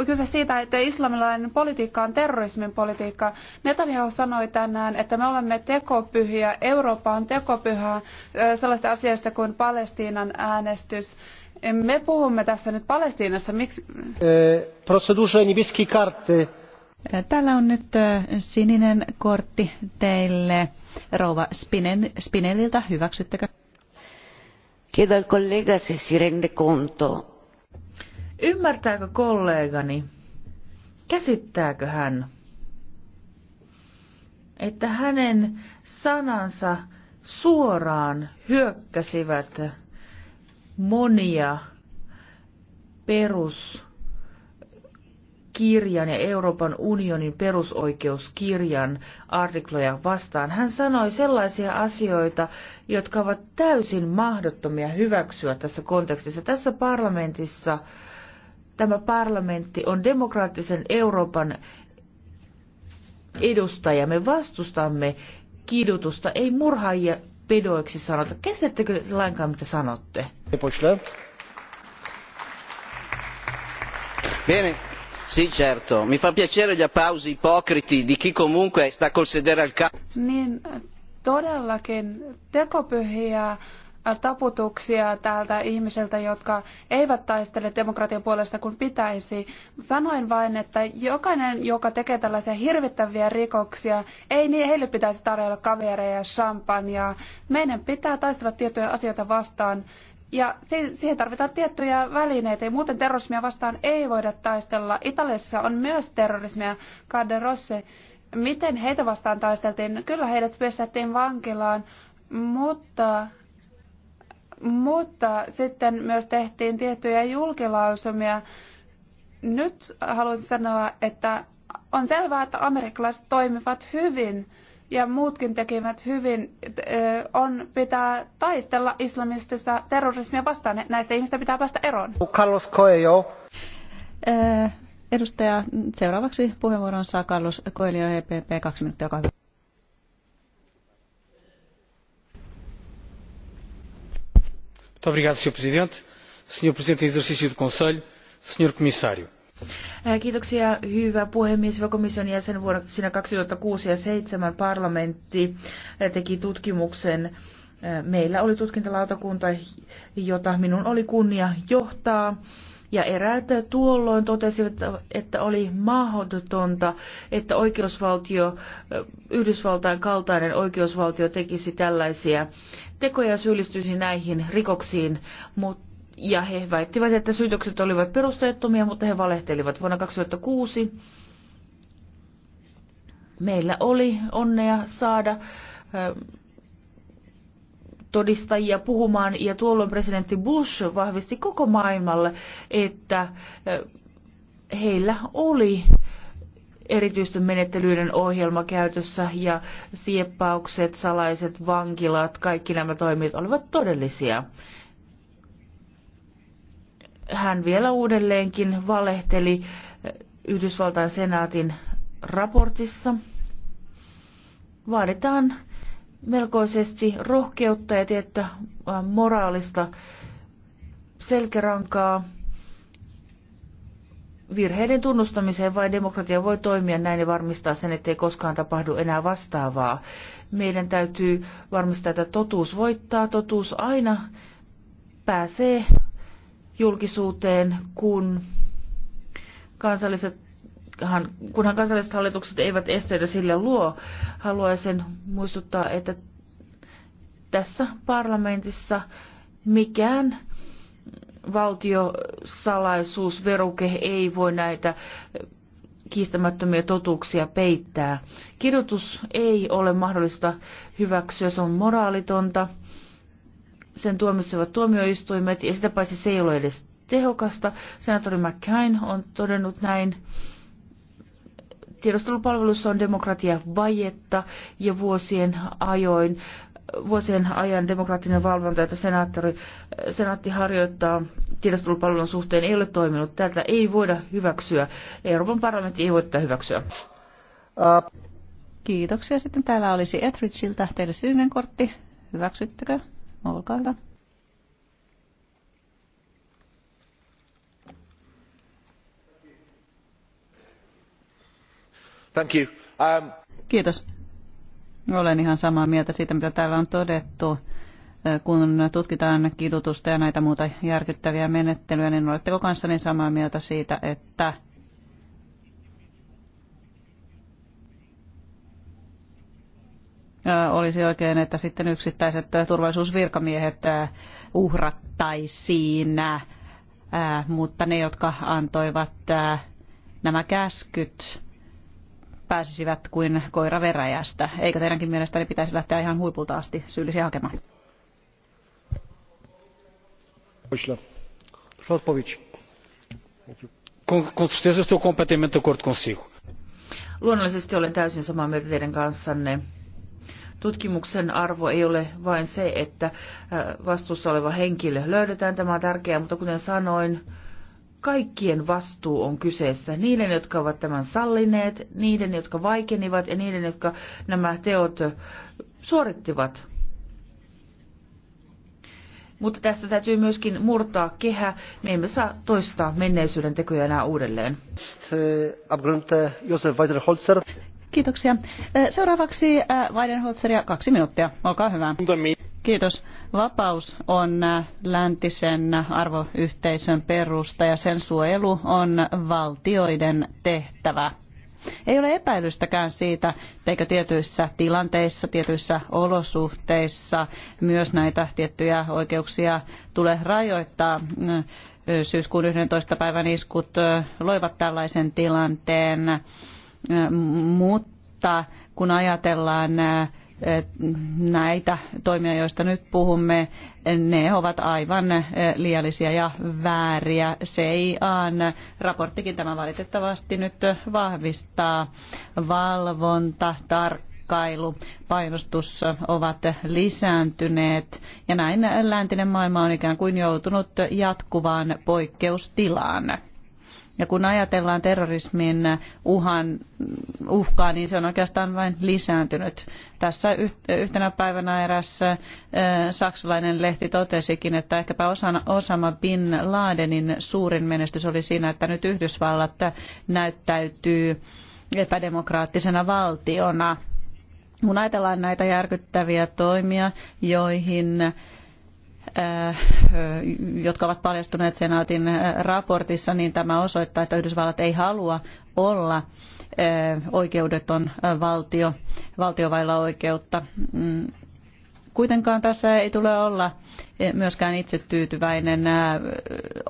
kyse siitä, että islamilainen politiikka on terrorismin politiikka. Netanyahu sanoi tänään, että me olemme tekopyhiä, Eurooppa on tekopyhää sellaista asioista kuin Palestiinan äänestys. Me puhumme tässä nyt Palestiinassa. Miksi? E, Täällä on nyt e, sininen kortti teille rouva Spinen, Spinelliltä. Hyväksyttekö? Chiedo al se si rende conto. Ymmärtääkö kollegani? Käsittääkö hän, että hänen sanansa suoraan hyökkäsivät monia perus kirjan ja Euroopan unionin perusoikeuskirjan artikloja vastaan. Hän sanoi sellaisia asioita, jotka ovat täysin mahdottomia hyväksyä tässä kontekstissa. Tässä parlamentissa tämä parlamentti on demokraattisen Euroopan edustaja. Me vastustamme kidutusta, ei murhaajia pedoiksi sanota. Kestättekö lainkaan, mitä sanotte? Bene, Sì, certo. Mi fa piacere gli applausi ipocriti di chi comunque sta col sedere al ca- Niin, todellakin tekopyhiä taputuksia täältä ihmisiltä, jotka eivät taistele demokratian puolesta kuin pitäisi. Sanoin vain, että jokainen, joka tekee tällaisia hirvittäviä rikoksia, ei niin heille pitäisi tarjolla kavereja ja champagnea. Meidän pitää taistella tiettyjä asioita vastaan. Ja siihen tarvitaan tiettyjä välineitä, ja muuten terrorismia vastaan ei voida taistella. Italiassa on myös terrorismia, Cade Rosse. Miten heitä vastaan taisteltiin? Kyllä heidät pysättiin vankilaan, mutta, mutta sitten myös tehtiin tiettyjä julkilausumia. Nyt haluaisin sanoa, että on selvää, että amerikkalaiset toimivat hyvin ja muutkin tekevät hyvin, on pitää taistella islamistista terrorismia vastaan. Näistä ihmistä pitää päästä eroon. Carlos Coelho. Edustaja, seuraavaksi puheenvuoron saa Carlos Coelho, EPP, kaksi minuuttia, olkaa Muito obrigado, Sr. Presidente. Sr. Presidente em exercício do Conselho, Sr. Comissário. Kiitoksia, hyvä puhemies. Hyvä komission jäsen vuonna 2006 ja 2007 parlamentti teki tutkimuksen. Meillä oli tutkintalautakunta, jota minun oli kunnia johtaa. Ja eräät tuolloin totesivat, että oli mahdotonta, että oikeusvaltio, Yhdysvaltain kaltainen oikeusvaltio tekisi tällaisia tekoja ja syyllistyisi näihin rikoksiin, mutta ja he väittivät, että syytökset olivat perusteettomia, mutta he valehtelivat. Vuonna 2006 meillä oli onnea saada todistajia puhumaan, ja tuolloin presidentti Bush vahvisti koko maailmalle, että heillä oli erityisten menettelyiden ohjelma käytössä ja sieppaukset, salaiset vankilat, kaikki nämä toimijat olivat todellisia hän vielä uudelleenkin valehteli eh, Yhdysvaltain senaatin raportissa. Vaaditaan melkoisesti rohkeutta ja tiettyä eh, moraalista selkärankaa virheiden tunnustamiseen vai demokratia voi toimia näin ja varmistaa sen, ettei koskaan tapahdu enää vastaavaa. Meidän täytyy varmistaa, että totuus voittaa. Totuus aina pääsee julkisuuteen, kun kansalliset kunhan kansalliset hallitukset eivät esteitä sille luo, haluaisin muistuttaa, että tässä parlamentissa mikään valtiosalaisuusveruke ei voi näitä kiistämättömiä totuuksia peittää. Kidutus ei ole mahdollista hyväksyä, se on moraalitonta sen tuomitsevat tuomioistuimet, ja sitä paitsi se ei ole edes tehokasta. Senaattori McCain on todennut näin. Tiedostelupalvelussa on demokratia vajetta ja vuosien ajoin vuosien ajan demokraattinen valvonta, jota senaattori, senaatti harjoittaa tiedostelupalvelun suhteen, ei ole toiminut. Tältä ei voida hyväksyä. Euroopan parlamentti ei voi tätä hyväksyä. Kiitoksia. Sitten täällä olisi Etheridgeiltä teille sininen kortti. Hyväksyttekö? Olkaa hyvä. Thank you. Um... Kiitos. Olen ihan samaa mieltä siitä, mitä täällä on todettu. Kun tutkitaan kidutusta ja näitä muuta järkyttäviä menettelyjä, niin oletteko kanssani samaa mieltä siitä, että olisi oikein, että sitten yksittäiset turvallisuusvirkamiehet uhrattaisiin, mutta ne, jotka antoivat nämä käskyt, pääsisivät kuin koira veräjästä. Eikö teidänkin mielestäni pitäisi lähteä ihan huipulta asti syyllisiä hakemaan? Luonnollisesti olen täysin samaa mieltä teidän kanssanne tutkimuksen arvo ei ole vain se, että vastuussa oleva henkilö löydetään. Tämä on tärkeää, mutta kuten sanoin, kaikkien vastuu on kyseessä. Niiden, jotka ovat tämän sallineet, niiden, jotka vaikenivat ja niiden, jotka nämä teot suorittivat. Mutta tässä täytyy myöskin murtaa kehä. Me emme saa toistaa menneisyyden tekoja enää uudelleen. Josef Weiderholzer. Kiitoksia. Seuraavaksi Weidenholzeria kaksi minuuttia. Olkaa hyvä. Kiitos. Vapaus on läntisen arvoyhteisön perusta ja sen suojelu on valtioiden tehtävä. Ei ole epäilystäkään siitä, etteikö tietyissä tilanteissa, tietyissä olosuhteissa myös näitä tiettyjä oikeuksia tule rajoittaa. Syyskuun 11. päivän iskut loivat tällaisen tilanteen mutta kun ajatellaan näitä toimia, joista nyt puhumme, ne ovat aivan liiallisia ja vääriä. CIAn raporttikin tämä valitettavasti nyt vahvistaa. Valvonta, tarkkailu, painostus ovat lisääntyneet ja näin läntinen maailma on ikään kuin joutunut jatkuvaan poikkeustilaan. Ja kun ajatellaan terrorismin uhan, uhkaa, niin se on oikeastaan vain lisääntynyt. Tässä yhtenä päivänä eräs saksalainen lehti totesikin, että ehkäpä Osama Bin Ladenin suurin menestys oli siinä, että nyt Yhdysvallat näyttäytyy epädemokraattisena valtiona. Kun ajatellaan näitä järkyttäviä toimia, joihin jotka ovat paljastuneet senaatin raportissa, niin tämä osoittaa, että Yhdysvallat ei halua olla oikeudeton valtio, valtiovailla oikeutta. Mm. Kuitenkaan tässä ei tule olla e, myöskään itse tyytyväinen.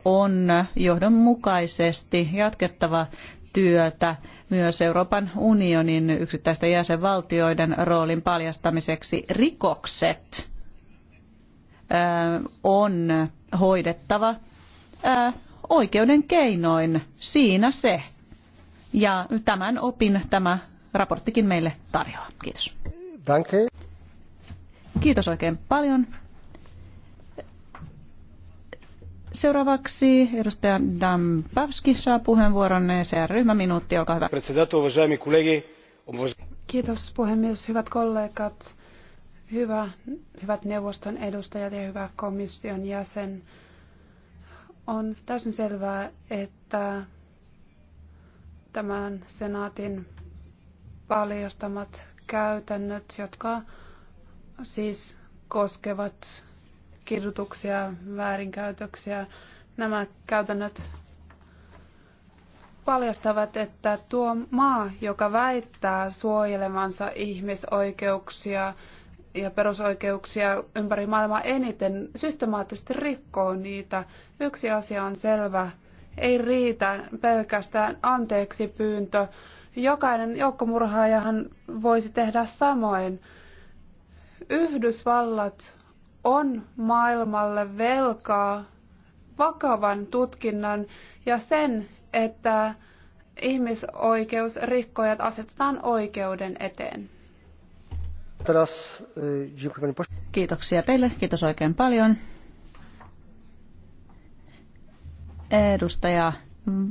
On johdonmukaisesti jatkettava työtä myös Euroopan unionin yksittäisten jäsenvaltioiden roolin paljastamiseksi rikokset on hoidettava oikeuden keinoin. Siinä se. Ja tämän opin tämä raporttikin meille tarjoaa. Kiitos. Danke. Kiitos oikein paljon. Seuraavaksi edustaja Dambavski saa puheenvuoron ECR-ryhmä minuutti, olkaa hyvä. Kiitos puhemies, hyvät kollegat Hyvä, hyvät neuvoston edustajat ja hyvä komission jäsen. On täysin selvää, että tämän senaatin paljastamat käytännöt, jotka siis koskevat kirjoituksia, väärinkäytöksiä, nämä käytännöt paljastavat, että tuo maa, joka väittää suojelevansa ihmisoikeuksia, ja perusoikeuksia ympäri maailmaa eniten systemaattisesti rikkoo niitä. Yksi asia on selvä. Ei riitä pelkästään anteeksi pyyntö. Jokainen joukkomurhaajahan voisi tehdä samoin. Yhdysvallat on maailmalle velkaa vakavan tutkinnan ja sen, että ihmisoikeusrikkojat asetetaan oikeuden eteen. Kiitoksia teille, kiitos oikein paljon. Edustaja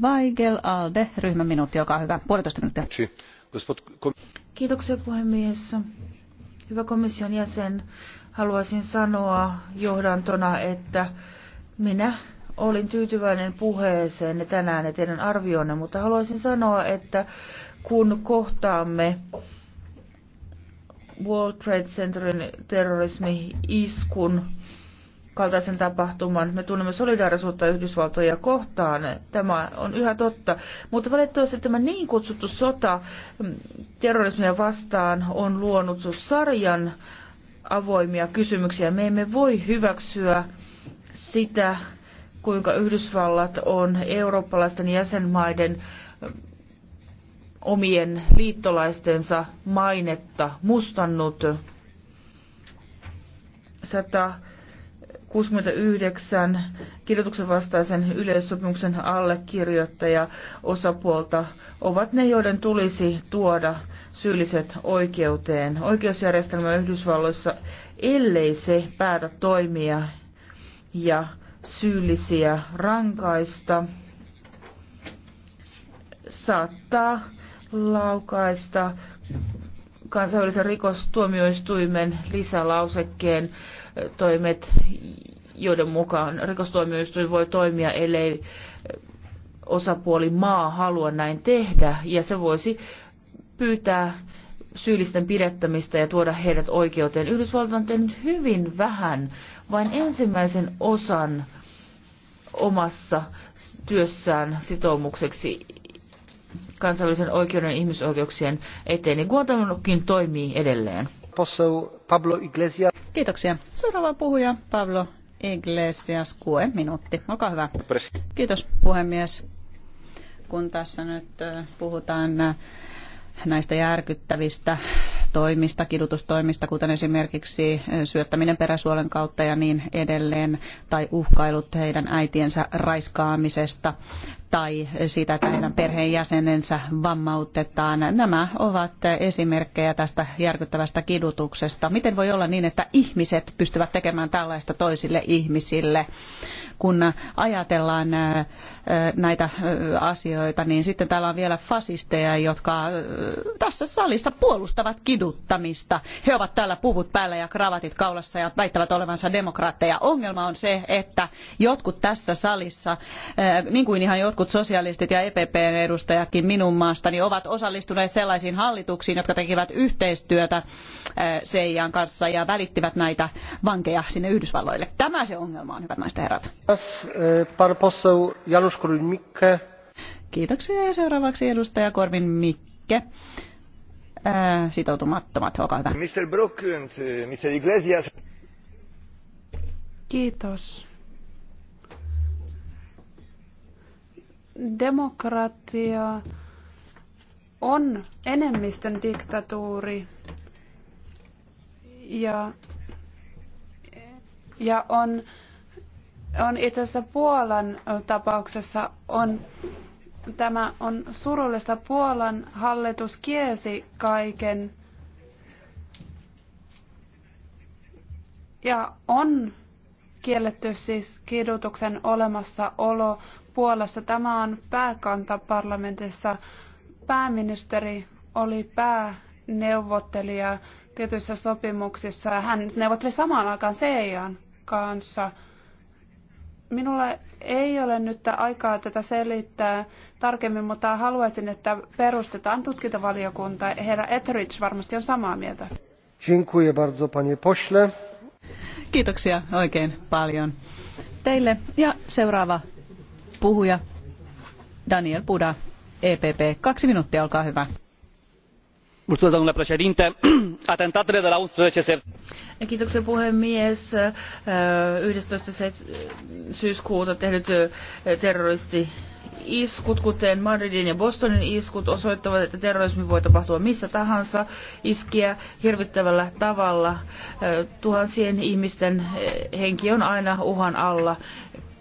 Weigel Alde, ryhmä minuutti, olkaa hyvä. Puolitoista minuuttia. Kiitoksia puhemies. Hyvä komission jäsen, haluaisin sanoa johdantona, että minä olin tyytyväinen puheeseen tänään ja teidän arvioonne, mutta haluaisin sanoa, että kun kohtaamme World Trade Centerin terrorismi-iskun kaltaisen tapahtuman. Me tunnemme solidaarisuutta Yhdysvaltoja kohtaan. Tämä on yhä totta. Mutta valitettavasti tämä niin kutsuttu sota mm, terrorismia vastaan on luonut sarjan avoimia kysymyksiä. Me emme voi hyväksyä sitä, kuinka Yhdysvallat on eurooppalaisten jäsenmaiden omien liittolaistensa mainetta mustannut. 169 kirjoituksen vastaisen yleissopimuksen allekirjoittaja osapuolta ovat ne, joiden tulisi tuoda syylliset oikeuteen. Oikeusjärjestelmä Yhdysvalloissa, ellei se päätä toimia ja syyllisiä rankaista, saattaa laukaista kansainvälisen rikostuomioistuimen lisälausekkeen toimet, joiden mukaan rikostuomioistuin voi toimia, ellei osapuoli maa halua näin tehdä, ja se voisi pyytää syyllisten pidettämistä ja tuoda heidät oikeuteen. Yhdysvallat on tehnyt hyvin vähän, vain ensimmäisen osan omassa työssään sitoumukseksi kansainvälisen oikeuden ihmisoikeuksien eteen, niin Guantanamokin toimii edelleen. Pablo Iglesias. Kiitoksia. Seuraava puhuja Pablo Iglesias, kuue minuutti. Olkaa hyvä. Kiitos puhemies. Kun tässä nyt puhutaan näistä järkyttävistä toimista, kidutustoimista, kuten esimerkiksi syöttäminen peräsuolen kautta ja niin edelleen, tai uhkailut heidän äitiensä raiskaamisesta tai sitä, että heidän perheenjäsenensä vammautetaan. Nämä ovat esimerkkejä tästä järkyttävästä kidutuksesta. Miten voi olla niin, että ihmiset pystyvät tekemään tällaista toisille ihmisille? Kun ajatellaan äh, äh, näitä äh, asioita, niin sitten täällä on vielä fasisteja, jotka tässä salissa puolustavat kiduttamista. He ovat täällä puvut päällä ja kravatit kaulassa ja väittävät olevansa demokraatteja. Ongelma on se, että jotkut tässä salissa, niin kuin ihan jotkut jotkut sosialistit ja EPPn edustajatkin minun maastani ovat osallistuneet sellaisiin hallituksiin, jotka tekivät yhteistyötä CIAn äh, kanssa ja välittivät näitä vankeja sinne Yhdysvalloille. Tämä se ongelma on, hyvät naiset ja herrat. Eh, Kiitoksia ja seuraavaksi edustaja Korvin Mikke äh, sitoutumattomat, olkaa hyvä. Mr. Brook and eh, Mr. Iglesias. Kiitos. demokratia on enemmistön diktatuuri ja, ja on, on itse asiassa Puolan tapauksessa on, tämä on surullista. Puolan hallitus kiesi kaiken ja on kielletty siis kidutuksen olemassaolo, Puolassa tämä on pääkanta parlamentissa. Pääministeri oli pääneuvottelija tietyissä sopimuksissa. Hän neuvotteli samaan aikaan CIAn kanssa. Minulla ei ole nyt aikaa tätä selittää tarkemmin, mutta haluaisin, että perustetaan tutkintavaliokunta. Herra Etheridge varmasti on samaa mieltä. Dziękuję bardzo, panie pośle. Kiitoksia oikein paljon teille. Ja seuraava puhuja Daniel Buda, EPP. Kaksi minuuttia, olkaa hyvä. Domnule atentatele de la 11 Kiitoksia puhemies. 11. Äh, syyskuuta tehdyt äh, terroristi iskut, kuten Madridin ja Bostonin iskut, osoittavat, että terrorismi voi tapahtua missä tahansa, iskiä hirvittävällä tavalla. Äh, tuhansien ihmisten henki on aina uhan alla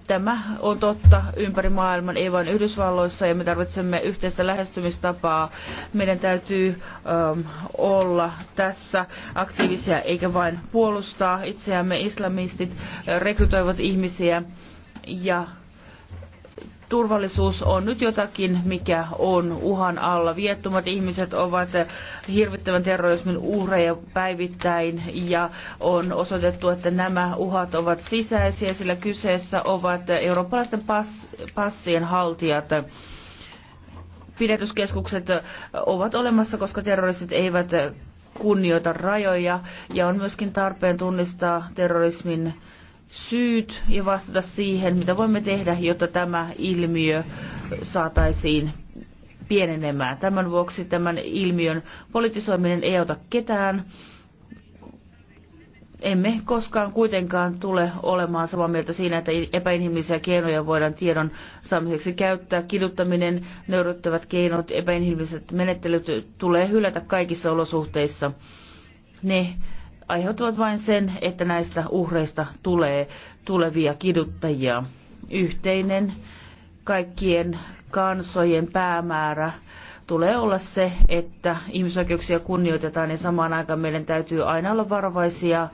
Tämä on totta ympäri maailman, ei vain Yhdysvalloissa, ja me tarvitsemme yhteistä lähestymistapaa. Meidän täytyy ähm, olla tässä aktiivisia eikä vain puolustaa itseämme. Islamistit äh, rekrytoivat ihmisiä ja turvallisuus on nyt jotakin, mikä on uhan alla. Viettomat ihmiset ovat hirvittävän terrorismin uhreja päivittäin ja on osoitettu, että nämä uhat ovat sisäisiä, sillä kyseessä ovat eurooppalaisten pass, passien haltijat Pidetyskeskukset ovat olemassa, koska terroristit eivät kunnioita rajoja ja on myöskin tarpeen tunnistaa terrorismin syyt ja vastata siihen, mitä voimme tehdä, jotta tämä ilmiö saataisiin pienenemään. Tämän vuoksi tämän ilmiön politisoiminen ei auta ketään. Emme koskaan kuitenkaan tule olemaan samaa mieltä siinä, että epäinhimillisiä keinoja voidaan tiedon saamiseksi käyttää. Kiduttaminen, nöyryttävät keinot, epäinhimilliset menettelyt tulee hylätä kaikissa olosuhteissa. Ne aiheutuvat vain sen, että näistä uhreista tulee tulevia kiduttajia. Yhteinen kaikkien kansojen päämäärä tulee olla se, että ihmisoikeuksia kunnioitetaan ja samaan aikaan meidän täytyy aina olla varovaisia,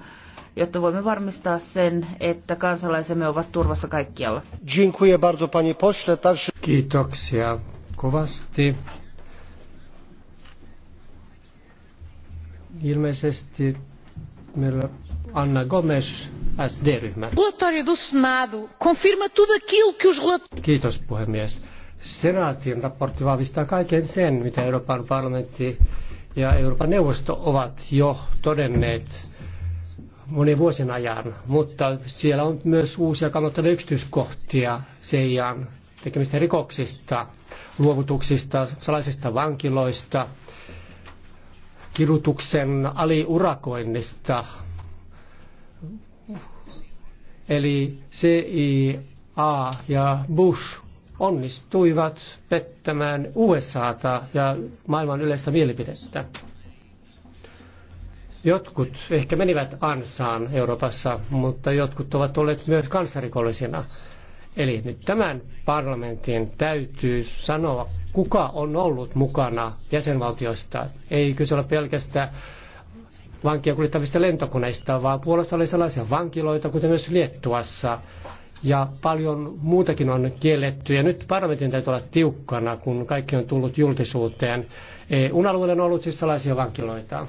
jotta voimme varmistaa sen, että kansalaisemme ovat turvassa kaikkialla. Kiitoksia kovasti. Ilmeisesti Meillä Gomes, SD-ryhmä. Relatório do Senado confirma tudo aquilo que os Kiitos puhemies. Senaatin raportti vahvistaa kaiken sen, mitä Euroopan parlamentti ja Euroopan neuvosto ovat jo todenneet monen vuosien ajan, mutta siellä on myös uusia kannattavia yksityiskohtia CIAn tekemistä rikoksista, luovutuksista, salaisista vankiloista, Kirutuksen aliurakoinnista. Eli CIA ja Bush onnistuivat pettämään USAta ja maailman yleistä mielipidettä. Jotkut ehkä menivät ansaan Euroopassa, mutta jotkut ovat olleet myös kansarikollisina. Eli nyt tämän parlamentin täytyy sanoa, kuka on ollut mukana jäsenvaltioista. Ei kyse ole pelkästään vankia kuljettavista lentokoneista, vaan Puolassa oli sellaisia vankiloita, kuten myös Liettuassa. Ja paljon muutakin on kielletty. Ja nyt parlamentin täytyy olla tiukkana, kun kaikki on tullut julkisuuteen. EUn alueella on ollut siis sellaisia vankiloita.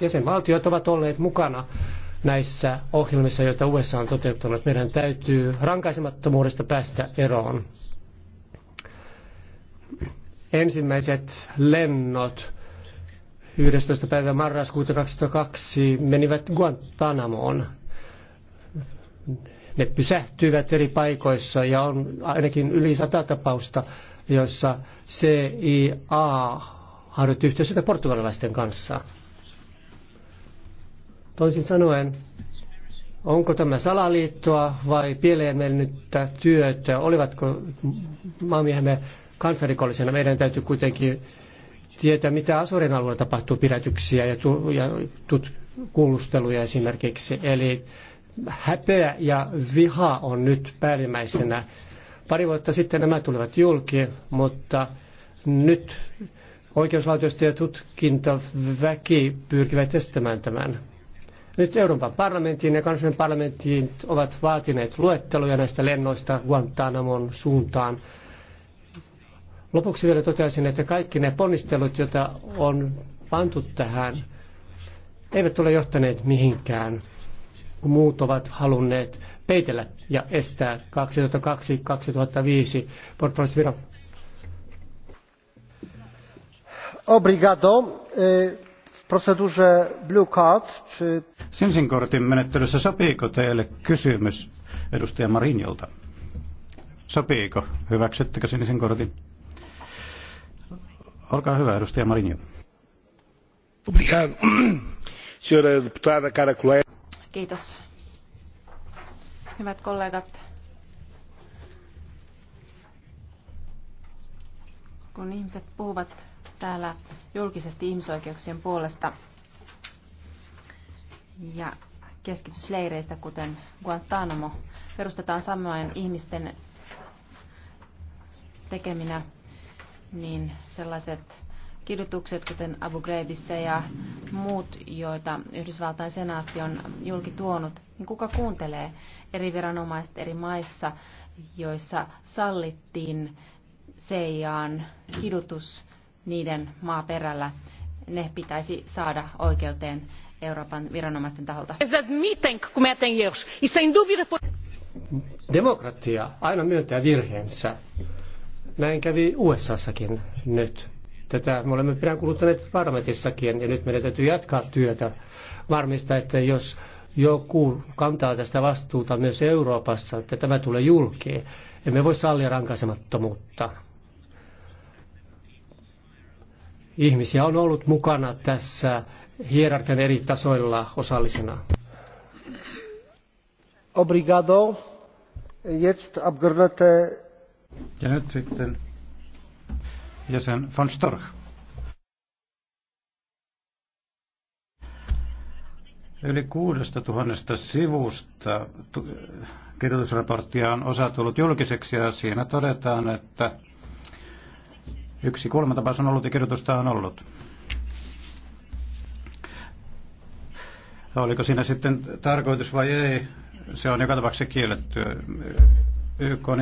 Jäsenvaltiot ovat olleet mukana näissä ohjelmissa, joita USA on toteuttanut. Meidän täytyy rankaisemattomuudesta päästä eroon. Ensimmäiset lennot 11. päivä marraskuuta 2002 menivät Guantanamoon. Ne pysähtyivät eri paikoissa ja on ainakin yli sata tapausta, joissa CIA harjoitti yhteistyötä portugalilaisten kanssa. Toisin sanoen, onko tämä salaliittoa vai pieleen mennyttä työtä? Olivatko maamiehemme kansarikollisena? Meidän täytyy kuitenkin tietää, mitä Asorin alueella tapahtuu pidätyksiä ja, tu- ja tut- kuulusteluja esimerkiksi. Eli häpeä ja viha on nyt päällimmäisenä. Pari vuotta sitten nämä tulivat julki, mutta nyt oikeusvaltiosta ja tutkintaväki pyrkivät estämään tämän. Nyt Euroopan parlamenttiin ja kansallisen parlamenttiin ovat vaatineet luetteluja näistä lennoista Guantanamon suuntaan. Lopuksi vielä toteaisin, että kaikki ne ponnistelut, joita on pantu tähän, eivät ole johtaneet mihinkään, kun muut ovat halunneet peitellä ja estää 2002-2005 portfolioviran. Obrigado. Eh procedurze blue card, czy... kortin menettelyssä sopiiko teille kysymys edustaja Marinjolta? Sopiiko? Hyväksyttekö sinisen kortin? Olkaa hyvä, edustaja Marinjo. Kiitos. Hyvät kollegat, kun ihmiset puhuvat täällä julkisesti ihmisoikeuksien puolesta ja keskitysleireistä, kuten Guantanamo, perustetaan samoin ihmisten tekeminä niin sellaiset kidutukset, kuten Abu Ghraibissa ja muut, joita Yhdysvaltain senaatti on julki tuonut, niin kuka kuuntelee eri viranomaiset eri maissa, joissa sallittiin seijaan kidutus niiden maaperällä. Ne pitäisi saada oikeuteen Euroopan viranomaisten taholta. Demokratia aina myöntää virheensä. Näin kävi USAssakin nyt. Tätä me olemme kuluttaneet parlamentissakin ja nyt meidän täytyy jatkaa työtä. Varmista, että jos joku kantaa tästä vastuuta myös Euroopassa, että tämä tulee julkiin. Emme voi sallia rankaisemattomuutta. ihmisiä on ollut mukana tässä hierarkian eri tasoilla osallisena. Obrigado. Jetzt Abgeordnete. Ja nyt sitten jäsen von Storch. Yli kuudesta tuhannesta sivusta kirjoitusraporttia on osa tullut julkiseksi ja siinä todetaan, että Yksi kuolematapaus on ollut ja kirjoitusta on ollut. Oliko siinä sitten tarkoitus vai ei? Se on joka tapauksessa kielletty. YK on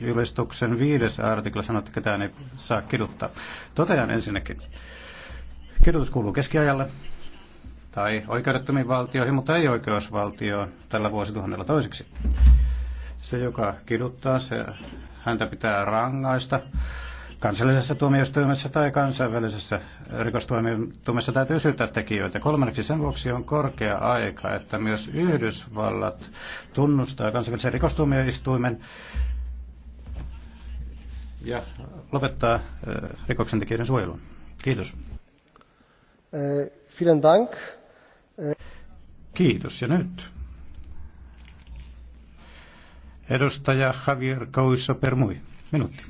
julistuksen viides artikla sanoo, että ketään ei saa kiduttaa. Totean ensinnäkin. Kidutus kuuluu keskiajalle tai oikeudettomiin valtioihin, mutta ei oikeusvaltioon tällä vuosituhannella toiseksi. Se, joka kiduttaa, se, häntä pitää rangaista kansallisessa tuomioistuimessa tai kansainvälisessä rikostuomioistuimessa täytyy syyttää tekijöitä. Kolmanneksi sen vuoksi on korkea aika, että myös Yhdysvallat tunnustaa kansainvälisen rikostuomioistuimen ja lopettaa eh, rikoksen tekijöiden suojelun. Kiitos. Eh, vielen dank. Eh. Kiitos ja nyt. Edustaja Javier Kauiso Permui, minuutti.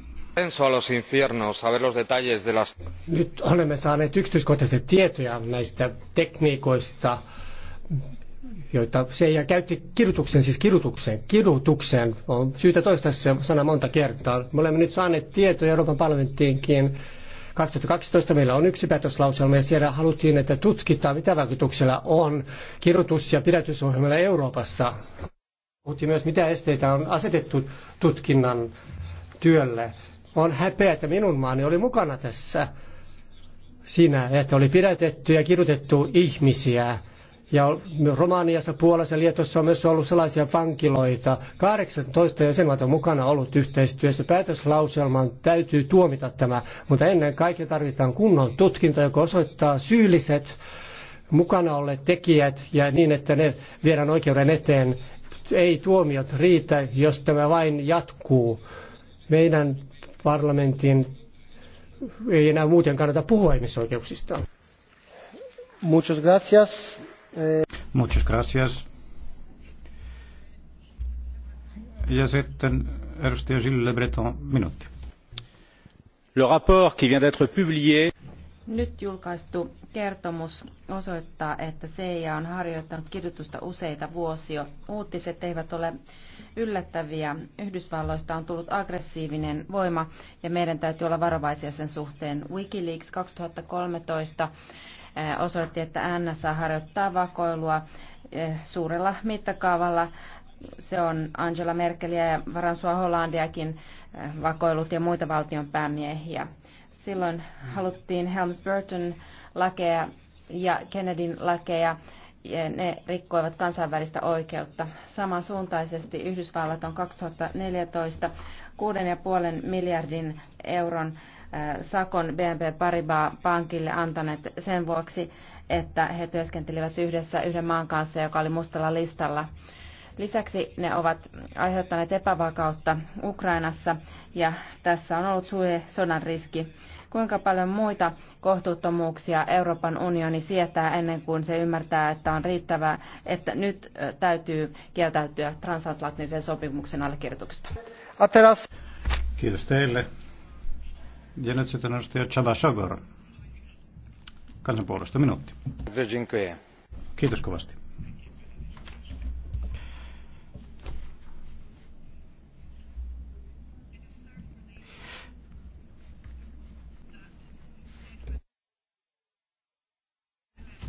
Nyt olemme saaneet yksityiskohtaisia tietoja näistä tekniikoista, joita Seija käytti kirjoituksen, siis kirjoituksen, kirjoituksen. On syytä toistaa se sana monta kertaa. Me olemme nyt saaneet tietoja Euroopan parlamenttiinkin 2012 meillä on yksi päätöslauselma ja siellä haluttiin, että tutkitaan, mitä vaikutuksella on kirjoitus- ja pidätysohjelmilla Euroopassa. Puhuttiin myös, mitä esteitä on asetettu tutkinnan työlle. On häpeä, että minun maani oli mukana tässä siinä, että oli pidätetty ja kirjoitettu ihmisiä. Ja Romaniassa, Puolassa ja Lietossa on myös ollut sellaisia vankiloita. 18 jäsenmaata on mukana ollut yhteistyössä. Päätöslauselman täytyy tuomita tämä, mutta ennen kaikkea tarvitaan kunnon tutkinta, joka osoittaa syylliset mukana olleet tekijät ja niin, että ne viedään oikeuden eteen. Ei tuomiot riitä, jos tämä vain jatkuu. Meidän parlamentin ei enää muuten kannata puhua ihmisoikeuksista. Muchas gracias. Eh, Muchas gracias. Ja sitten edustaja Gilles Le Breton, minuutti. Le rapport qui vient d'être publié nyt julkaistu kertomus osoittaa, että CIA on harjoittanut kidutusta useita vuosia. Uutiset eivät ole yllättäviä. Yhdysvalloista on tullut aggressiivinen voima ja meidän täytyy olla varovaisia sen suhteen. Wikileaks 2013 eh, osoitti, että NSA harjoittaa vakoilua eh, suurella mittakaavalla. Se on Angela Merkelia ja Varansua Hollandiakin eh, vakoilut ja muita valtion päämiehiä. Silloin haluttiin Helms-Burton lakeja ja Kennedyn lakeja. Ja ne rikkoivat kansainvälistä oikeutta. Samansuuntaisesti Yhdysvallat on 2014 6,5 miljardin euron äh, sakon BNP Paribas pankille antaneet sen vuoksi, että he työskentelivät yhdessä yhden maan kanssa, joka oli mustalla listalla. Lisäksi ne ovat aiheuttaneet epävakautta Ukrainassa ja tässä on ollut suuri sodan riski. Kuinka paljon muita kohtuuttomuuksia Euroopan unioni sietää ennen kuin se ymmärtää, että on riittävää, että nyt täytyy kieltäytyä transatlanttisen sopimuksen allekirjoituksesta? Ateras. Kiitos teille. Ja nyt sitten edustaja Chava Shogor. Kansanpuolesta minuutti. Kiitos kovasti.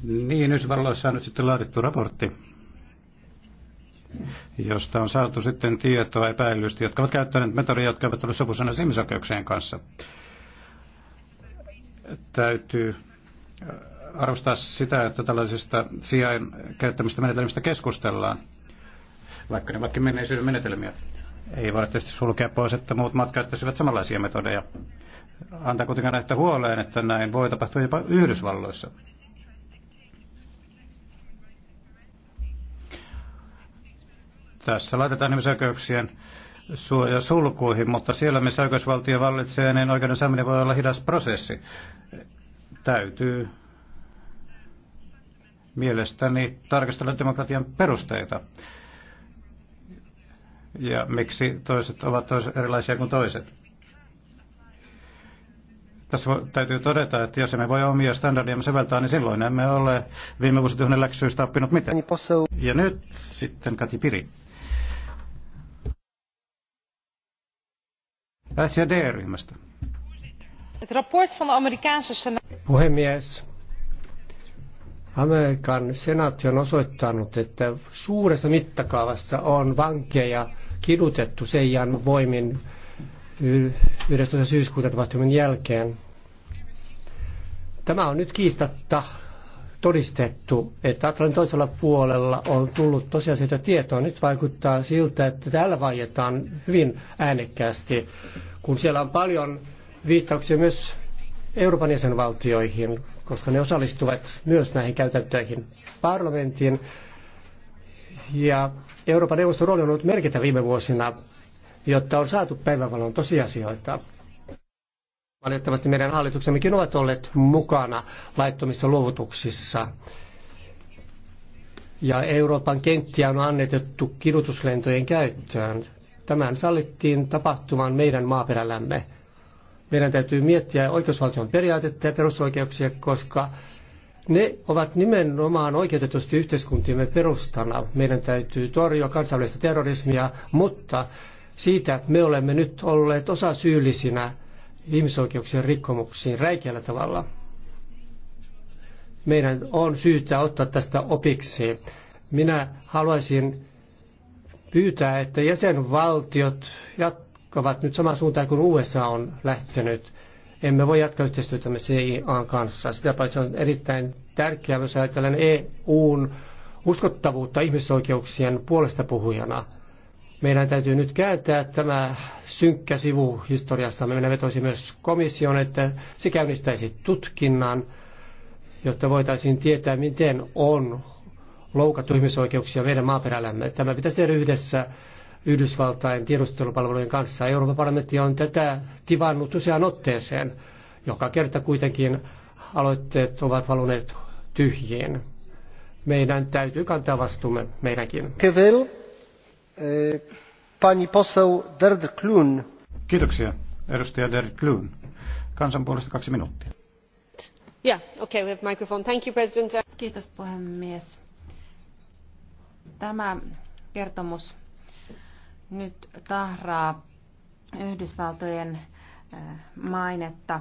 Niin, Yhdysvalloissa on nyt sitten laadittu raportti, josta on saatu sitten tietoa epäilystä, jotka ovat käyttäneet metodia, jotka ovat olleet sopusana ihmisoikeuksien kanssa. Täytyy äh, arvostaa sitä, että tällaisista sijain käyttämistä menetelmistä keskustellaan, vaikka ne ovatkin menneisyyden menetelmiä. Ei voida tietysti sulkea pois, että muut maat käyttäisivät samanlaisia metodeja. Antaa kuitenkin näyttää huoleen, että näin voi tapahtua jopa Yhdysvalloissa. Tässä laitetaan ihmisoikeuksien suoja sulkuihin, mutta siellä missä oikeusvaltio vallitsee, niin oikeuden saaminen voi olla hidas prosessi. Täytyy mielestäni tarkastella demokratian perusteita ja miksi toiset ovat toiset erilaisia kuin toiset. Tässä täytyy todeta, että jos emme voi omia standardiamme seveltää, niin silloin emme ole viime vuosituhannen läksyistä oppinut mitään. Ja nyt sitten Kati Piri. SJD-ryhmästä. Äh, Puhemies, Amerikan senaatti on osoittanut, että suuressa mittakaavassa on vankeja kidutettu Seijan voimin 11. syyskuuta tapahtumien jälkeen. Tämä on nyt kiistatta todistettu, että Atlantin toisella puolella on tullut tosiasioita tietoa. Nyt vaikuttaa siltä, että täällä vaietaan hyvin äänekkäästi, kun siellä on paljon viittauksia myös Euroopan jäsenvaltioihin, koska ne osallistuvat myös näihin käytäntöihin parlamentin. Ja Euroopan neuvoston rooli on ollut merkittävä viime vuosina, jotta on saatu päivävalon tosiasioita. Valitettavasti meidän hallituksemmekin ovat olleet mukana laittomissa luovutuksissa. Ja Euroopan kenttiä on annettu kidutuslentojen käyttöön. Tämän sallittiin tapahtumaan meidän maaperällämme. Meidän täytyy miettiä oikeusvaltion periaatetta ja perusoikeuksia, koska ne ovat nimenomaan oikeutetusti yhteiskuntiemme perustana. Meidän täytyy torjua kansainvälistä terrorismia, mutta siitä me olemme nyt olleet osa syyllisinä ihmisoikeuksien rikkomuksiin räikeällä tavalla. Meidän on syytä ottaa tästä opiksi. Minä haluaisin pyytää, että jäsenvaltiot jatkavat nyt samaan suuntaan kuin USA on lähtenyt. Emme voi jatkaa yhteistyötämme CIA kanssa. Sitä paitsi on erittäin tärkeää, jos ajatellaan EUn uskottavuutta ihmisoikeuksien puolesta puhujana – meidän täytyy nyt kääntää tämä synkkä sivu historiassa. Minä vetoisin myös komission, että se käynnistäisi tutkinnan, jotta voitaisiin tietää, miten on loukattu ihmisoikeuksia meidän maaperällämme. Tämä pitäisi tehdä yhdessä Yhdysvaltain tiedustelupalvelujen kanssa. Euroopan parlamentti on tätä tivannut useaan otteeseen. Joka kerta kuitenkin aloitteet ovat valuneet tyhjiin. Meidän täytyy kantaa vastuumme meidänkin. E, pani Kiitoksia. Kiitos puhemies. Tämä kertomus nyt tahraa Yhdysvaltojen mainetta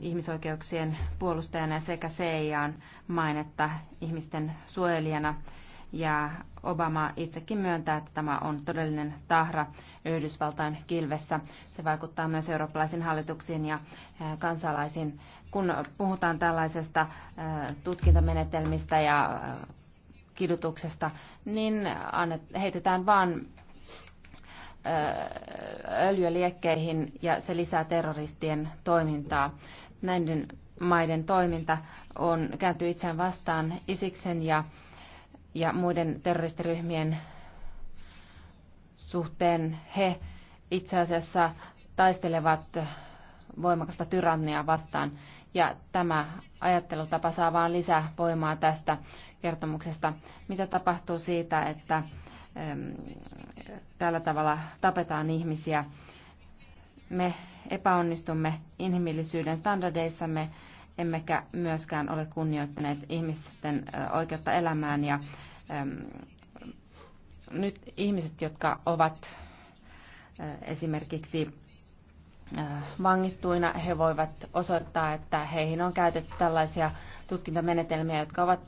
ihmisoikeuksien puolustajana sekä CIAn mainetta ihmisten suojelijana ja Obama itsekin myöntää, että tämä on todellinen tahra Yhdysvaltain kilvessä. Se vaikuttaa myös eurooppalaisiin hallituksiin ja kansalaisiin. Kun puhutaan tällaisesta tutkintamenetelmistä ja kidutuksesta, niin heitetään vaan öljyliekkeihin ja se lisää terroristien toimintaa. Näiden maiden toiminta on kääntynyt itseään vastaan Isiksen ja ja muiden terroristiryhmien suhteen he itse asiassa taistelevat voimakasta tyrannia vastaan. Ja tämä ajattelutapa saa vain lisää voimaa tästä kertomuksesta. Mitä tapahtuu siitä, että tällä tavalla tapetaan ihmisiä? Me epäonnistumme inhimillisyyden standardeissamme emmekä myöskään ole kunnioittaneet ihmisten oikeutta elämään. Ja nyt ihmiset, jotka ovat esimerkiksi vangittuina, he voivat osoittaa, että heihin on käytetty tällaisia tutkintamenetelmiä, jotka ovat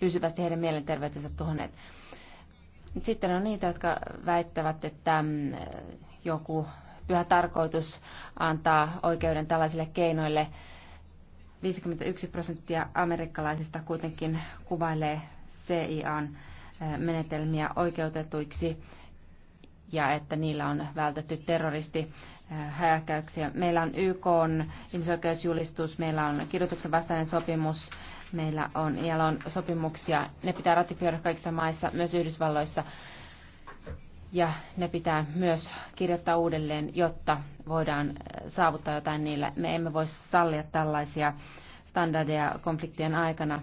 pysyvästi heidän mielenterveytensä tuhonneet. Sitten on niitä, jotka väittävät, että joku pyhä tarkoitus antaa oikeuden tällaisille keinoille 51 prosenttia amerikkalaisista kuitenkin kuvailee CIAn menetelmiä oikeutetuiksi ja että niillä on vältetty terroristi häikäyksiä. Meillä on YK on ihmisoikeusjulistus, meillä on kidutuksen vastainen sopimus, meillä on ILOn sopimuksia. Ne pitää ratifioida kaikissa maissa, myös Yhdysvalloissa ja ne pitää myös kirjoittaa uudelleen, jotta voidaan äh, saavuttaa jotain niillä. Me emme voi sallia tällaisia standardeja konfliktien aikana.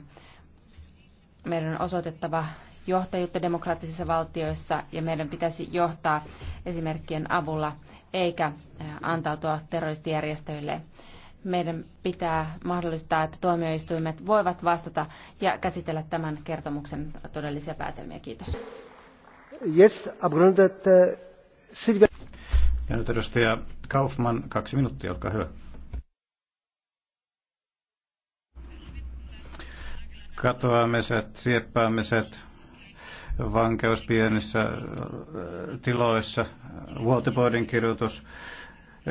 Meidän on osoitettava johtajuutta demokraattisissa valtioissa ja meidän pitäisi johtaa esimerkkien avulla eikä äh, antautua terroristijärjestöille. Meidän pitää mahdollistaa, että tuomioistuimet voivat vastata ja käsitellä tämän kertomuksen todellisia päätelmiä. Kiitos. Ja nyt edustaja Kaufman, kaksi minuuttia, olkaa hyvä. Katoamiset, sieppäämiset, vankeus pienissä äh, tiloissa, vuotipoidin kirjoitus.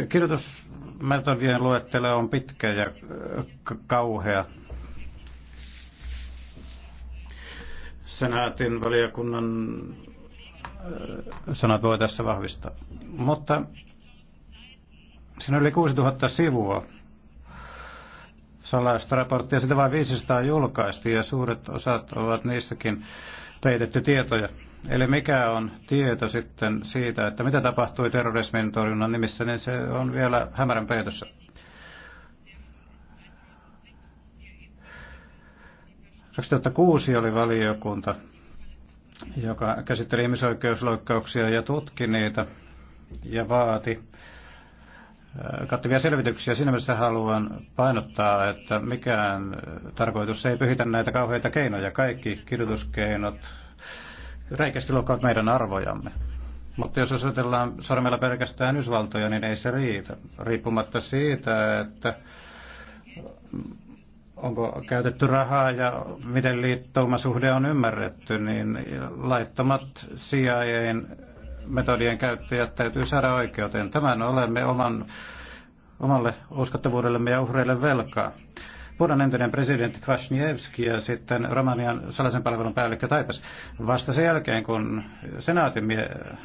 Kirjoitusmetodien luettele on pitkä ja äh, kauhea. Senaatin valiokunnan sanat voi tässä vahvistaa. Mutta siinä oli 6000 sivua salaista raporttia, sitä vain 500 julkaistu ja suuret osat ovat niissäkin peitetty tietoja. Eli mikä on tieto sitten siitä, että mitä tapahtui terrorismin torjunnan nimissä, niin se on vielä hämärän peitossa. kuusi oli valiokunta, joka käsitteli ihmisoikeusloikkauksia ja tutki niitä ja vaati äh, kattavia selvityksiä. Siinä mielessä haluan painottaa, että mikään tarkoitus ei pyhitä näitä kauheita keinoja. Kaikki kirjoituskeinot räikeästi loukkaavat meidän arvojamme. Mutta jos osoitellaan sormella pelkästään Yhdysvaltoja, niin ei se riitä. Riippumatta siitä, että onko käytetty rahaa ja miten liittoumasuhde on ymmärretty, niin laittomat CIAn metodien käyttäjät täytyy saada oikeuteen. Tämän olemme oman, omalle uskottavuudellemme ja uhreille velkaa. Puolan entinen presidentti Kwasniewski ja sitten Romanian salaisen palvelun päällikkö Taipas vasta sen jälkeen, kun senaatin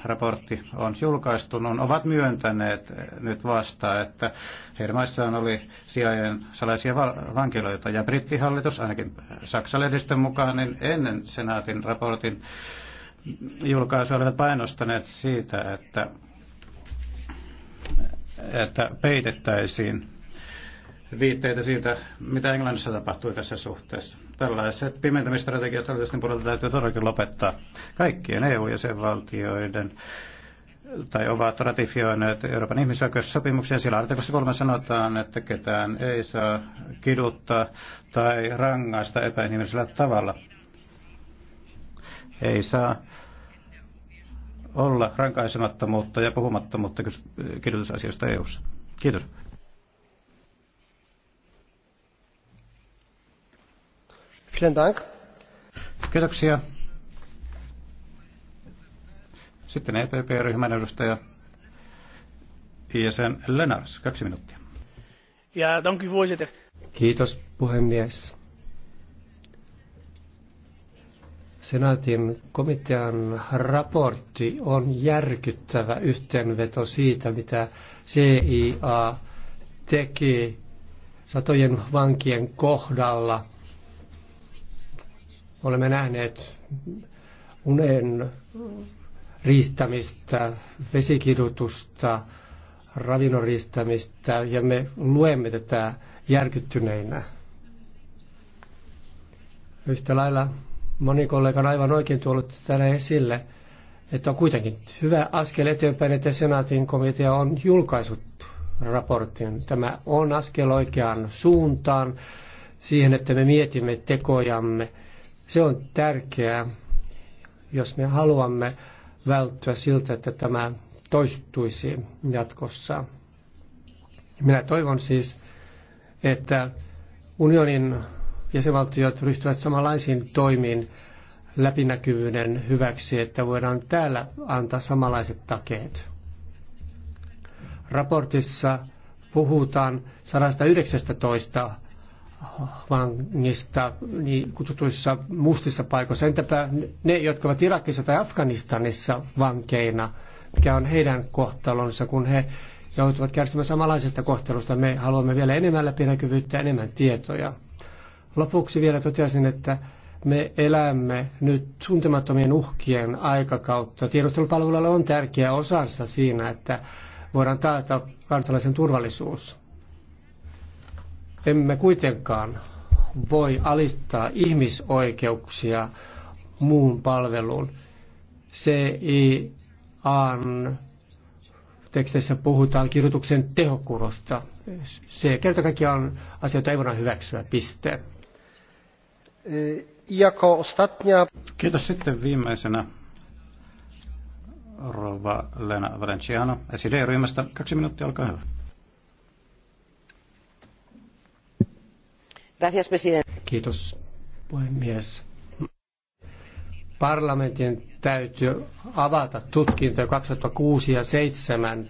raportti on julkaistu, On ovat myöntäneet nyt vasta, että heidän oli sijaajien salaisia vankiloita ja brittihallitus, ainakin Saksa-lehdistön mukaan, niin ennen senaatin raportin julkaisua olivat painostaneet siitä, että, että peitettäisiin viitteitä siitä, mitä Englannissa tapahtui tässä suhteessa. Tällaiset pimentämistrategiat hallitusten puolelta täytyy todellakin lopettaa. Kaikkien EU-jäsenvaltioiden tai ovat ratifioineet Euroopan ihmisoikeussopimuksia. Siellä artikossa kolme sanotaan, että ketään ei saa kiduttaa tai rangaista epäinhimillisellä tavalla. Ei saa olla rankaisemattomuutta ja puhumattomuutta kidutusasioista EU:ssa. Kiitos. Kiitoksia. Sitten EPP-ryhmän edustaja ISN Lennars, kaksi minuuttia. Ja, dank u voorzitter. Kiitos puhemies. Senaatin komitean raportti on järkyttävä yhteenveto siitä, mitä CIA teki satojen vankien kohdalla – Olemme nähneet unen riistämistä, vesikidutusta, ravinnon riistämistä ja me luemme tätä järkyttyneinä. Yhtä lailla moni kollega on aivan oikein tuollut täällä esille, että on kuitenkin hyvä askel eteenpäin, että senaatin komitea on julkaisut raportin. Tämä on askel oikeaan suuntaan siihen, että me mietimme tekojamme – se on tärkeää, jos me haluamme välttyä siltä, että tämä toistuisi jatkossa. Minä toivon siis, että unionin jäsenvaltiot ryhtyvät samanlaisiin toimiin läpinäkyvyyden hyväksi, että voidaan täällä antaa samanlaiset takeet. Raportissa puhutaan 119 vangista niin kutsutuissa mustissa paikoissa. Entäpä ne, jotka ovat Irakissa tai Afganistanissa vankeina, mikä on heidän kohtalonsa, kun he joutuvat kärsimään samanlaisesta kohtelusta. Me haluamme vielä enemmän läpinäkyvyyttä, enemmän tietoja. Lopuksi vielä totesin, että me elämme nyt tuntemattomien uhkien aikakautta. Tiedustelupalveluilla on tärkeä osansa siinä, että voidaan taata kansalaisen turvallisuus. Emme kuitenkaan voi alistaa ihmisoikeuksia muun palveluun. CIAn teksteissä puhutaan kirjoituksen tehokkuudesta. Se kerta kaikkiaan asioita ei voida hyväksyä, piste. E, jako ostatnia... Kiitos sitten viimeisenä Rova Lena Valenciano, SID-ryhmästä. Kaksi minuuttia, olkaa hyvä. Kiitos puhemies. Parlamentin täytyy avata tutkintoja 2006 ja 2007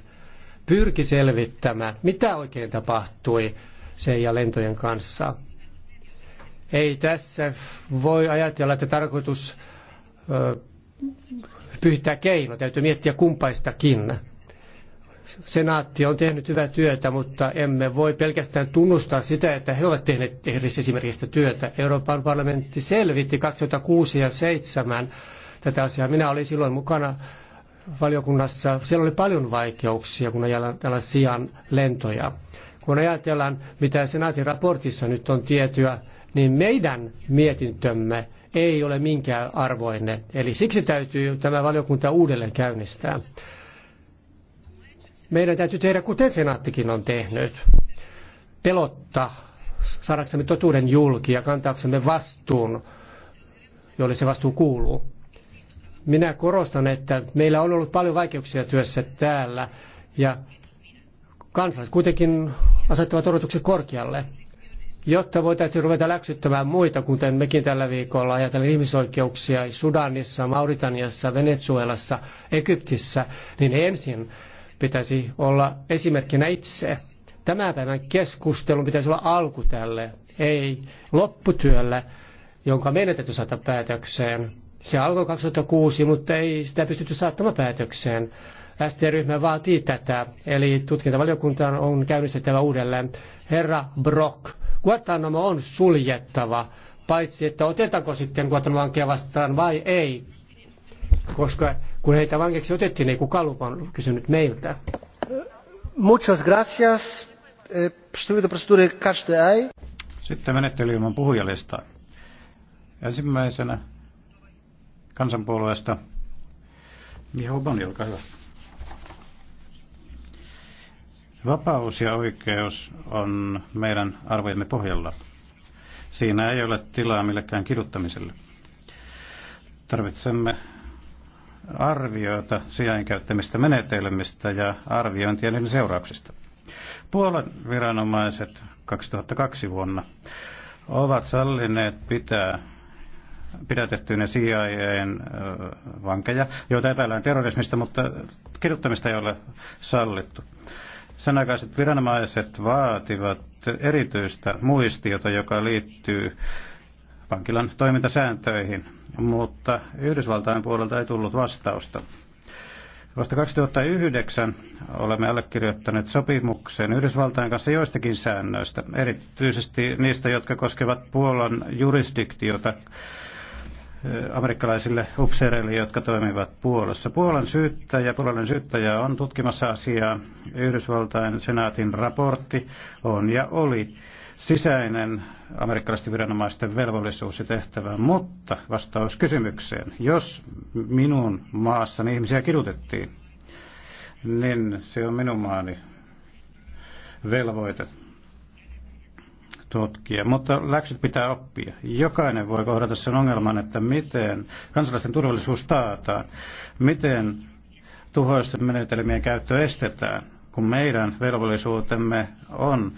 pyrki selvittämään, mitä oikein tapahtui sen ja lentojen kanssa. Ei tässä voi ajatella, että tarkoitus ö, pyhittää keino. Täytyy miettiä kumpaistakin. Senaatti on tehnyt hyvää työtä, mutta emme voi pelkästään tunnustaa sitä, että he ovat tehneet edes esimerkiksi työtä. Euroopan parlamentti selvitti 2006 ja 2007 tätä asiaa. Minä olin silloin mukana valiokunnassa. Siellä oli paljon vaikeuksia, kun ajatellaan sijaan lentoja. Kun ajatellaan, mitä senaatin raportissa nyt on tietyä, niin meidän mietintömme ei ole minkään arvoinen. Eli siksi täytyy tämä valiokunta uudelleen käynnistää. Meidän täytyy tehdä kuten senaattikin on tehnyt. Pelotta saadaksemme totuuden julki ja kantaaksemme vastuun, jolle se vastuu kuuluu. Minä korostan, että meillä on ollut paljon vaikeuksia työssä täällä ja kansalaiset kuitenkin asettavat odotukset korkealle, jotta voitaisiin ruveta läksyttämään muita, kuten mekin tällä viikolla ajatellen ihmisoikeuksia Sudanissa, Mauritaniassa, Venezuelassa, Egyptissä, niin ensin pitäisi olla esimerkkinä itse. Tämän päivän keskustelu pitäisi olla alku tälle, ei lopputyölle, jonka meidän täytyy saada päätökseen. Se alkoi 2006, mutta ei sitä pystytty saattamaan päätökseen. ST-ryhmä vaatii tätä, eli tutkintavaliokunta on käynnistettävä uudelleen. Herra Brock, Guantanamo on suljettava, paitsi että otetaanko sitten Guantanamoankia vastaan vai ei, koska kun heitä vangiksi otettiin, ei kukaan lupaan kysynyt meiltä. Muchas gracias. Eh, Sitten menettely ilman puhujalista. Ensimmäisenä kansanpuolueesta Miho Boni, olkaa hyvä. Vapaus ja oikeus on meidän arvojemme pohjalla. Siinä ei ole tilaa millekään kiduttamiselle. Tarvitsemme arvioita sijain käyttämistä menetelmistä ja arviointia niiden seurauksista. Puolan viranomaiset 2002 vuonna ovat sallineet pitää pidätettyinä CIAn vankeja, joita epäillään terrorismista, mutta kiduttamista ei ole sallittu. Sen aikaiset viranomaiset vaativat erityistä muistiota, joka liittyy vankilan toimintasääntöihin, mutta Yhdysvaltain puolelta ei tullut vastausta. Vasta 2009 olemme allekirjoittaneet sopimuksen Yhdysvaltain kanssa joistakin säännöistä, erityisesti niistä, jotka koskevat Puolan jurisdiktiota amerikkalaisille upseereille, jotka toimivat Puolassa. Puolan syyttäjä, puolan syyttäjä on tutkimassa asiaa. Yhdysvaltain senaatin raportti on ja oli sisäinen amerikkalaisten viranomaisten velvollisuus ja tehtävä. Mutta vastaus kysymykseen, jos minun maassani ihmisiä kidutettiin, niin se on minun maani velvoite tutkia. Mutta läksyt pitää oppia. Jokainen voi kohdata sen ongelman, että miten kansalaisten turvallisuus taataan, miten tuhoisten menetelmien käyttö estetään, kun meidän velvollisuutemme on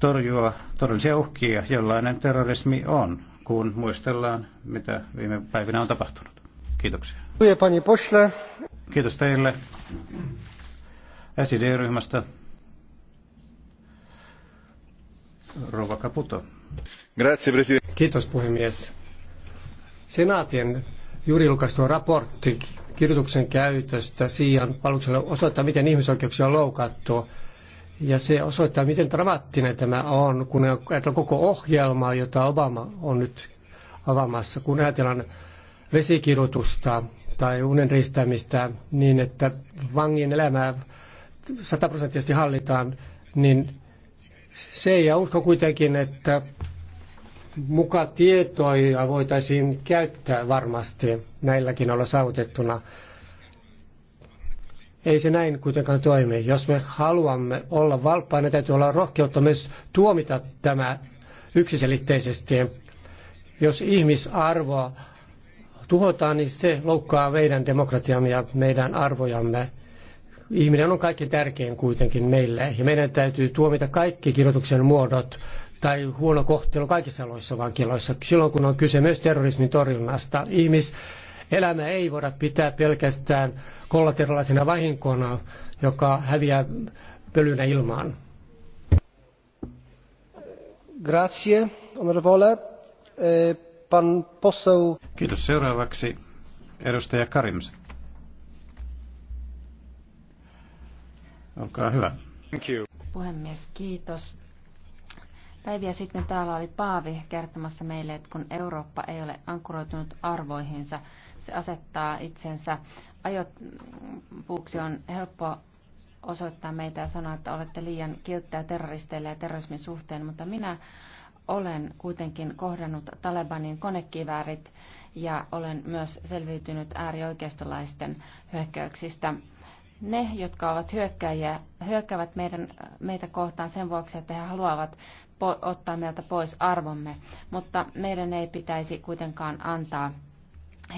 torjua todellisia uhkia, jollainen terrorismi on, kun muistellaan, mitä viime päivinä on tapahtunut. Kiitoksia. Kiitos teille SID-ryhmästä. Rova Caputo. Kiitos puhemies. Senaatin juuri julkaistu raportti kirjoituksen käytöstä Siian palvelukselle osoittaa, miten ihmisoikeuksia on loukattu. Ja se osoittaa, miten dramaattinen tämä on, kun ajatellaan koko ohjelmaa, jota Obama on nyt avaamassa. Kun ajatellaan vesikirjoitusta tai unen riistämistä niin, että vangin elämää sataprosenttisesti hallitaan, niin se ja usko kuitenkin, että muka tietoja voitaisiin käyttää varmasti näilläkin olla saavutettuna. Ei se näin kuitenkaan toimi. Jos me haluamme olla valppaina, niin täytyy olla rohkeutta myös tuomita tämä yksiselitteisesti. Jos ihmisarvoa tuhotaan, niin se loukkaa meidän demokratiamme ja meidän arvojamme. Ihminen on kaikki tärkein kuitenkin meille, ja meidän täytyy tuomita kaikki kirjoituksen muodot tai huono kohtelu kaikissa oloissa vankiloissa, silloin kun on kyse myös terrorismin torjunnasta. Ihmiselämä ei voida pitää pelkästään kollateraalisena vahinkona, joka häviää pölynä ilmaan. Grazie, onorevole. E, pan poseł... Kiitos. Seuraavaksi edustaja Karims. Olkaa hyvä. Thank you. Puhemies, kiitos. Päiviä sitten täällä oli Paavi kertomassa meille, että kun Eurooppa ei ole ankkuroitunut arvoihinsa, asettaa itsensä puuksi on helppo osoittaa meitä ja sanoa, että olette liian kilttää terroristeille ja terrorismin suhteen, mutta minä olen kuitenkin kohdannut Talebanin konekiväärit ja olen myös selviytynyt äärioikeistolaisten hyökkäyksistä. Ne, jotka ovat hyökkäjiä, hyökkäävät meidän, meitä kohtaan sen vuoksi, että he haluavat ottaa meiltä pois arvomme, mutta meidän ei pitäisi kuitenkaan antaa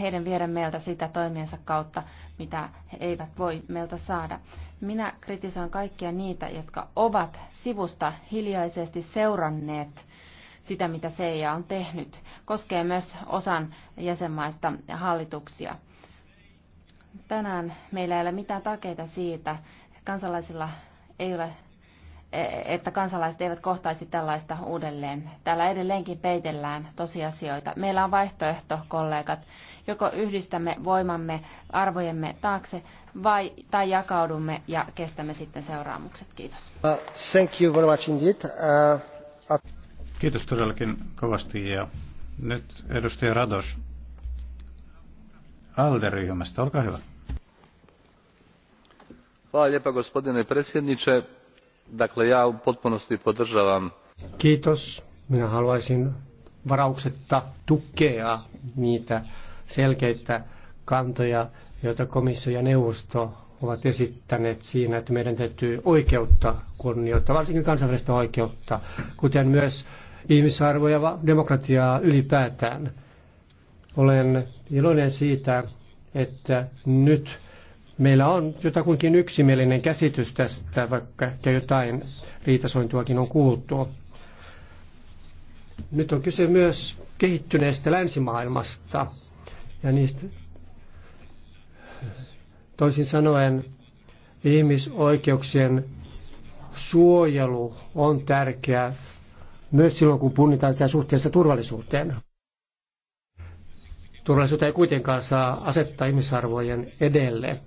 heidän viedä meiltä sitä toimiensa kautta, mitä he eivät voi meiltä saada. Minä kritisoin kaikkia niitä, jotka ovat sivusta hiljaisesti seuranneet sitä, mitä seija on tehnyt. Koskee myös osan jäsenmaista hallituksia. Tänään meillä ei ole mitään takeita siitä. Kansalaisilla ei ole E, että kansalaiset eivät kohtaisi tällaista uudelleen. Täällä edelleenkin peitellään tosiasioita. Meillä on vaihtoehto, kollegat. Joko yhdistämme voimamme arvojemme taakse vai, tai jakaudumme ja kestämme sitten seuraamukset. Kiitos. Uh, thank you very much indeed. Uh, at... Kiitos todellakin kovasti. Ja nyt edustaja Rados ALDE-ryhmästä. Olkaa hyvä. Hvala lijepa gospodine predsjedniče Dakle, ja u potpunosti podržavam. Kiitos. Minä haluaisin varauksetta tukea niitä selkeitä kantoja, joita komissio ja neuvosto ovat esittäneet siinä, että meidän täytyy oikeutta kunnioittaa, varsinkin kansainvälistä oikeutta, kuten myös ihmisarvoja ja demokratiaa ylipäätään. Olen iloinen siitä, että nyt Meillä on jotakuinkin yksimielinen käsitys tästä, vaikka ehkä jotain riitasointuakin on kuultu. Nyt on kyse myös kehittyneestä länsimaailmasta ja niistä toisin sanoen ihmisoikeuksien suojelu on tärkeää myös silloin, kun punnitaan sitä suhteessa turvallisuuteen. Turvallisuutta ei kuitenkaan saa asettaa ihmisarvojen edelle.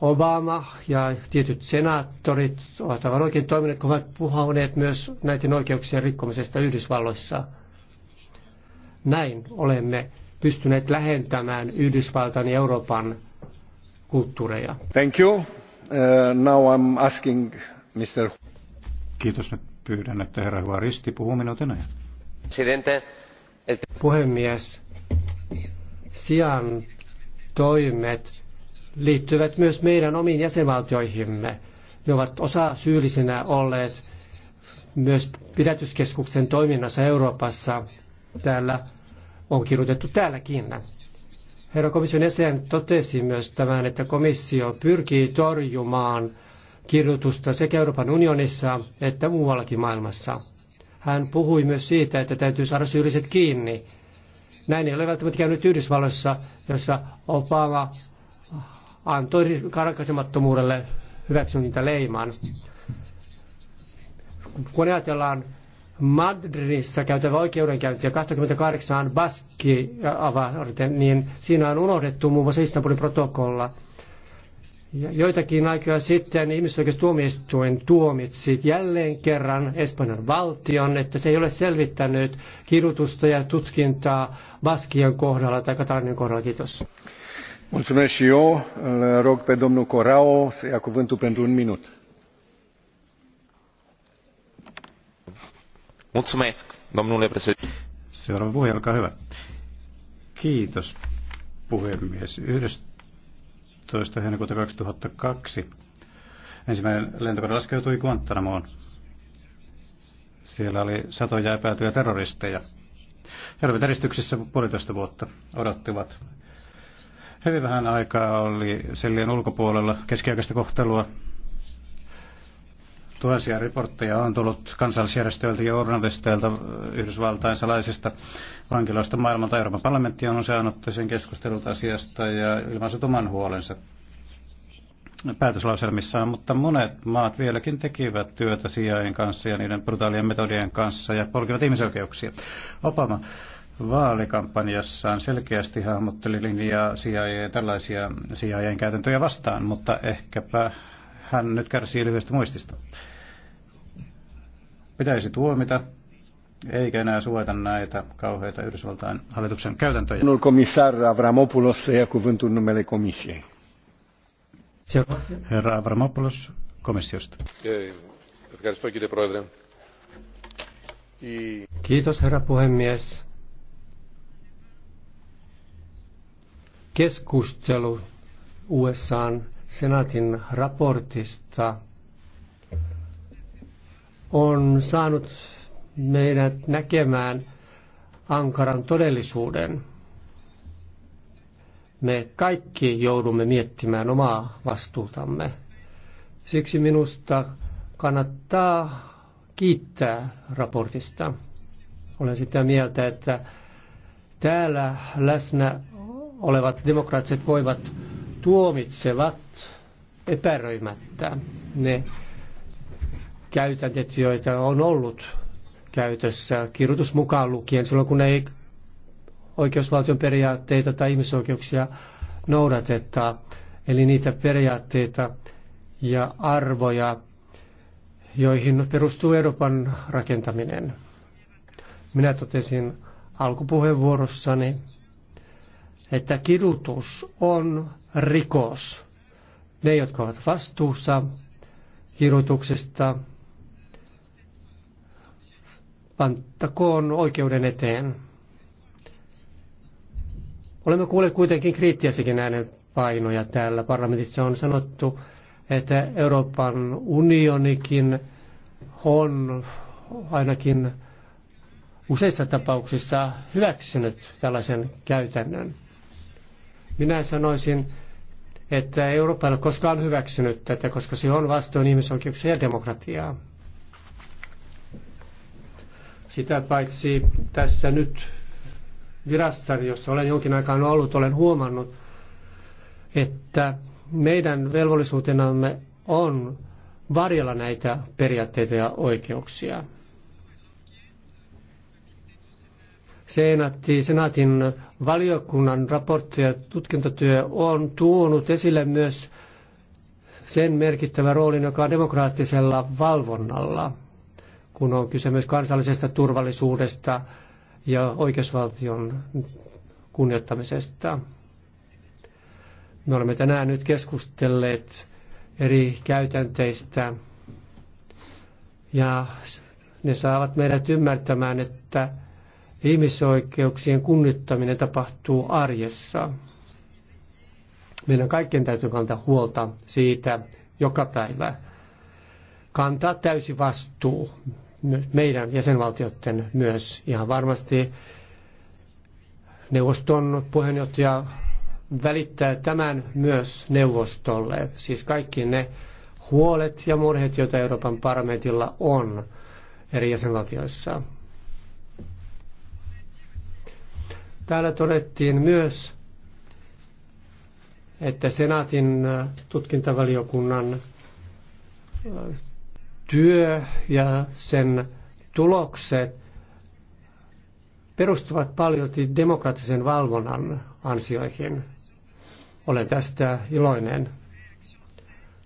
Obama ja tietyt senaattorit ovat aivan oikein toimineet, kun ovat puhuneet myös näiden oikeuksien rikkomisesta Yhdysvalloissa. Näin olemme pystyneet lähentämään Yhdysvaltain ja Euroopan kulttuureja. Thank you. Uh, now I'm asking Mr. Kiitos. Nyt pyydän, että herra Risti puhuu minuutin ajan. Puhemies, sijan toimet liittyvät myös meidän omiin jäsenvaltioihimme. Ne ovat osa syyllisenä olleet myös pidätyskeskuksen toiminnassa Euroopassa. Täällä on kirjoitettu täälläkin. Herra komission jäsen totesi myös tämän, että komissio pyrkii torjumaan kirjoitusta sekä Euroopan unionissa että muuallakin maailmassa. Hän puhui myös siitä, että täytyy saada syylliset kiinni. Näin ei ole välttämättä käynyt Yhdysvalloissa, jossa Obama antoi karkaisemattomuudelle hyväksyntä leiman. Kun ajatellaan Madridissa käytävä ja 28 baski avarten, niin siinä on unohdettu muun muassa Istanbulin protokolla. Ja joitakin aikoja sitten ihmisoikeustuomioistuin tuomitsi jälleen kerran Espanjan valtion, että se ei ole selvittänyt kidutusta ja tutkintaa Baskian kohdalla tai Katalanian kohdalla. Kiitos. Mulțumesc și eu. Îl rog pe domnul Corao să ia cuvântul pentru un minut. Mulțumesc, domnule președinte. Kiitos, puhemies. 11. heinäkuuta 2002 ensimmäinen lentokone laskeutui Guantanamoon. Siellä oli satoja epäiltyjä terroristeja. He olivat eristyksissä puolitoista vuotta, odottivat Hyvin vähän aikaa oli sellien ulkopuolella keskiaikaista kohtelua. Tuhansia reportteja on tullut kansallisjärjestöiltä ja journalisteilta äh, Yhdysvaltain salaisista vankiloista maailmalta. Euroopan parlamentti on saanut sen keskustelut asiasta ja ilmaisut oman huolensa päätöslauselmissaan, mutta monet maat vieläkin tekivät työtä sijain kanssa ja niiden brutaalien metodien kanssa ja polkivat ihmisoikeuksia. Obama vaalikampanjassaan selkeästi hahmotteli linjaa CIA, tällaisia CIAn käytäntöjä vastaan, mutta ehkäpä hän nyt kärsii lyhyestä muistista. Pitäisi tuomita, eikä enää suojata näitä kauheita Yhdysvaltain hallituksen käytäntöjä. Nul komissar Avramopoulos ja kuvintun numele komissiei. Herra Avramopoulos komissiosta. Kiitos herra puhemies. keskustelu USAn senaatin raportista on saanut meidät näkemään ankaran todellisuuden. Me kaikki joudumme miettimään omaa vastuutamme. Siksi minusta kannattaa kiittää raportista. Olen sitä mieltä, että täällä läsnä olevat demokraattiset voivat tuomitsevat epäröimättä ne käytänteet, joita on ollut käytössä, kirjoitus mukaan lukien, silloin kun ei oikeusvaltion periaatteita tai ihmisoikeuksia noudateta, eli niitä periaatteita ja arvoja, joihin perustuu Euroopan rakentaminen. Minä totesin alkupuheenvuorossani, että kidutus on rikos. Ne, jotka ovat vastuussa kidutuksesta, pantakoon oikeuden eteen. Olemme kuulleet kuitenkin kriittisiäkin äänen painoja täällä. Parlamentissa on sanottu, että Euroopan unionikin on ainakin useissa tapauksissa hyväksynyt tällaisen käytännön. Minä sanoisin, että Eurooppa ei ole koskaan hyväksynyt tätä, koska se on vastoin ihmisoikeuksia ja demokratiaa. Sitä paitsi tässä nyt virassa, jossa olen jonkin aikaa ollut, olen huomannut, että meidän velvollisuutenamme on varjella näitä periaatteita ja oikeuksia. Senaatti, senaatin valiokunnan raportti ja tutkintatyö on tuonut esille myös sen merkittävän roolin, joka on demokraattisella valvonnalla, kun on kyse myös kansallisesta turvallisuudesta ja oikeusvaltion kunnioittamisesta. Me olemme tänään nyt keskustelleet eri käytänteistä ja ne saavat meidät ymmärtämään, että Ihmisoikeuksien kunnittaminen tapahtuu arjessa. Meidän kaikkien täytyy kantaa huolta siitä joka päivä. Kantaa täysi vastuu meidän jäsenvaltioiden myös. Ihan varmasti neuvoston puheenjohtaja välittää tämän myös neuvostolle. Siis kaikki ne huolet ja murheet, joita Euroopan parlamentilla on eri jäsenvaltioissa. Täällä todettiin myös, että senaatin äh, tutkintavaliokunnan äh, työ ja sen tulokset perustuvat paljon demokraattisen valvonnan ansioihin. Olen tästä iloinen,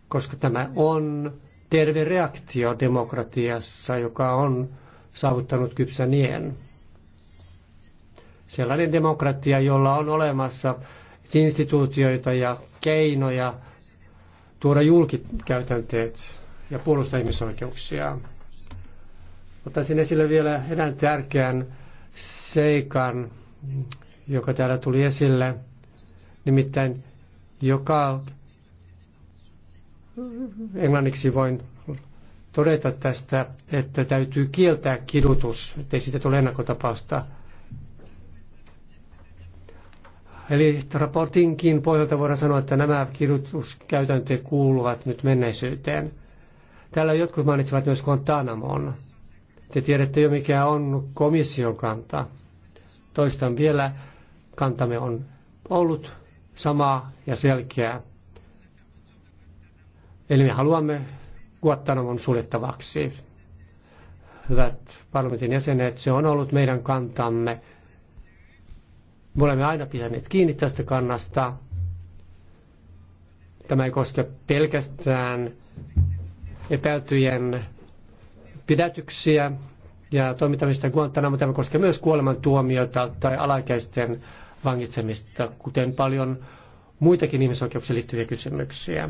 koska tämä on terve reaktio demokratiassa, joka on saavuttanut kypsänien. Sellainen demokratia, jolla on olemassa instituutioita ja keinoja tuoda julkikäytänteet ja puolustaa ihmisoikeuksia. Ottaisin esille vielä erään tärkeän seikan, joka täällä tuli esille. Nimittäin joka englanniksi voin todeta tästä, että täytyy kieltää kidutus, ettei siitä tule ennakkotapausta. Eli raportinkin pohjalta voidaan sanoa, että nämä kirjoituskäytänteet kuuluvat nyt menneisyyteen. Täällä jotkut mainitsevat myös Guantanamon. Te tiedätte jo, mikä on komission kanta. Toistan vielä, kantamme on ollut sama ja selkeä. Eli me haluamme Guantanamon suljettavaksi. Hyvät parlamentin jäsenet, se on ollut meidän kantamme me olemme aina pitäneet kiinni tästä kannasta. Tämä ei koske pelkästään epäiltyjen pidätyksiä ja toimittamista Guantanamo, tämä koskee myös kuolemantuomiota tai alaikäisten vangitsemista, kuten paljon muitakin ihmisoikeuksiin liittyviä kysymyksiä.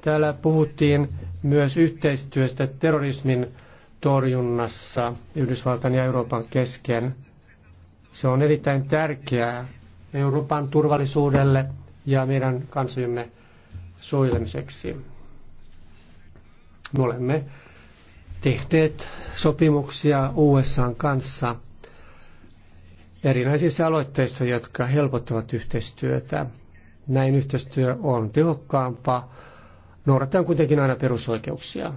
Täällä puhuttiin myös yhteistyöstä terrorismin torjunnassa Yhdysvaltain ja Euroopan kesken. Se on erittäin tärkeää Euroopan turvallisuudelle ja meidän kansojemme suojelemiseksi. Me olemme tehneet sopimuksia USA kanssa erinäisissä aloitteissa, jotka helpottavat yhteistyötä. Näin yhteistyö on tehokkaampaa, Noudatetaan kuitenkin aina perusoikeuksia.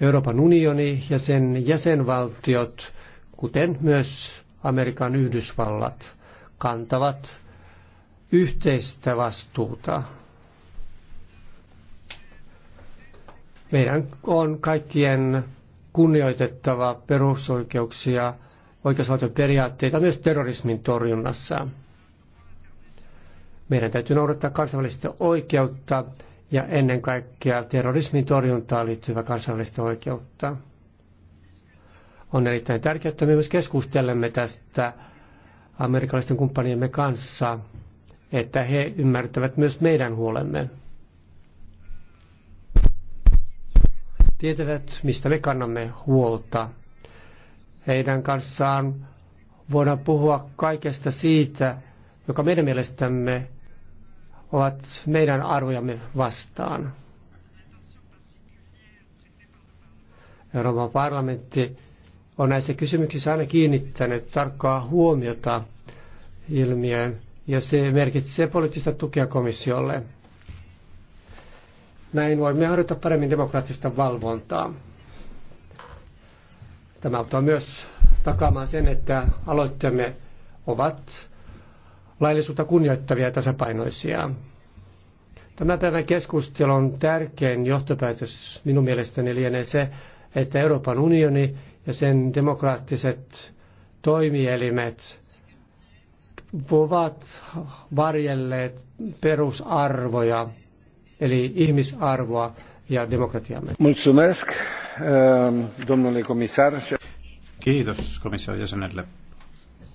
Euroopan unioni ja sen jäsenvaltiot, kuten myös Amerikan Yhdysvallat, kantavat yhteistä vastuuta. Meidän on kaikkien kunnioitettava perusoikeuksia, oikeusvaltion periaatteita myös terrorismin torjunnassa. Meidän täytyy noudattaa kansainvälistä oikeutta ja ennen kaikkea terrorismin torjuntaan liittyvää kansainvälistä oikeutta. On erittäin tärkeää, että me myös keskustelemme tästä amerikkalaisten kumppaniemme kanssa, että he ymmärtävät myös meidän huolemme. Tietävät, mistä me kannamme huolta. Heidän kanssaan voidaan puhua kaikesta siitä, joka meidän mielestämme ovat meidän arvojamme vastaan. Euroopan parlamentti on näissä kysymyksissä aina kiinnittänyt tarkkaa huomiota ilmiöön, ja se merkitsee poliittista tukea komissiolle. Näin voimme harjoittaa paremmin demokraattista valvontaa. Tämä auttaa myös takaamaan sen, että aloitteemme ovat laillisuutta kunnioittavia ja tasapainoisia. Tämän päivän keskustelun tärkein johtopäätös minun mielestäni lienee se, että Euroopan unioni ja sen demokraattiset toimielimet ovat varjelleet perusarvoja, eli ihmisarvoa ja demokratiamme. Mulțumesc, ehm, domnule komissar. Kiitos komission jäsenelle.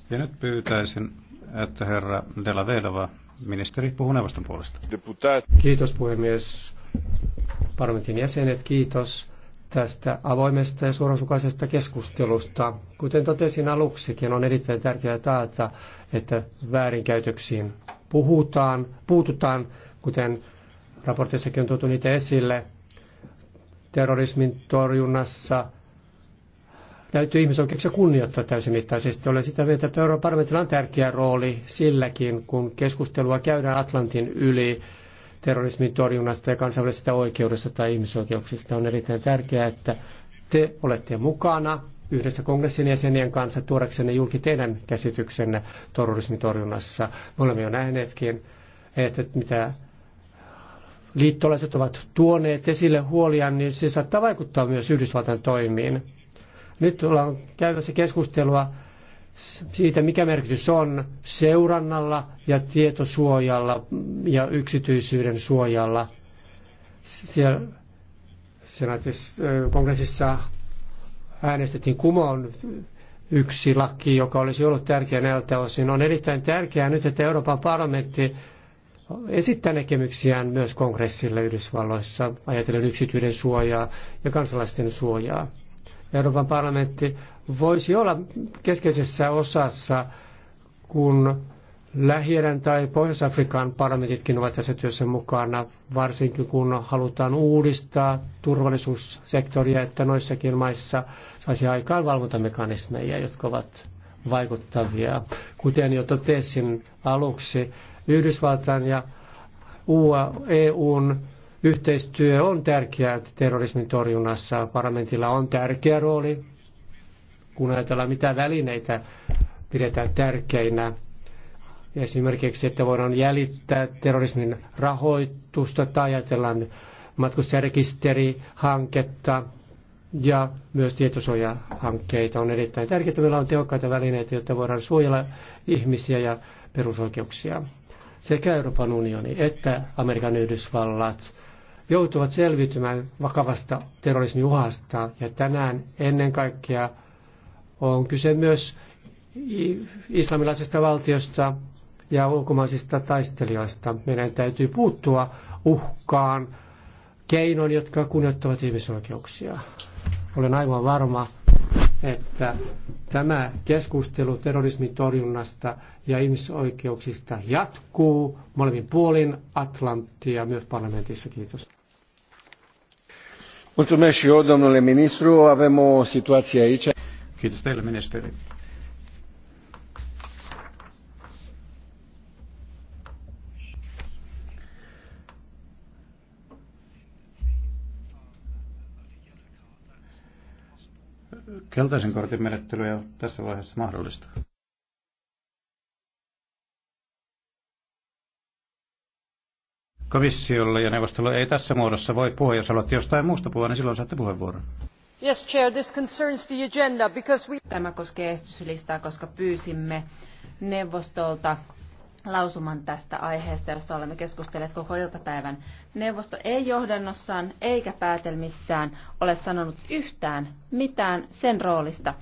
Ja nyt pyytäisin että herra Della Vedova, ministeri, puhuu neuvoston puolesta. Kiitos puhemies. Parlamentin jäsenet, kiitos tästä avoimesta ja suorasukaisesta keskustelusta. Kuten totesin aluksikin, on erittäin tärkeää taata, että väärinkäytöksiin puhutaan, puututaan, kuten raportissakin on tuotu niitä esille, terrorismin torjunnassa – täytyy ihmisoikeuksia kunnioittaa täysimittaisesti. Olen sitä mieltä, että Euroopan parlamentilla on tärkeä rooli silläkin, kun keskustelua käydään Atlantin yli terrorismin torjunnasta ja kansainvälisestä oikeudesta tai ihmisoikeuksista. On erittäin tärkeää, että te olette mukana yhdessä kongressin jäsenien kanssa tuodaksenne julki teidän käsityksenne terrorismin torjunnassa. Me olemme jo nähneetkin, että mitä liittolaiset ovat tuoneet esille huolia, niin se saattaa vaikuttaa myös Yhdysvaltain toimiin nyt ollaan käymässä keskustelua siitä, mikä merkitys on seurannalla ja tietosuojalla ja yksityisyyden suojalla. Siellä kongressissa äänestettiin kumoon yksi laki, joka olisi ollut tärkeä näiltä osin. On erittäin tärkeää nyt, että Euroopan parlamentti esittää näkemyksiään myös kongressille Yhdysvalloissa ajatellen yksityisyyden suojaa ja kansalaisten suojaa. Euroopan parlamentti voisi olla keskeisessä osassa, kun lähi tai Pohjois-Afrikan parlamentitkin ovat tässä työssä mukana, varsinkin kun halutaan uudistaa turvallisuussektoria, että noissakin maissa saisi aikaan valvontamekanismeja, jotka ovat vaikuttavia. Kuten jo totesin aluksi, Yhdysvaltain ja EUn Yhteistyö on tärkeää terrorismin torjunnassa. Parlamentilla on tärkeä rooli, kun ajatellaan mitä välineitä pidetään tärkeinä. Esimerkiksi, että voidaan jäljittää terrorismin rahoitusta tai ajatellaan matkustajarekisterihanketta ja myös tietosuojahankkeita on erittäin tärkeää, että meillä on tehokkaita välineitä, jotta voidaan suojella ihmisiä ja perusoikeuksia. Sekä Euroopan unioni että Amerikan Yhdysvallat joutuvat selviytymään vakavasta terrorismiuhasta. Ja tänään ennen kaikkea on kyse myös islamilaisesta valtiosta ja ulkomaisista taistelijoista. Meidän täytyy puuttua uhkaan keinoin, jotka kunnioittavat ihmisoikeuksia. Olen aivan varma, että tämä keskustelu terrorismin torjunnasta ja ihmisoikeuksista jatkuu molemmin puolin Atlanttia myös parlamentissa. Kiitos. Mulțumesc și eu, domnule ministru. Avem o situație aici. Kiitos ministeri. keltaisen kortin menettely ei ole tässä vaiheessa mahdollista. komissiolle ja neuvostolle ei tässä muodossa voi puhua. Jos haluatte jostain muusta puhua, niin silloin saatte puheenvuoron. Yes, Chair, this concerns the agenda because we... Tämä koskee esityslistaa, koska pyysimme neuvostolta lausuman tästä aiheesta, josta olemme keskustelleet koko iltapäivän. Neuvosto ei johdannossaan eikä päätelmissään ole sanonut yhtään mitään sen roolista.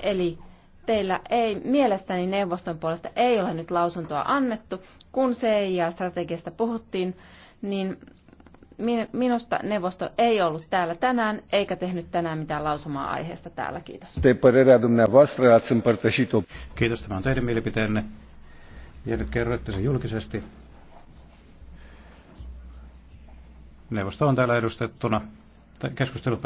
Eli teillä ei mielestäni neuvoston puolesta ei ole nyt lausuntoa annettu. Kun CIA-strategiasta puhuttiin, niin minusta neuvosto ei ollut täällä tänään eikä tehnyt tänään mitään lausumaa aiheesta täällä. Kiitos. Kiitos, tämä on teidän mielipiteenne. Ja nyt kerroitte sen julkisesti. Neuvosto on täällä edustettuna. Keskustelu